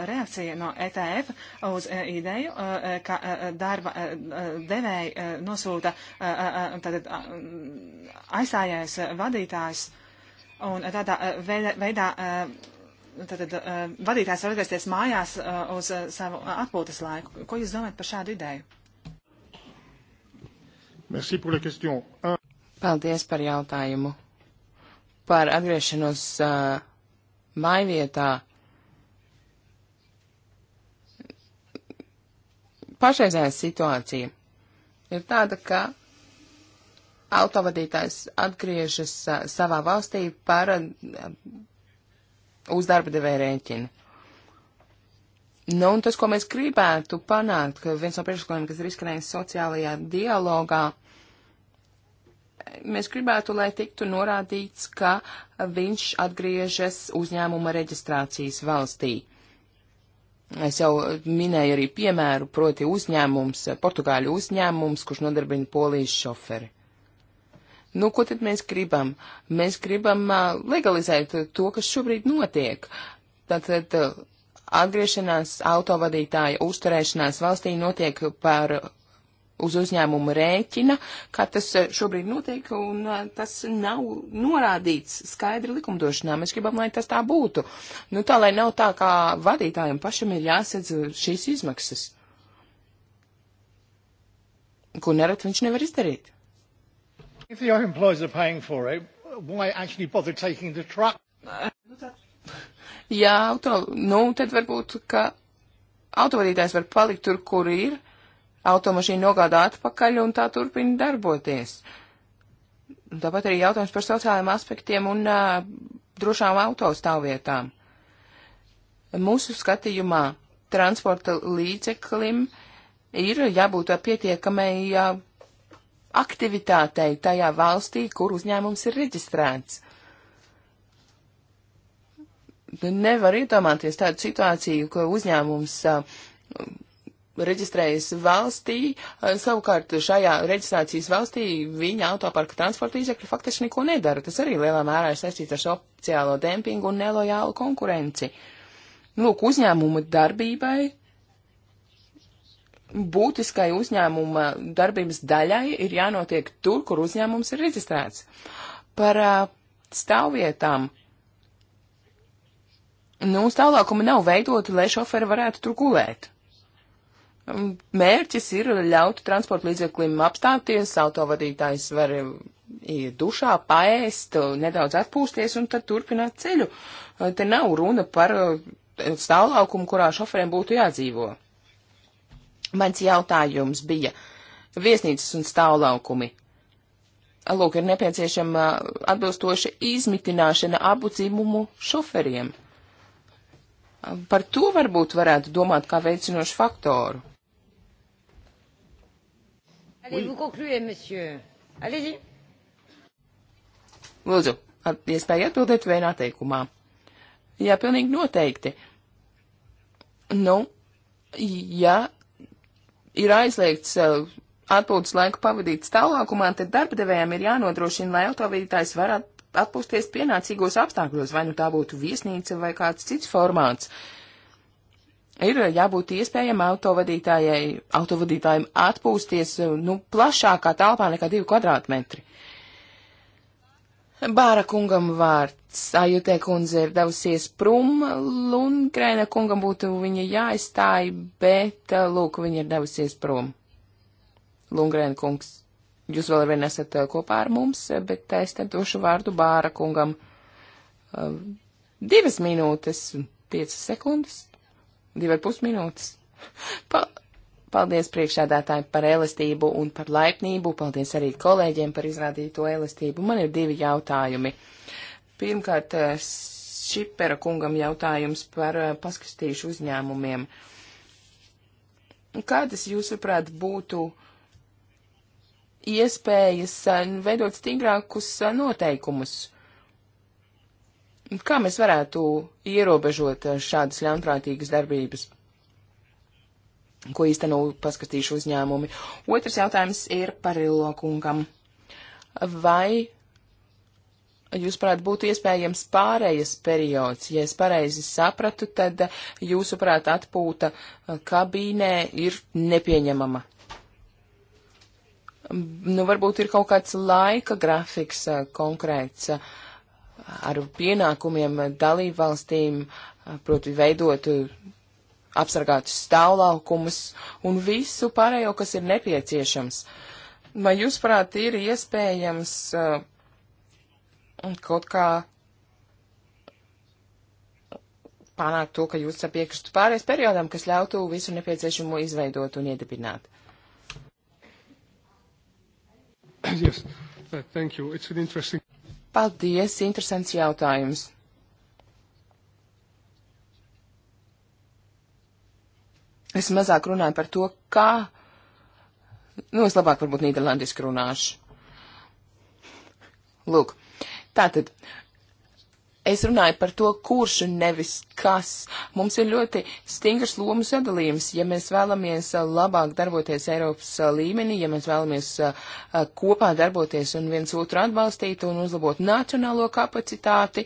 reakcija no ETF uz ideju, ka darba devēji nosūta tātad, aizstājais vadītājs un tādā veidā tātad, vadītājs var atgriezties mājās uz savu atpūtas laiku. Ko jūs domājat par šādu ideju? Merci pour la question. Un... Paldies par jautājumu. Par atgriešanos uh, mājvietā. Pašreizējā situācija ir tāda, ka autovadītājs atgriežas uh, savā valstī par uh, uzdarba devēja rēķinu. Nu, un tas, ko mēs gribētu panākt, ka viens no priekšlikumiem, kas ir izskanējis sociālajā dialogā, mēs gribētu, lai tiktu norādīts, ka viņš atgriežas uzņēmuma reģistrācijas valstī. Es jau minēju arī piemēru, proti uzņēmums, portugāļu uzņēmums, kurš nodarbina polijas šoferi. Nu, ko tad mēs gribam? Mēs gribam legalizēt to, kas šobrīd notiek. Tātad atgriešanās autovadītāja uzturēšanās valstī notiek par uz uzņēmumu rēķina, kā tas eh, šobrīd notiek, un eh, tas nav norādīts skaidri likumdošanā. Mēs gribam, lai tas tā būtu. Nu tā, lai nav tā, kā vadītājiem pašam ir jāsedz šīs izmaksas, ko nerad viņš nevar izdarīt. If the employers are paying for it, why actually bother taking the truck? Jā, auto, nu tad varbūt, ka autovadītājs var palikt tur, kur ir, automašīnu nogādā atpakaļ un tā turpina darboties. Tāpat arī jautājums par sociālajiem aspektiem un uh, drošām autostāvvietām. Mūsu skatījumā transporta līdzeklim ir jābūt pietiekamai uh, aktivitātei tajā valstī, kur uzņēmums ir reģistrēts. Nevar iedomāties tādu situāciju, ka uzņēmums uh, reģistrējas valstī, eh, savukārt šajā reģistrācijas valstī viņa autoparka transporta līdzekļi faktiski neko nedara. Tas arī lielā mērā ir saistīts ar sociālo dempingu un nelojālu konkurenci. Lūk, uzņēmuma darbībai, būtiskai uzņēmuma darbības daļai ir jānotiek tur, kur uzņēmums ir reģistrēts. Par eh, stāvvietām. Nu, stāvlākumi nav veidoti, lai šoferi varētu tur gulēt. Um, mērķis ir ļaut transporta līdzeklim apstāties, autovadītājs var um, iet dušā, paēst, uh, nedaudz atpūsties un tad turpināt ceļu. Uh, te nav runa par uh, stāvlaukumu, kurā šoferiem būtu jādzīvo. Mans jautājums bija viesnīcas un stāvlaukumi. Lūk, ir nepieciešama atbilstoša izmitināšana abu dzimumu šoferiem. Par to varbūt varētu domāt kā veicinošu faktoru. Allez, oui. vous concluez, monsieur. Allez-y. Lūdzu, at, iespēja atbildēt vienā teikumā. Jā, pilnīgi noteikti. Nu, ja ir aizliegts uh, atpūtas laiku pavadīt stāvlākumā, tad darbdevējiem ir jānodrošina, lai autovadītājs var atpūsties pienācīgos apstākļos, vai nu tā būtu viesnīca vai kāds cits formāts. Uh, ir jābūt iespējama autovadītājai, autovadītājiem atpūsties, eh, nu, plašākā telpā nekā divi kvadrātmetri. Bāra kungam vārds, Ajutē kundze ir devusies prom, Lundgrēna kungam būtu viņa jāizstāj, bet, eh, lūk, viņa ir devusies prom. Lundgrēna kungs, jūs vēl vien esat eh, kopā ar mums, bet es te došu vārdu Bāra kungam. Divas minūtes, piecas sekundes divi ar pus minūtes. Pa Paldies priekšādātājiem par elastību un par laipnību. Paldies arī kolēģiem par izrādīto elastību. Man ir divi jautājumi. Pirmkārt, eh, Šipera kungam jautājums par eh, paskastīšu uzņēmumiem. Kādas, jūsuprāt, būtu iespējas eh, veidot stingrākus noteikumus? Kā mēs varētu ierobežot eh, šādas ļaunprātīgas darbības, ko īsteno paskatīšu uzņēmumi? Otrs jautājums ir par Ilokungam. Vai jūsuprāt būtu iespējams pārējas periods? Ja es pareizi sapratu, tad jūsuprāt atpūta eh, kabīnē ir nepieņemama. Mm, nu, varbūt ir kaut kāds laika grafiks eh, konkrēts. Uh, ar pienākumiem dalību valstīm, proti veidot eh, apsargātus stāvlaukumus un visu pārējo, kas ir nepieciešams. Vai jūs, prāt, ir iespējams eh, kaut kā panākt to, ka jūs piekristu pārējais periodam, kas ļautu visu nepieciešamo izveidot un iedibināt? Yes. Thank you. It's an interesting Paldies, interesants jautājums. Es mazāk runāju par to, kā. Nu, es labāk varbūt nīderlandiski runāšu. Lūk, tātad. Uh, Es runāju par to, kurš un nevis kas. Mums ir ļoti stingrs lomu sadalījums. Ja mēs vēlamies uh, labāk darboties Eiropas uh, līmenī, ja mēs vēlamies uh, kopā darboties un viens otru atbalstīt un uzlabot nacionālo kapacitāti,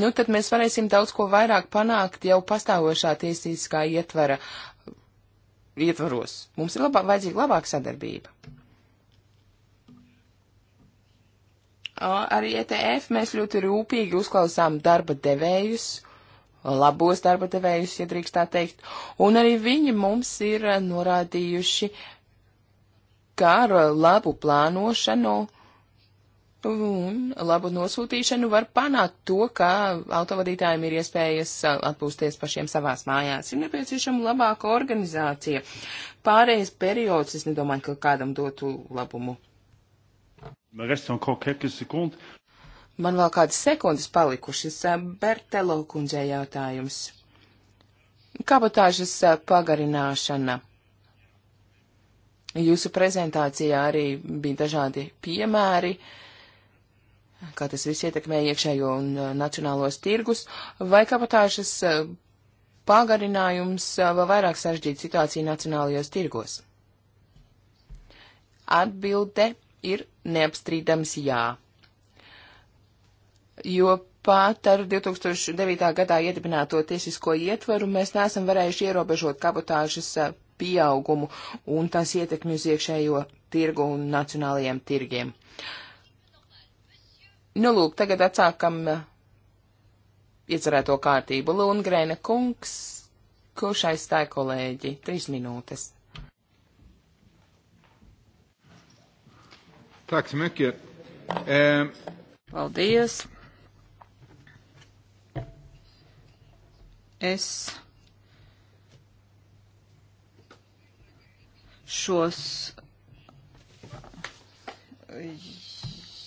nu tad mēs varēsim daudz ko vairāk panākt jau pastāvošā tiesiskā ietvara ietvaros. Mums ir labāk, vajadzīga labāka sadarbība. arī ETF mēs ļoti rūpīgi uzklausām darba devējus, labos darba devējus, ja drīkst tā teikt, un arī viņi mums ir norādījuši, kā ar labu plānošanu un labu nosūtīšanu var panākt to, ka autovadītājiem ir iespējas atpūsties pašiem savās mājās. Ir nepieciešama labāka organizācija. Pārējais periods, es nedomāju, ka kādam dotu labumu Man vēl kādas sekundes palikušas. Eh, Bertelo kundzē jautājums. Kabotāžas eh, pagarināšana. Jūsu prezentācijā arī bija dažādi piemēri, kā tas viss ietekmē iekšējo un eh, nacionālos tirgus, vai kabotāžas pagarinājums vēl vairāk sažģīt situāciju nacionālajos tirgos. Atbilde ir neapstrīdams jā. Jo pat ar 2009. gadā iedibināto tiesisko ietvaru mēs neesam varējuši ierobežot kabotāžas eh, pieaugumu un tās ietekmi uz iekšējo tirgu un nacionālajiem tirgiem. Nu, lūk, tagad atsākam eh, iecerēto kārtību. Lundgrēna kungs, kurš aizstāja kolēģi, trīs minūtes. Tack så mycket. Eh... Paldies. Es šos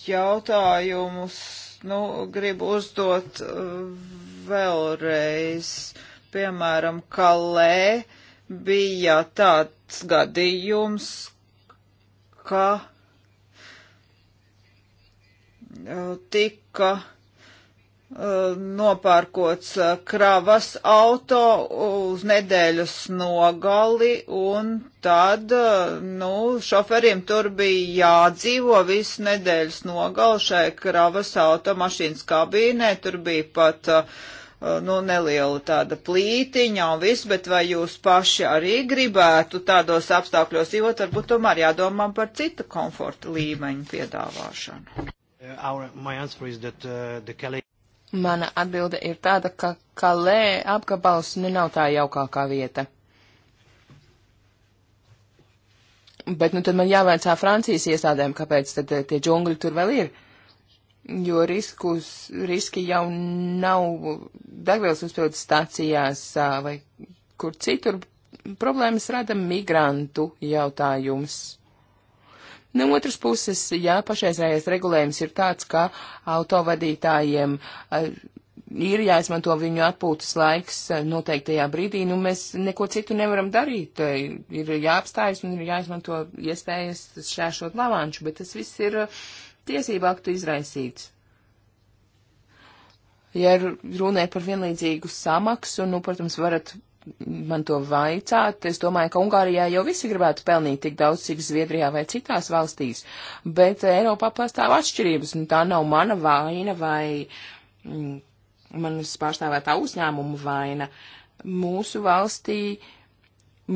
jautājumus nu, gribu uzdot uh, vēlreiz. Piemēram, Kalē bija tāds gadījums, ka tika eh, nopērkots eh, kravas auto uz nedēļas nogali, un tad, eh, nu, šoferim tur bija jādzīvo visu nedēļas nogali šai kravas auto mašīnas kabīnē, tur bija pat, nu, neliela tāda plītiņa un viss, bet vai jūs paši arī gribētu tādos apstākļos dzīvot, varbūt tomēr jādomā par citu komforta līmeņu piedāvāšanu. Uh, our, my answer is that uh, the Calais. Mana atbilde ir tāda, ka Kalē apgabals nu nav tā jaukākā vieta. Bet nu tad man jāvaicā Francijas iestādēm, kāpēc tad uh, tie džungļi tur vēl ir. Jo riskus, riski jau nav degvielas uzpildes stācijās vai kur citur. Problēmas rada migrantu jautājums. No otras puses, jā, pašreizējais regulējums ir tāds, ka autovadītājiem eh, ir jāizmanto viņu atpūtas laiks eh, noteiktajā brīdī, nu mēs neko citu nevaram darīt. Eh, ir jāapstājas un ir jāizmanto iespējas šķēršot lavāņšu, bet tas viss ir tiesību aktu izraisīts. Ja runē par vienlīdzīgu samaksu, nu, protams, varat man to vaicāt, es domāju, ka Ungārijā jau visi gribētu pelnīt tik daudz, cik Zviedrijā vai citās valstīs, bet Eiropā pastāv atšķirības, un tā nav mana vaina vai mm, manas pārstāvētā uzņēmuma vaina. Mūsu valstī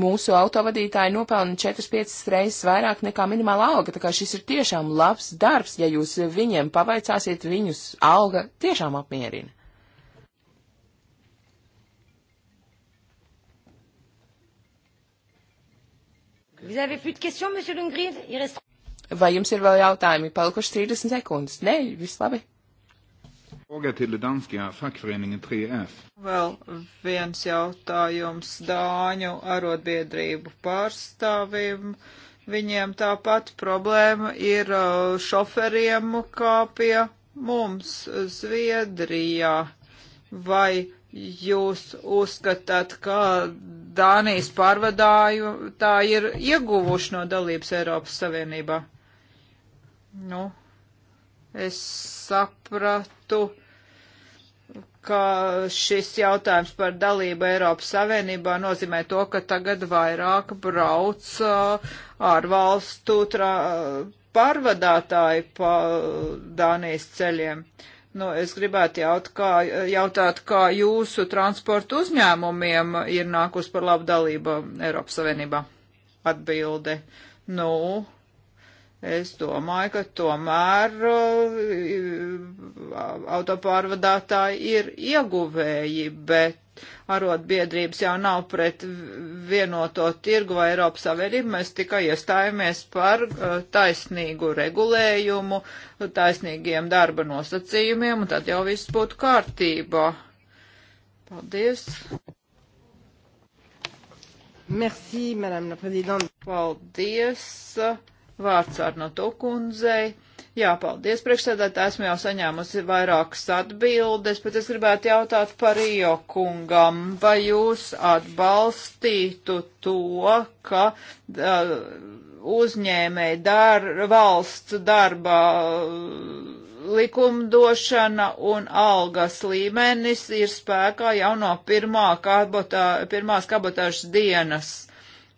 mūsu autovadītāji nopelna 4-5 reizes vairāk nekā minimāla alga, tā kā šis ir tiešām labs darbs, ja jūs viņiem pavaicāsiet, viņus alga tiešām apmierina. Vai jums ir vēl jautājumi? Palikuši 30 sekundes. Nē, viss labi. Vēl viens jautājums Dāņu arotbiedrību pārstāvim. Viņiem tāpat problēma ir uh, šoferiem kā pie mums Zviedrijā. Vai jūs uzskatāt, ka Dānijas pārvadāju tā ir ieguvuši no dalības Eiropas Savienībā? Nu, es sapratu, ka šis jautājums par dalību Eiropas Savienībā nozīmē to, ka tagad vairāk brauc ārvalstu pārvadātāji pa Dānijas ceļiem. Uh, Nu, es gribētu jaut, kā, jautāt, kā jūsu transporta uzņēmumiem ir nākus par labu dalību Eiropas Savienībā. Atbilde. Nu, es domāju, ka tomēr uh, autopārvadātāji ir ieguvēji, bet arotbiedrības jau nav pret vienoto tirgu vai Eiropas Savienību, mēs tikai iestājamies par uh, taisnīgu regulējumu, taisnīgiem darba nosacījumiem, un tad jau viss būtu kārtībā. Paldies! Merci, madame la présidente. Paldies! Vārds Arno Tokundzei. Jā, paldies, priekšsēdētāji, esmu jau saņēmusi vairākas atbildes, bet es gribētu jautāt par Rio kungam, vai jūs atbalstītu to, ka uh, uzņēmēji dar, valsts darba uh, likumdošana un algas līmenis ir spēkā jau no pirmā kabotā, pirmās kabotāžas dienas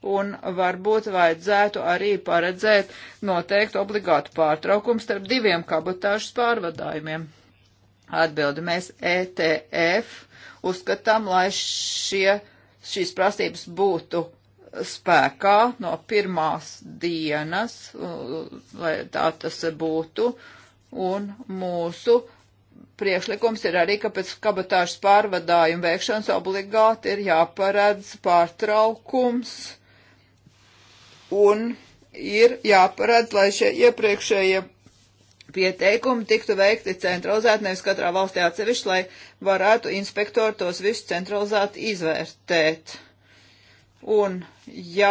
un varbūt vajadzētu arī paredzēt noteikti obligātu pārtraukumu starp diviem kabotāžas pārvadājumiem. Atbildi mēs ETF uzskatām, lai šie, šīs prasības būtu spēkā no pirmās dienas, lai tā tas būtu, un mūsu priekšlikums ir arī, ka pēc kabatāžas pārvadājuma veikšanas obligāti ir jāparedz pārtraukums un ir jāparedz, lai šie iepriekšējie pieteikumi tiktu veikti centralizēti, nevis katrā valstī atsevišķi, lai varētu inspektori tos visus centralizēti izvērtēt. Un, ja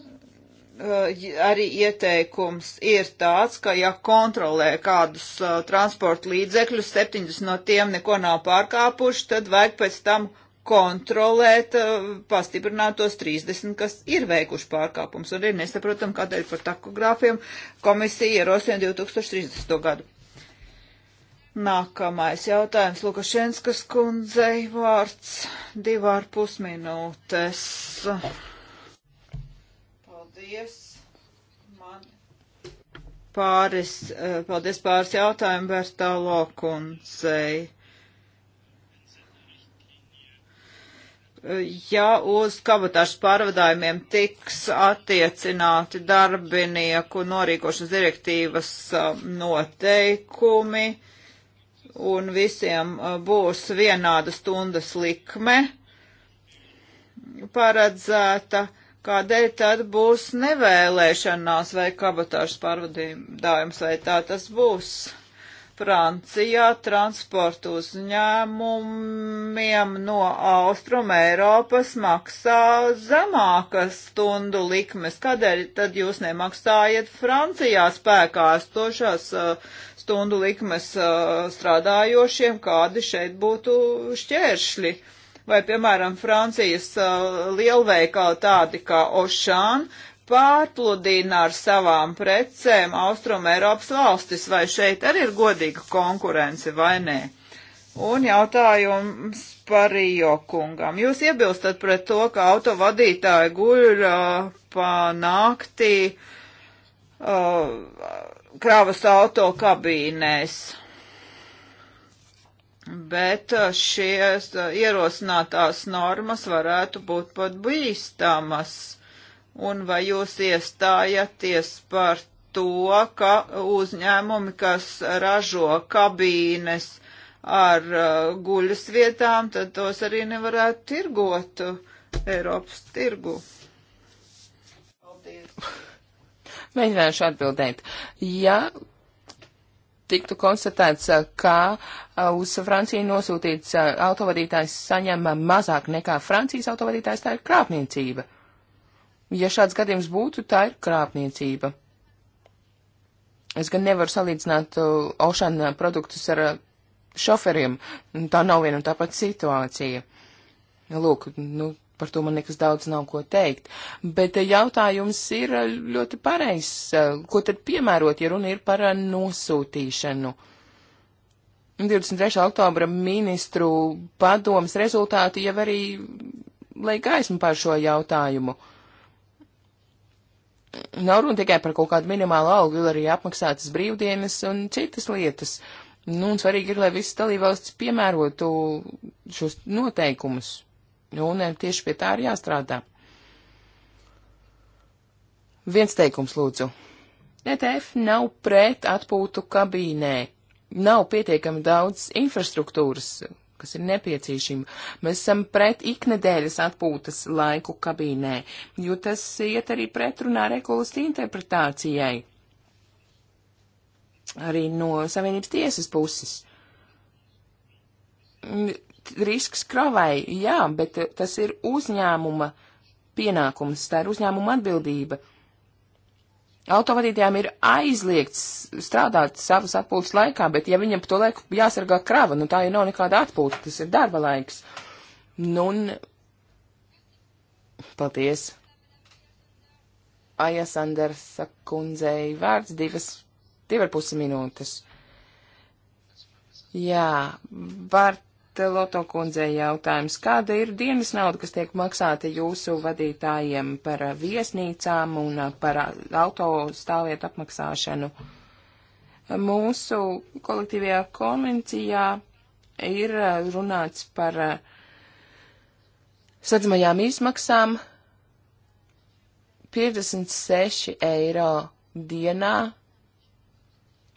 eh, arī ieteikums ir tāds, ka ja kontrolē kādus uh, transporta līdzekļus, 70 no tiem neko nav pārkāpuši, tad vajag pēc tam kontrolēt eh, pastiprinātos 30, kas ir veikuši pārkāpums. Un ir nesaprotam, kādēļ par takogrāfiem komisija ierosina 2030. gadu. Nākamais jautājums Lukašenskas kundzei vārds divā ar pusminūtes. Paldies. Man pāris, eh, paldies pāris jautājumu Bertālo kundzei. ja uz kabatāšu pārvadājumiem tiks attiecināti darbinieku norīkošanas direktīvas noteikumi un visiem būs vienāda stundas likme paredzēta, kādēļ tad būs nevēlēšanās vai kabatāšu pārvadājums, vai tā tas būs. Francijā transportu uzņēmumiem no Austrum Eiropas maksā zemākas stundu likmes. Kādēļ tad jūs nemaksājat Francijā spēkā stošās uh, stundu likmes uh, strādājošiem, kādi šeit būtu šķēršļi? Vai, piemēram, Francijas uh, lielveikali tādi kā Ošāna pārpludina ar savām precēm Austrum Eiropas valstis, vai šeit arī ir godīga konkurence vai nē? Un jautājums par Rijo kungam. Jūs iebilstat pret to, ka autovadītāji guļ uh, pa naktī uh, kravas auto kabīnēs. Bet uh, šīs uh, ierosinātās normas varētu būt pat bīstamas un vai jūs iestājaties par to, ka uzņēmumi, kas ražo kabīnes ar uh, guļas vietām, tad tos arī nevarētu tirgot uh, Eiropas tirgu. Paldies. Mēģināšu atbildēt. Ja tiktu konstatēts, uh, ka uh, uz Franciju nosūtīts uh, autovadītājs saņem mazāk nekā Francijas autovadītājs, tā ir krāpniecība. Ja šāds gadījums būtu, tā ir krāpniecība. Es gan nevaru salīdzināt uh, ošana produktus ar uh, šoferiem. Nu, tā nav viena un tā pati situācija. Lūk, nu, par to man nekas daudz nav ko teikt. Bet uh, jautājums ir ļoti pareizs. Ko tad piemērot, ja runa ir par nosūtīšanu? 23. oktobra ministru padomas rezultāti jau arī lai gaismu par šo jautājumu nav runa tikai par kaut kādu minimālu algu, ir arī apmaksātas brīvdienas un citas lietas. Nu, un svarīgi ir, lai visas dalībvalstis piemērotu šos noteikumus. Nu, un tieši pie tā ir jāstrādā. Viens teikums, lūdzu. ETF nav pret atpūtu kabīnē. Nav pietiekami daudz infrastruktūras, kas ir nepieciešama. Mēs esam pret iknedēļas atpūtas laiku kabīnē, jo tas iet arī pretrunā regulas interpretācijai. Arī no Savienības tiesas puses mm, risks kravai, jā, bet tas ir uzņēmuma pienākums, tā ir uzņēmuma atbildība. Autovadītājiem ir aizliegts strādāt savas atpūtas laikā, bet ja viņam to laiku jāsargā krava, nu tā jau nav nekāda atpūta, tas ir darba laiks. Nu un... Paldies. Aja Sandersa kundzei vārds divas, divarpus minūtes. Jā, var Eh, Loto kundzei jautājums. Kāda ir dienas nauda, kas tiek maksāta jūsu vadītājiem par eh, viesnīcām un eh, par auto stāvvietu apmaksāšanu? Mūsu kolektīvajā konvencijā ir runāts par sadzmajām izmaksām 56 eiro dienā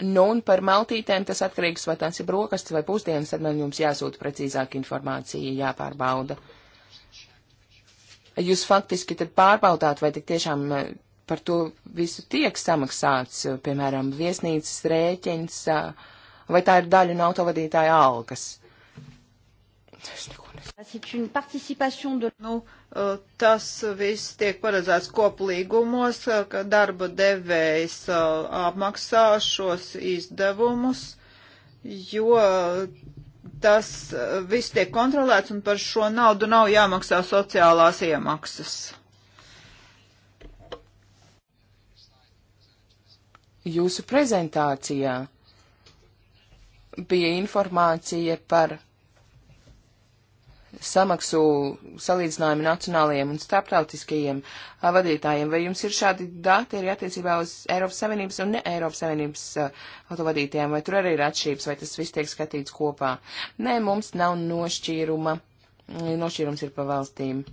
Nu, un par maltītēm tas atkarīgs, vai tās ir brokastis vai pusdienas, tad man jums jāsūta precīzāk informācija, jāpārbauda. Jūs faktiski tad pārbaudāt, vai tik tiešām eh, par to visu tiek samaksāts, eh, piemēram, viesnīcas rēķins, eh, vai tā ir daļa no autovadītāja algas. Nu, tas viss tiek paredzēts koplīgumos, ka darba devējs uh, apmaksā šos izdevumus, jo tas uh, viss tiek kontrolēts un par šo naudu nav jāmaksā sociālās iemaksas. Jūsu prezentācijā bija informācija par samaksu salīdzinājumi nacionālajiem un starptautiskajiem vadītājiem. Vai jums ir šādi dati arī attiecībā uz Eiropas Savienības un ne Eiropas Savienības autovadītājiem, vai tur arī ir atšķirības, vai tas viss tiek skatīts kopā? Nē, mums nav nošķīruma. Mm, nošķīrums ir pa valstīm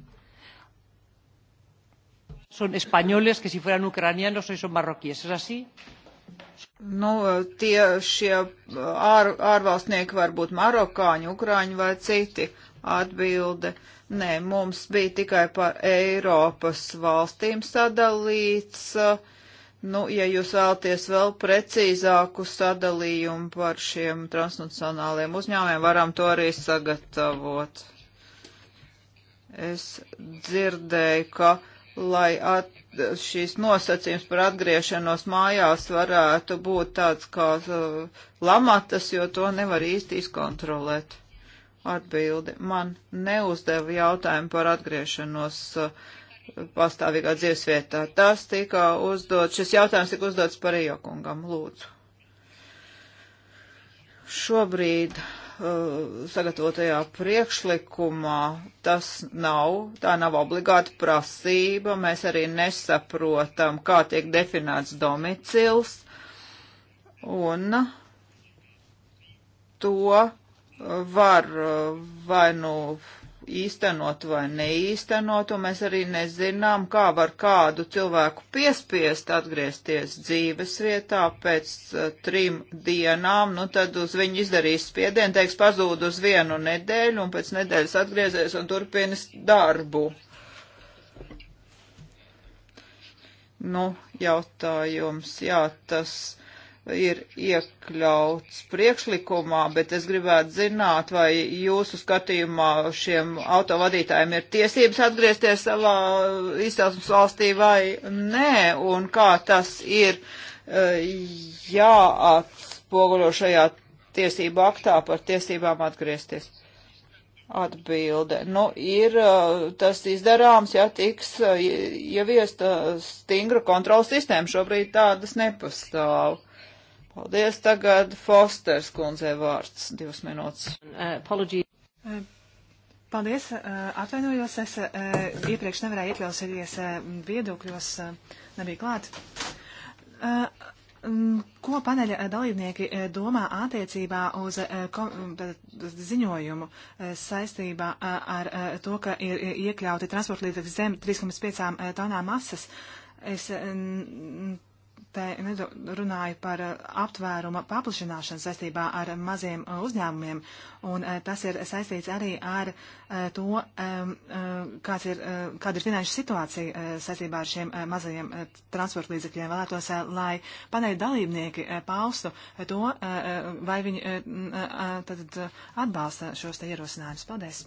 son españoles que si fueran ucranianos hoy son marroquíes. ¿Es así? Nu, tie šie ār, ārvalstnieki var būt marokāņi, ukrāņi vai citi. Atbilde. Nē, mums bija tikai par Eiropas valstīm sadalīts. Uh, nu, ja jūs vēlaties vēl precīzāku sadalījumu par šiem transnacionāliem uzņēmumiem, varam to arī sagatavot. Es dzirdēju, ka lai at, šīs nosacījums par atgriešanos mājās varētu būt tāds kā uh, lamatas, jo to nevar īsti izkontrolēt atbildi. Man neuzdeva jautājumu par atgriešanos uh, pastāvīgā dzīvesvietā. Tas tika uzdot, šis jautājums tika uzdots par Ejokungam, lūdzu. Šobrīd uh, sagatavotajā priekšlikumā tas nav, tā nav obligāta prasība, mēs arī nesaprotam, kā tiek definēts domicils, un to var eh, vai nu īstenot vai neīstenot, un mēs arī nezinām, kā var kādu cilvēku piespiest atgriezties dzīves vietā pēc eh, trim dienām, nu tad uz viņu izdarīs spiedienu, teiks pazūd uz vienu nedēļu, un pēc nedēļas atgriezies un turpinis darbu. Nu, jautājums, jā, tas ir iekļauts priekšlikumā, bet es gribētu zināt, vai jūsu skatījumā šiem autovadītājiem ir tiesības atgriezties savā izcelsmes valstī vai nē, un kā tas ir eh, jāatspoguļo šajā tiesību aktā par tiesībām atgriezties. Atbilde. Nu, ir eh, tas izdarāms, ja tiks eh, ieviesta stingra kontrolas sistēma. Šobrīd tādas nepastāv. Uh, Paldies. Tagad Fosters kundzē vārds. Divas minūtes. Uh, apology. Uh, paldies. Uh, atvainojos, es iepriekš nevarēju iekļausīties viedokļos, nebija klāt. Mm, ko paneļa dalībnieki domā attiecībā uz mm, ziņojumu saistībā ar to, ka ir iekļauti transportlīdzekļi zem 3,5 tonām masas? Es te runāju par eh, aptvēruma paplašināšanu saistībā ar maziem eh, uzņēmumiem, un eh, tas ir saistīts arī ar to, kāds ir, kāda ir finanšu situācija saistībā ar šiem mazajiem transporta līdzekļiem. Vēlētos, lai paneļa dalībnieki paustu to, vai viņi tad atbalsta šos te ierosinājumus. Paldies!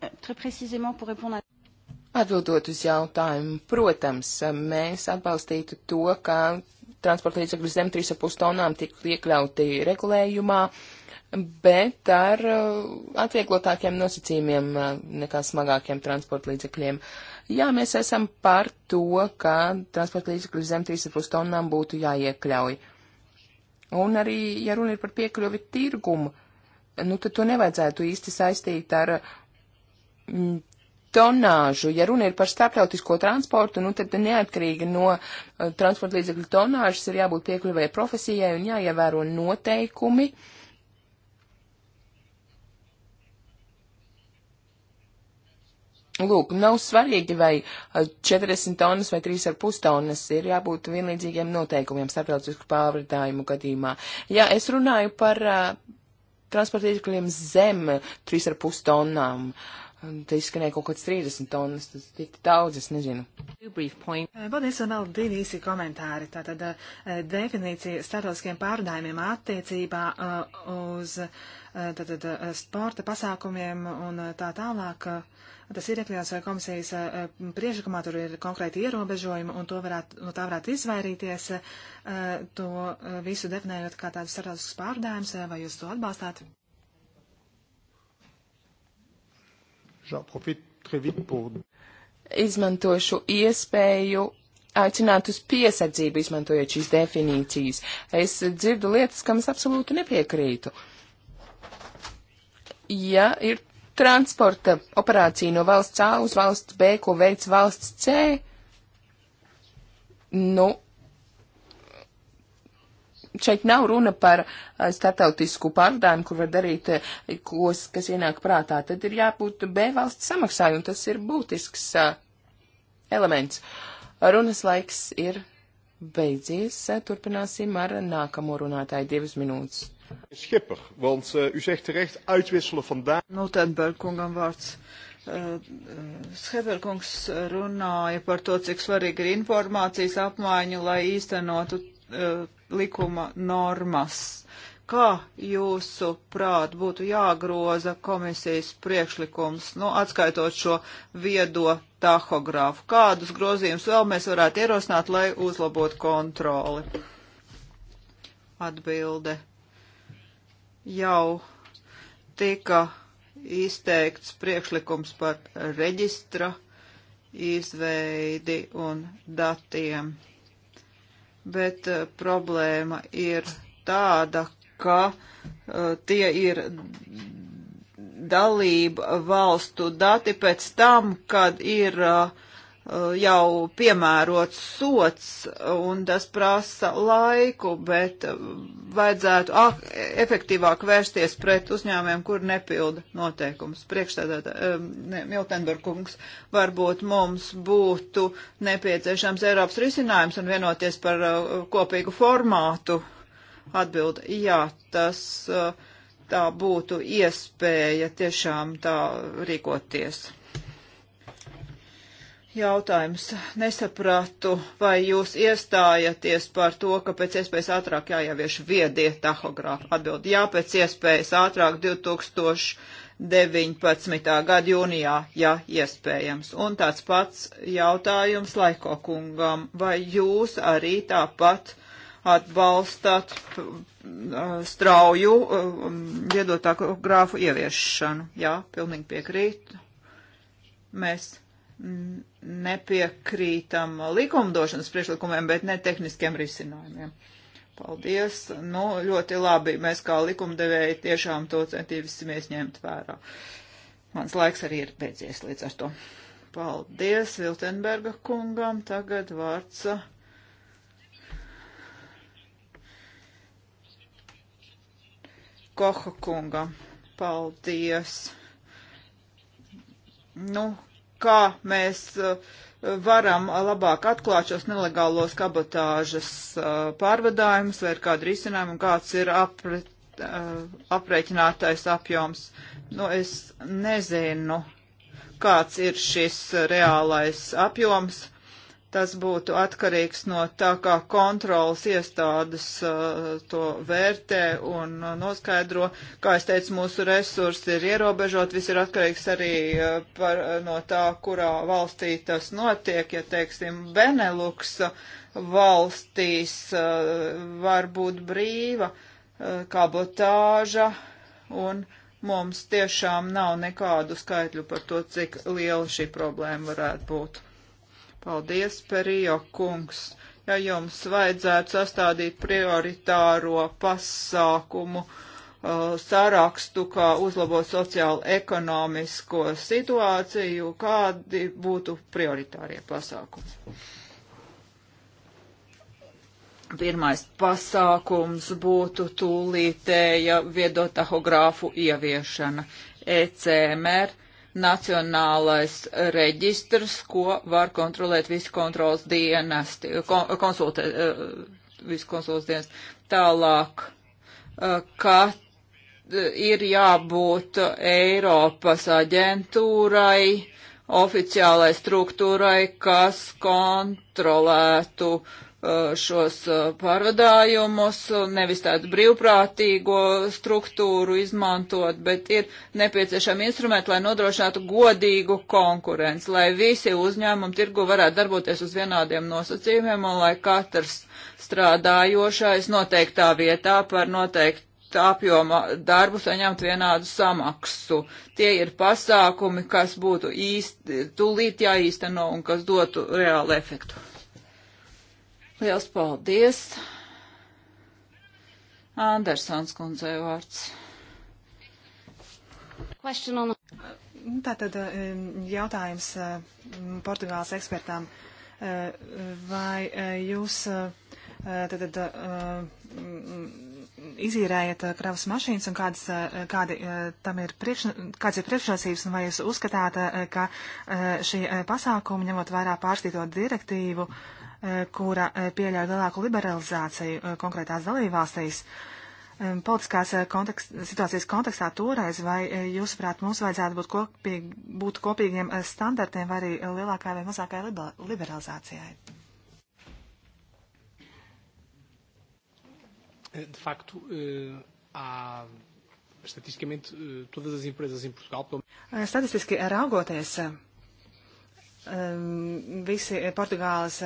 Très précisément pour répondre à Atbildot uz jautājumu, protams, mēs atbalstītu to, ka transporta līdzekļi zem 3,5 tonām tiktu iekļauti regulējumā, bet ar uh, atvieglotākiem nosacījumiem uh, nekā smagākiem transporta līdzekļiem. Jā, mēs esam par to, ka transporta līdzekļi zem 3,5 tonām būtu jāiekļauj. Un arī, ja runa ir par piekļuvi tirgumu, nu tad to nevajadzētu īsti saistīt ar mm, tonāžu. Ja runa ir par starptautisko transportu, nu tad neatkarīgi no uh, transporta līdzekļu tonāžas ir jābūt piekļuvai profesijai un jāievēro noteikumi. Lūk, nav svarīgi, vai 40 eh, tonnas vai 3,5 tonnas ir jābūt vienlīdzīgiem noteikumiem starptautisku pārvadājumu gadījumā. Ja es runāju par uh, transporta līdzekļiem zem 3,5 tonnām, uh, Te izskanēja kaut kāds 30 tonnas, tas tik daudz, es nezinu. Paldies, eh, vēl divi īsi komentāri. Tātad eh, definīcija starptautiskiem pārdājumiem attiecībā eh, uz tātad, sporta pasākumiem un tā tālāk. Tas ir iekļauts vai komisijas priešakumā, tur ir konkrēti ierobežojumi, un varētu, no tā varētu izvairīties, to visu definējot kā tādus starptautiskus pārdājumus, vai jūs to atbalstāt? Izmantošu iespēju aicināt uz piesardzību, izmantojot šīs definīcijas. Es dzirdu lietas, kam es absolūti nepiekrītu. Ja ir transporta operācija no valsts A uz valsts B, ko veids valsts C, nu, šeit nav runa par eh, startautisku pārdājumu, kur var darīt, eh, kos, kas ienāk prātā. Tad ir jābūt B valsts samaksājumu, tas ir būtisks eh, elements. Runas laiks ir beidzies. Turpināsim ar nākamo runātāju divas minūtes. Schipper, want uh, u zegt terecht uitwisselen vandaag. Notenberg kungam vārds. Uh, Schepperkungs runāja par to, cik svarīga ir informācijas apmaiņa, lai īstenotu uh, likuma normas. Kā jūsu prāt būtu jāgroza komisijas priekšlikums, nu, atskaitot šo viedo tahogrāfu? Kādus grozījumus vēl mēs varētu ierosināt, lai uzlabotu kontroli? Atbilde jau tika izteikts priekšlikums par reģistra izveidi un datiem bet eh, problēma ir tāda, ka eh, tie ir dalība valstu dati pēc tam, kad ir uh, Eh, jau piemērots sots, un tas prasa laiku, bet eh, vajadzētu ah, efektīvāk vērsties pret uzņēmumiem, kur nepilda noteikumus. Priekšstādātā, eh, ne, Miltenberkungs, varbūt mums būtu nepieciešams Eiropas risinājums un vienoties par kopīgu formātu. Atbilda, jā, tas tā būtu iespēja tiešām tā rīkoties jautājums. Nesapratu, vai jūs iestājaties par to, ka pēc iespējas ātrāk jāievieš viedie tahogrāfi. Atbild, jā, pēc iespējas ātrāk 2019. gada jūnijā, ja iespējams. Un tāds pats jautājums Laiko kungam, vai jūs arī tāpat atbalstāt uh, strauju uh, um, viedotāku grāfu ieviešanu. Jā, pilnīgi piekrītu. Mēs nepiekrītam likumdošanas priekšlikumiem, bet ne tehniskiem risinājumiem. Paldies. Nu, ļoti labi. Mēs kā likumdevēji tiešām to centīsimies ņemt vērā. Mans laiks arī ir beidzies līdz ar to. Paldies Viltenberga kungam. Tagad vārds. Uh, Koha kungam. Paldies. Nu, kā mēs uh, varam labāk atklāt šos nelegālos kabatāžas uh, pārvadājumus, vai ir kādi risinājumi un kāds ir apre, uh, aprēķinātais apjoms. Nu, es nezinu, kāds ir šis reālais apjoms tas būtu atkarīgs no tā, kā kontrolas iestādes uh, to vērtē un uh, noskaidro. Kā es teicu, mūsu resursi ir ierobežot, viss ir atkarīgs arī uh, par, uh, no tā, kurā valstī tas notiek. Ja, teiksim, Benelux uh, valstīs uh, var būt brīva kabotāža un mums tiešām nav nekādu skaitļu par to, cik liela šī problēma varētu būt. Paldies, Perijo kungs! Ja jums vajadzētu sastādīt prioritāro pasākumu uh, sarakstu, kā uzlabot sociālu ekonomisko situāciju, kādi būtu prioritārie pasākumi? Pirmais pasākums būtu tūlītēja viedotahogrāfu ieviešana. ECMR nacionālais reģistrs, ko var kontrolēt visi kontrols dienesti, konsultē, eh, visi konsuls dienesti. Tālāk, eh, kā eh, ir jābūt Eiropas aģentūrai, oficiālai struktūrai, kas kontrolētu uh, Uh, šos uh, pārvadājumus, nevis tādu brīvprātīgo struktūru izmantot, bet ir nepieciešami instrumenti, lai nodrošinātu godīgu konkurenci, lai visi uzņēmumi tirgu varētu darboties uz vienādiem nosacījumiem un lai katrs strādājošais noteiktā vietā par noteiktu apjoma darbu saņemt vienādu samaksu. Tie ir pasākumi, kas būtu īsti, tūlīt jāīsteno un kas dotu reālu efektu. Liels paldies! Andersons kundzei vārds. Tātad eh, jautājums eh, Portugāles ekspertām. Eh, vai jūs tātad izīrējat kravas mašīnas un kādas, kādi, tam ir, priekš, kāds ir priekšrocības un vai jūs uzskatāt, ka šie pasākumi, ņemot vairāk pārstīto direktīvu, uh, Eh, kura eh, pieļauj lielāku liberalizāciju eh, konkrētās dalībvalstīs. Politiskās kontekst, situācijas kontekstā toreiz, vai jūsuprāt, mums vajadzētu būt, kopīgi, būt kopīgiem standartiem vai arī lielākai vai mazākai liberalizācijai? De facto, há estatisticamente todas as empresas em Portugal. Statistiski raugoties, visi Portugāles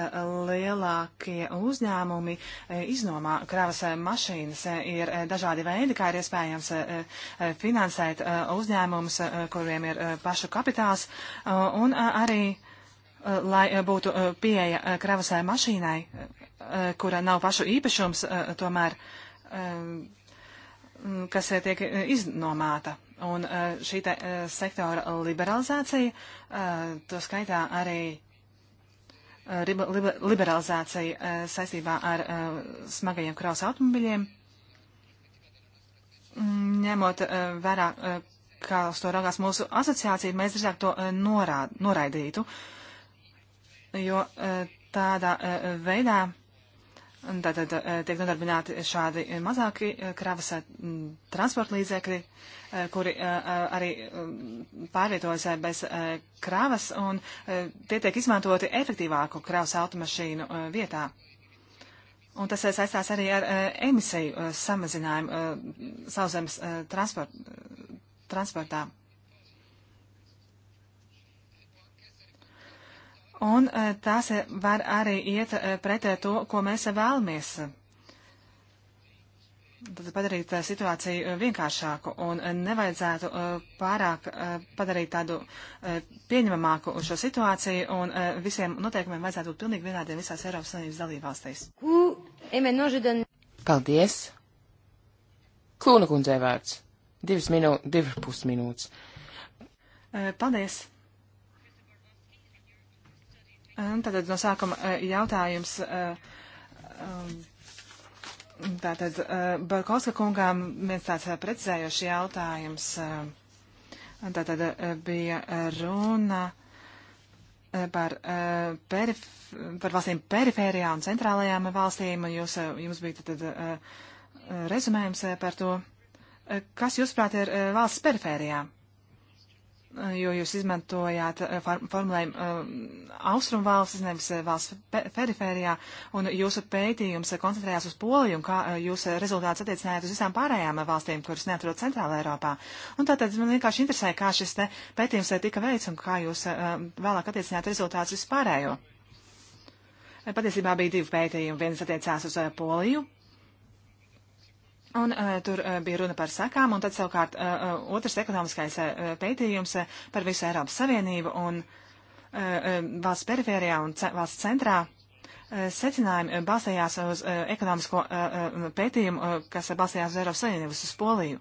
lielākie uzņēmumi e, iznomā kravas e, mašīnas. E, ir dažādi veidi, kā ir iespējams finansēt uzņēmumus, kuriem ir pašu kapitāls, un arī, lai būtu pieeja kravas mašīnai, kura nav pašu īpašums, tomēr, kas tiek iznomāta. Un eh, šī te, eh, sektora liberalizācija, eh, to skaitā arī liberalizācija saistībā ar smagajiem kraus automobiļiem, mm, ņemot vērā, kā uz to raugās mūsu asociācija, mēs drīzāk to norād, noraidītu, jo tādā veidā Tātad eh, tiek nodarbināti šādi mazāki eh, kravas eh, transporta līdzekļi, kuri arī pārvietojas bez kravas, un tie tiek izmantoti efektīvāku kravas automašīnu vietā. Un tas saistās arī ar emisiju samazinājumu sauszemes transport, transportā. un e, tās e, var arī iet e, pretē to, ko mēs vēlamies. Tad padarīt situāciju vienkāršāku un nevajadzētu pārāk padarīt tādu pieņemamāku šo situāciju un visiem noteikumiem vajadzētu būt pilnīgi vienādiem visās Eiropas Savienības dalībvalstīs. Paldies! Klūna kundzei vārds. Divas minūtes, divas pusminūtes. Paldies! Tātad no sākuma eh, jautājums. Eh, um, tātad eh, Barkovska kungām viens tāds precizējošs jautājums. Tātad bija runa par, perif par valstīm perifērijā un centrālajām valstīm. Jūs, jums bija tad rezumējums par to. Kas, jūsuprāt, ir valsts perifērijā? jo jūs izmantojāt eh, formulējumu eh, austrumvalstis, nevis eh, valsts perifērijā, un jūsu pētījums koncentrējās uz Poliju, un kā jūs rezultātus attiecinājāt uz visām pārējām valstīm, kuras neatrod Centrāla Eiropā. Un tātad man vienkārši interesē, kā šis pētījums tika veids, un kā jūs vēlāk attiecinājāt rezultātus vispārējo. Patiesībā bija divi pētījumi. Viens attiecās uz Poliju, Un uh, tur uh, bija runa par sakām, un tad savukārt uh, otrs ekonomiskais uh, pētījums uh, par visu Eiropas Savienību un uh, valsts perifērijā un ce valsts centrā. Uh, secinājumi balstījās uz uh, ekonomisko uh, pētījumu, kas balstījās uz Eiropas Savienības, uz Poliju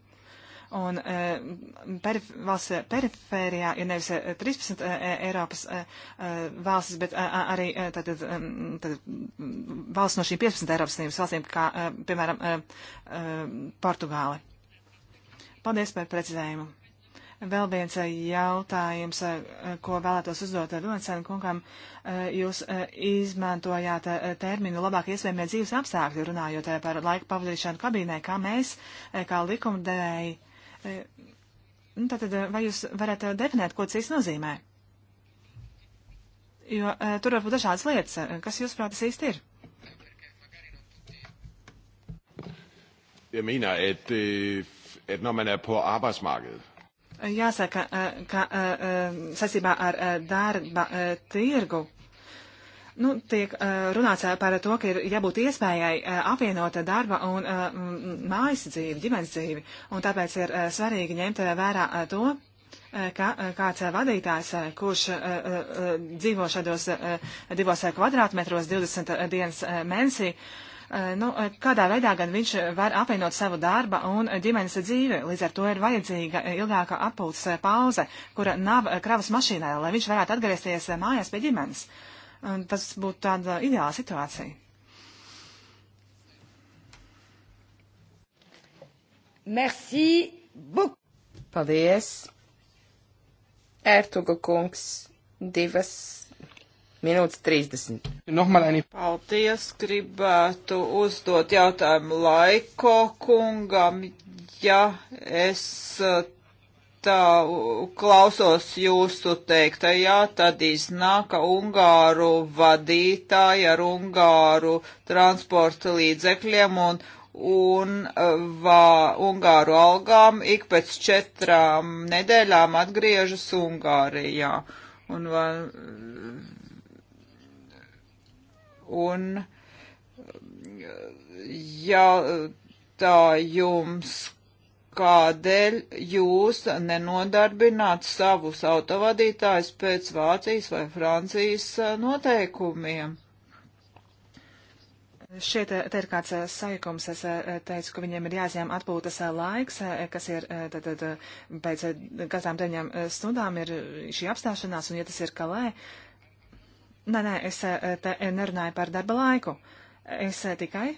un e, perif valsts perifērijā ir nevis 13 e, e, Eiropas valstis, bet arī tātad, tātad, valsts no šīm 15 Eiropas Savienības valstīm, kā piemēram Portugāli. Paldies par precizējumu. Vēl viens jautājums, ko vēlētos uzdot Vilansēnu kungam. Jūs izmantojāt terminu labāk iespējamie dzīves apstākļi, runājot par laiku pavadīšanu kabīnē, kā mēs, kā likumdevēji, E, nu, tātad, e, vai jūs varat e, definēt, ko CIS nozīmē? Jo tur var būt dažādas lietas. Kas jūsuprāt, tas īsti ir? Jeg mener, at, øh, at når man er på arbejdsmarkedet, Jāsaka, ka saistībā ar darba tirgu Nu, tiek eh, runāts eh, par to, ka ir jābūt iespējai eh, apvienot darba un mājas dzīvi, ģimenes dzīvi, un tāpēc ir svarīgi ņemt vērā to, ka kāds vadītājs, kurš dzīvo šādos divos kvadrātmetros 20 dienas mēnesī, nu, kādā veidā gan viņš var apvienot savu darba un ģimenes dzīvi. Līdz ar to ir vajadzīga ilgāka atpūtas pauze, kura nav kravas mašīnā, lai viņš varētu atgriezties mājās pie ģimenes. Uh, Um, tas būtu tāda ideāla situācija. Merci beaucoup. Paldies. Ertuga kungs, divas minūtes trīsdesmit. Paldies, gribētu uzdot jautājumu laiko kungam, ja es klausos jūsu teiktajā, tad iznāka Ungāru vadītāji ar Ungāru transporta līdzekļiem un, un vā, Ungāru algām ik pēc četrām nedēļām atgriežas Ungārijā. Un, vā, un ja tā jums kādēļ jūs nenodarbināt savus autovadītājus pēc Vācijas vai Francijas noteikumiem? Šeit te ir kāds sajukums. Es teicu, ka viņiem ir jāizņem atpūtas laiks, kas ir tad, tad, pēc katrām deviņām stundām ir šī apstāšanās, un ja tas ir kalē, nē, nē, es te nerunāju par darba laiku. Es tikai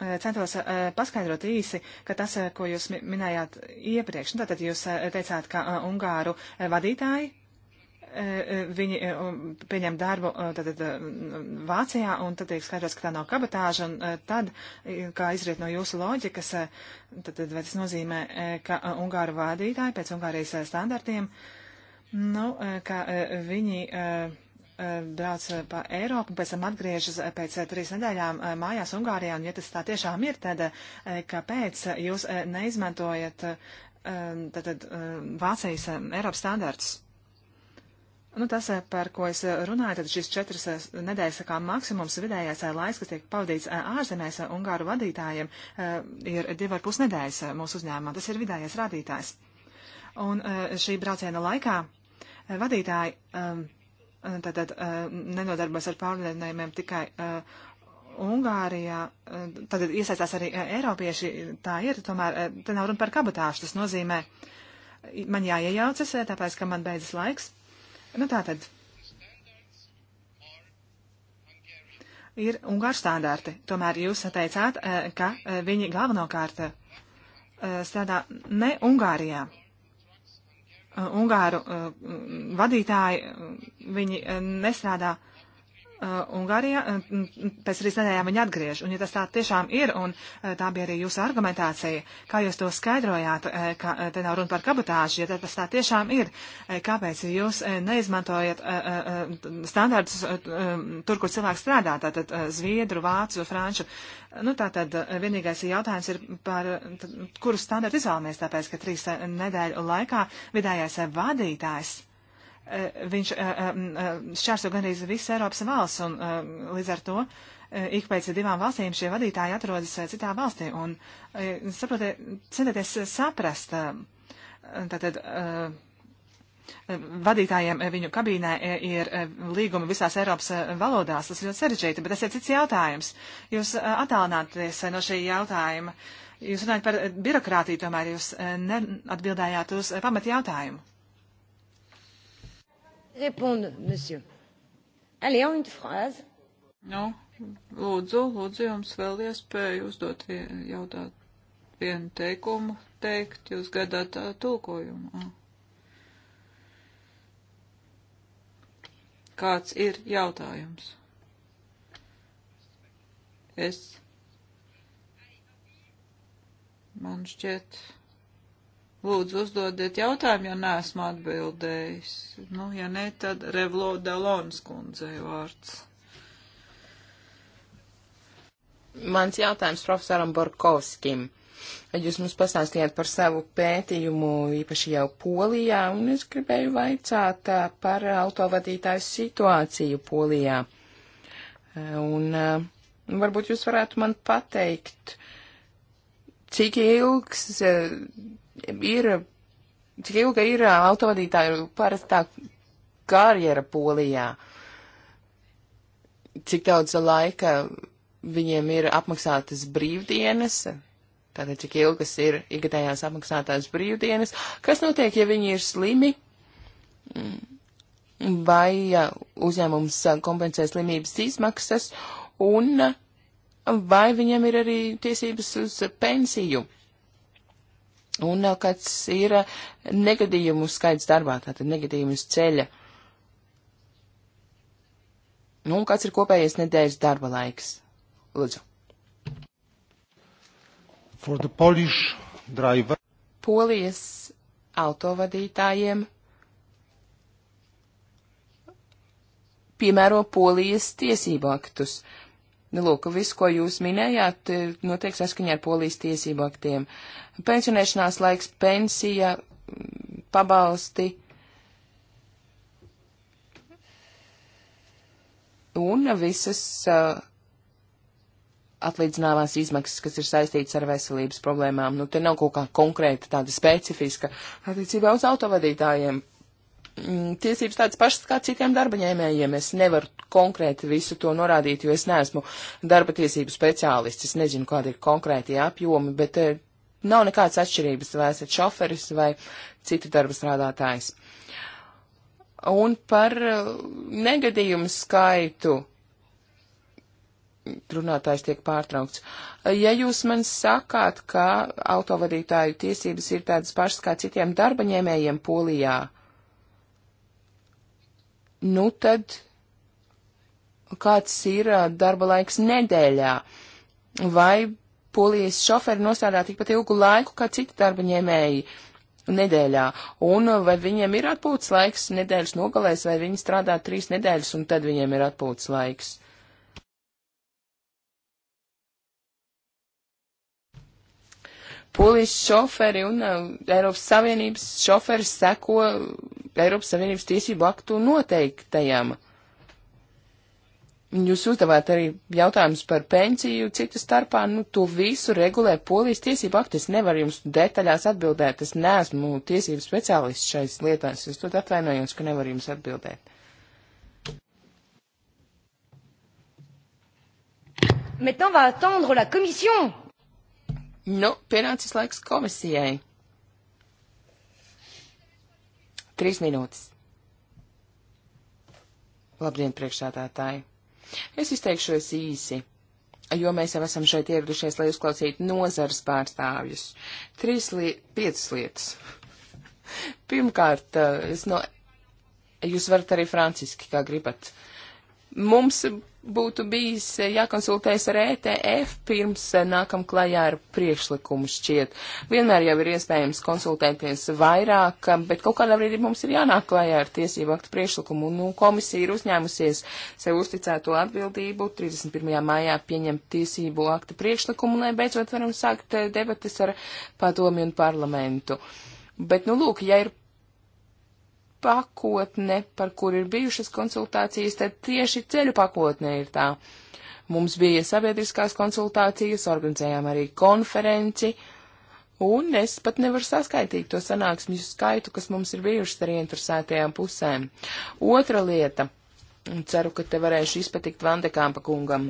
Eh, centos eh, paskaidrot īsi, ka tas, eh, ko jūs minējāt iepriekš, nu, tātad jūs teicāt, ka Ungāru vadītāji, viņi pieņem darbu tātad Vācijā, un tad tiek skaidrots, ka tā nav kabatāža, un tad, kā izriet no jūsu loģikas, tad vai tas nozīmē, ka Ungāru vadītāji pēc Ungārijas standartiem, nu, ka viņi Eh, brauc eh, pa Eiropu, pēc tam atgriežas eh, pēc trīs nedēļām mājās Ungārijā, un ja tas tā tiešām ir, tad kāpēc jūs neizmantojat tātad Vācijas Eiropas standarts? Nu, tas, par ko es runāju, tad šis četras nedēļas kā maksimums vidējais laiks, kas tiek pavadīts ārzemēs Ungāru vadītājiem, ir divi ar pus nedēļas mūsu uzņēmumā. Tas ir vidējais rādītājs. Un šī brauciena laikā vadītāji Eh, tātad eh, nenodarbojas ar pārlidinājumiem tikai eh, Ungārijā, tad iesaistās arī Eiropieši, tā ir, tomēr te nav runa par kabatāšu, tas nozīmē, man jāiejaucas, tāpēc, ka man beidzas laiks. Nu tā tad. Ir Ungāru standārti, tomēr jūs teicāt, ka viņi galvenokārt strādā ne Ungārijā. Uh, Ungāru uh, vadītāji, uh, viņi nestrādā uh, Eh, Ungārijā, eh, pēc trīs nedēļām viņi atgriež. Un ja tas tā tiešām ir, un eh, tā bija arī jūsu argumentācija, kā jūs to skaidrojāt, ka te nav runa par kabatāžu, ja tas tā tiešām ir, kāpēc jūs neizmantojat standārtus tur, kur cilvēks strādā, tātad Zviedru, Vācu, Franču. Nu, tātad vienīgais jautājums ir par, kuru standārtu izvēlamies, tāpēc, ka trīs nedēļu laikā vidējais vadītājs Eh, viņš eh, eh, šķērso gandrīz visu Eiropas valsts, un līdz ar to ik pēc divām valstīm šie vadītāji atrodas citā valstī, un saprotiet, centieties saprast, tātad vadītājiem viņu kabīnē ir līgumi visās Eiropas valodās, tas ļoti sarežģīti, bet tas ir cits jautājums. Jūs attālināties no šī jautājuma. Jūs runājat par birokrātiju, tomēr jūs neatbildējāt uz pamat jautājumu répondre, monsieur. Allez, en une phrase. Nu, lūdzu, lūdzu, jums vēl iespēju uzdot vien, jautāt vienu teikumu, teikt, jūs gadāt tulkojumu. Kāds ir jautājums? Es. Man šķiet. Lūdzu, uzdodiet jautājumu, ja neesmu atbildējis. Nu, ja ne, tad Revlo Dalons kundzei vārds. Mans jautājums profesoram Borkovskim. Jūs mums pastāstījāt par savu pētījumu, īpaši jau Polijā, un es gribēju vaicāt par autovadītāju situāciju Polijā. Un varbūt jūs varētu man pateikt, cik ilgs ir, cik ilga ir uh, autovadītāju parastā karjera polijā? Cik daudz laika viņiem ir apmaksātas brīvdienas? Tātad, cik ilgas ir ikgadējās apmaksātās brīvdienas? Kas notiek, ja viņi ir slimi? Mm. Vai uzņēmums kompensē slimības izmaksas? Un vai viņam ir arī tiesības uz pensiju? un kāds ir negadījumu skaits darbā, tātad negadījumus ceļa. Nu, un kāds ir kopējais nedēļas darba laiks? Lūdzu. For the Polish driver. Polijas autovadītājiem piemēro polijas tiesību aktus. Uh, Nu, lūk, viss, ko jūs minējāt, notiek saskaņā ar polijas tiesību aktiem. Pensionēšanās laiks, pensija, pabalsti. Un visas uh, atlīdzināmās izmaksas, kas ir saistītas ar veselības problēmām. Nu, te nav kaut kā konkrēta tāda specifiska attiecībā uz autovadītājiem Mm, tiesības tādas pašas kā citiem darba ņēmējiem. Es nevaru konkrēti visu to norādīt, jo es neesmu darba tiesību speciālists. Es nezinu, kādi ir konkrētie apjomi, bet e, nav nekādas atšķirības, vai esat šoferis vai citu darba strādātājs. Un par eh, negadījumu skaitu runātājs tiek pārtraukts. Ja jūs man sakāt, ka autovadītāju tiesības ir tādas pašas kā citiem darbaņēmējiem Polijā, uh, nu tad kāds ir darba laiks nedēļā? Vai polijas šoferi nostādā tikpat ilgu laiku kā citi darba ņēmēji? nedēļā, un vai viņiem ir atpūtas laiks nedēļas nogalēs, vai viņi strādā trīs nedēļas, un tad viņiem ir atpūtas laiks. Polijas šoferi un uh, Eiropas Savienības šoferi seko Eiropas Savienības tiesību aktu noteiktajam. Jūs uzdevāt arī jautājumus par pensiju, citu starpā, nu, to visu regulē polijas tiesību akti. Es nevaru jums detaļās atbildēt, es neesmu tiesību speciālists šais lietās, es to atvainojos, ka nevaru jums atbildēt. Maintenant va attendre la commission. Nu, pienācis laiks komisijai. Trīs minūtes. Labdien, priekšsādātāji! Es izteikšos īsi jo mēs jau esam šeit ieradušies, lai uzklausītu nozares pārstāvjus. Trīs liet, piecas lietas. Pirmkārt, eh, es no, jūs varat arī franciski, kā gribat. Mums būtu bijis eh, jākonsultējas ar ETF pirms eh, nākam klajā ar priekšlikumu šķiet. Vienmēr jau ir iespējams konsultēties vairāk, eh, bet kaut kādā brīdī mums ir jānāk klajā ar tiesību aktu priekšlikumu. Nu, komisija ir uzņēmusies sev uzticēto atbildību 31. mājā pieņemt tiesību aktu priekšlikumu, lai beidzot varam sākt debatas ar padomi un parlamentu. Bet, nu, lūk, ja ir pakotne, par kur ir bijušas konsultācijas, tad tieši ceļu pakotne ir tā. Mums bija sabiedriskās konsultācijas, organizējām arī konferenci, un es pat nevaru saskaitīt to sanāksmju skaitu, kas mums ir bijušas ar interesētajām pusēm. Otra lieta, ceru, ka te varēšu izpatikt Vandekāmpa kungam,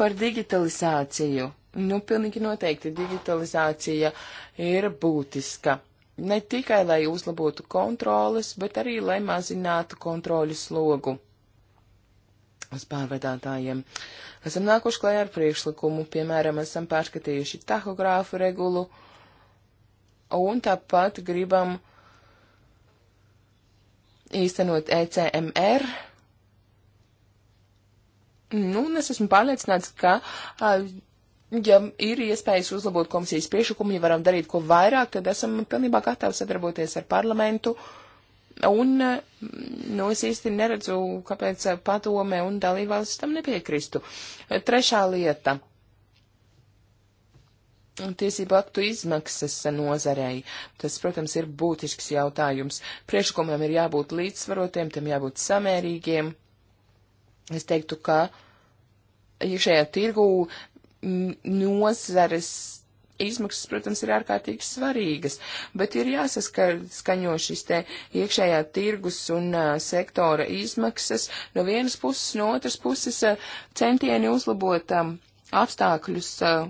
par digitalizāciju. Nu, pilnīgi noteikti digitalizācija ir būtiska ne tikai lai uzlabotu kontroles, bet arī lai mazinātu kontroļu slogu uz pārvedātājiem. Esam nākuši klajā ar priekšlikumu, piemēram, esam pārskatījuši tahogrāfu regulu, un tāpat gribam īstenot ECMR. Nu, un es esmu pārliecināts, ka ja ir iespējas uzlabot komisijas priešlikumu, ja varam darīt ko vairāk, tad esam pilnībā gatavi sadarboties ar parlamentu. Un, nu, es īsti neredzu, kāpēc padome un dalībvalstis tam nepiekristu. Trešā lieta. Tiesību aktu izmaksas nozarei. Tas, protams, ir būtisks jautājums. Priekšlikumiem ir jābūt līdzsvarotiem, tam jābūt samērīgiem. Es teiktu, ka iekšējā ja tirgū nozares izmaksas, protams, ir ārkārtīgi svarīgas, bet ir jāsaskaņo šis te iekšējā tirgus un uh, sektora izmaksas no vienas puses, no otras puses uh, centieni uzlabot um, apstākļus uh,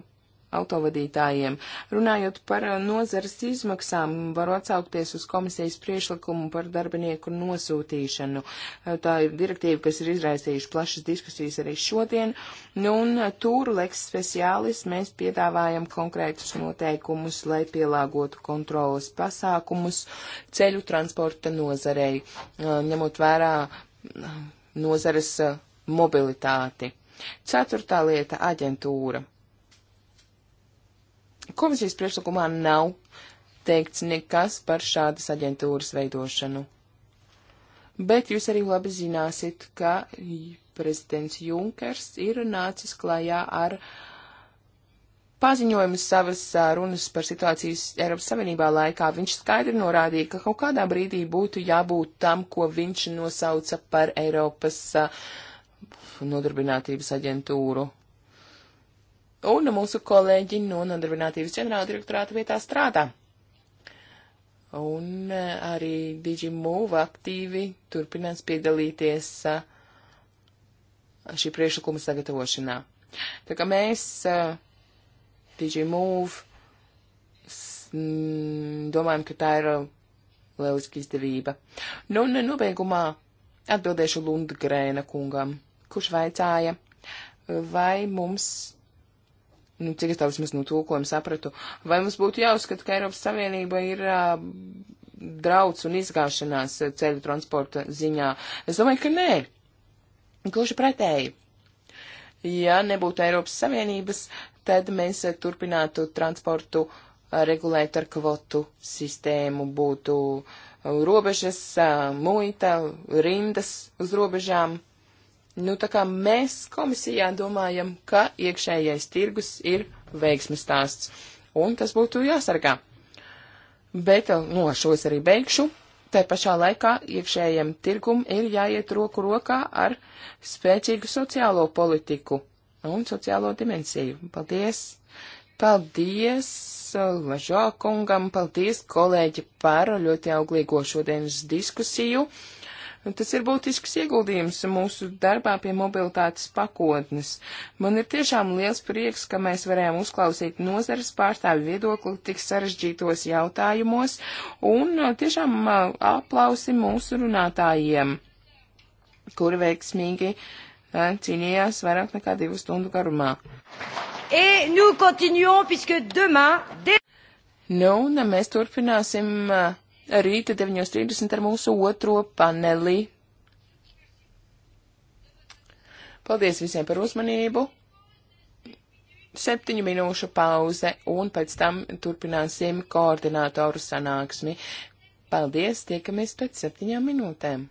autovadītājiem. Runājot par eh, nozares izmaksām, var atsaukties uz komisijas priešlikumu par darbinieku nosūtīšanu. Eh, tā ir direktīva, kas ir izraisījuši plašas diskusijas arī šodien. Nu, un eh, tur, leks speciālis, mēs piedāvājam konkrētus noteikumus, lai pielāgotu kontrolas pasākumus ceļu transporta nozarei, ņemot vērā nozares mobilitāti. Ceturtā lieta - aģentūra. Komisijas priekšlikumā nav teikts nekas par šādas aģentūras veidošanu. Bet jūs arī labi zināsit, ka prezidents Junkers ir nācis klajā ar paziņojumu savas runas par situāciju Eiropas Savienībā laikā. Viņš skaidri norādīja, ka kaut kādā brīdī būtu jābūt tam, ko viņš nosauca par Eiropas uh, nodarbinātības aģentūru un mūsu kolēģi no nodarbinātības ģenerāla direktorāta vietā strādā. Un e, arī DigiMove aktīvi turpinās piedalīties e, šī priekšlikuma sagatavošanā. Tā kā mēs e, DigiMove domājam, ka tā ir lieliski izdevība. Nu, un nobeigumā atbildēšu Lundgrēna kungam, kurš vaicāja, vai mums nu, cik es tā vismaz no nu, tulkojuma sapratu, vai mums būtu jāuzskata, ka Eiropas Savienība ir uh, drauds un izgāšanās ceļu transporta ziņā? Es domāju, ka nē. Gluži pretēji. Ja nebūtu Eiropas Savienības, tad mēs turpinātu transportu regulēt ar kvotu sistēmu, būtu robežas, muita, rindas uz robežām. Nu, tā kā mēs komisijā domājam, ka iekšējais tirgus ir veiksmes stāsts, un tas būtu jāsargā. Bet, eh, nu, ar šo es arī beigšu. Tā pašā laikā iekšējiem tirgum ir jāiet roku rokā ar spēcīgu sociālo politiku un sociālo dimensiju. Paldies! Paldies eh, Lažā kungam, paldies kolēģi par ļoti auglīgo šodienas diskusiju. Tas ir būtisks ieguldījums mūsu darbā pie mobilitātes pakotnes. Man ir tiešām liels prieks, ka mēs varējām uzklausīt nozares pārstāvi viedokli tik sarežģītos jautājumos, un uh, tiešām uh, aplausi mūsu runātājiem, kuri veiksmīgi uh, cīnījās vairāk nekā divu stundu garumā. Et nous continuons, puisque demain, dès... Nu, un mēs turpināsim uh, rīta 9.30 ar mūsu otro paneli. Paldies visiem par uzmanību. Septiņu minūšu pauze un pēc tam turpināsim koordinātoru sanāksmi. Paldies, tiekamies pēc septiņām minūtēm.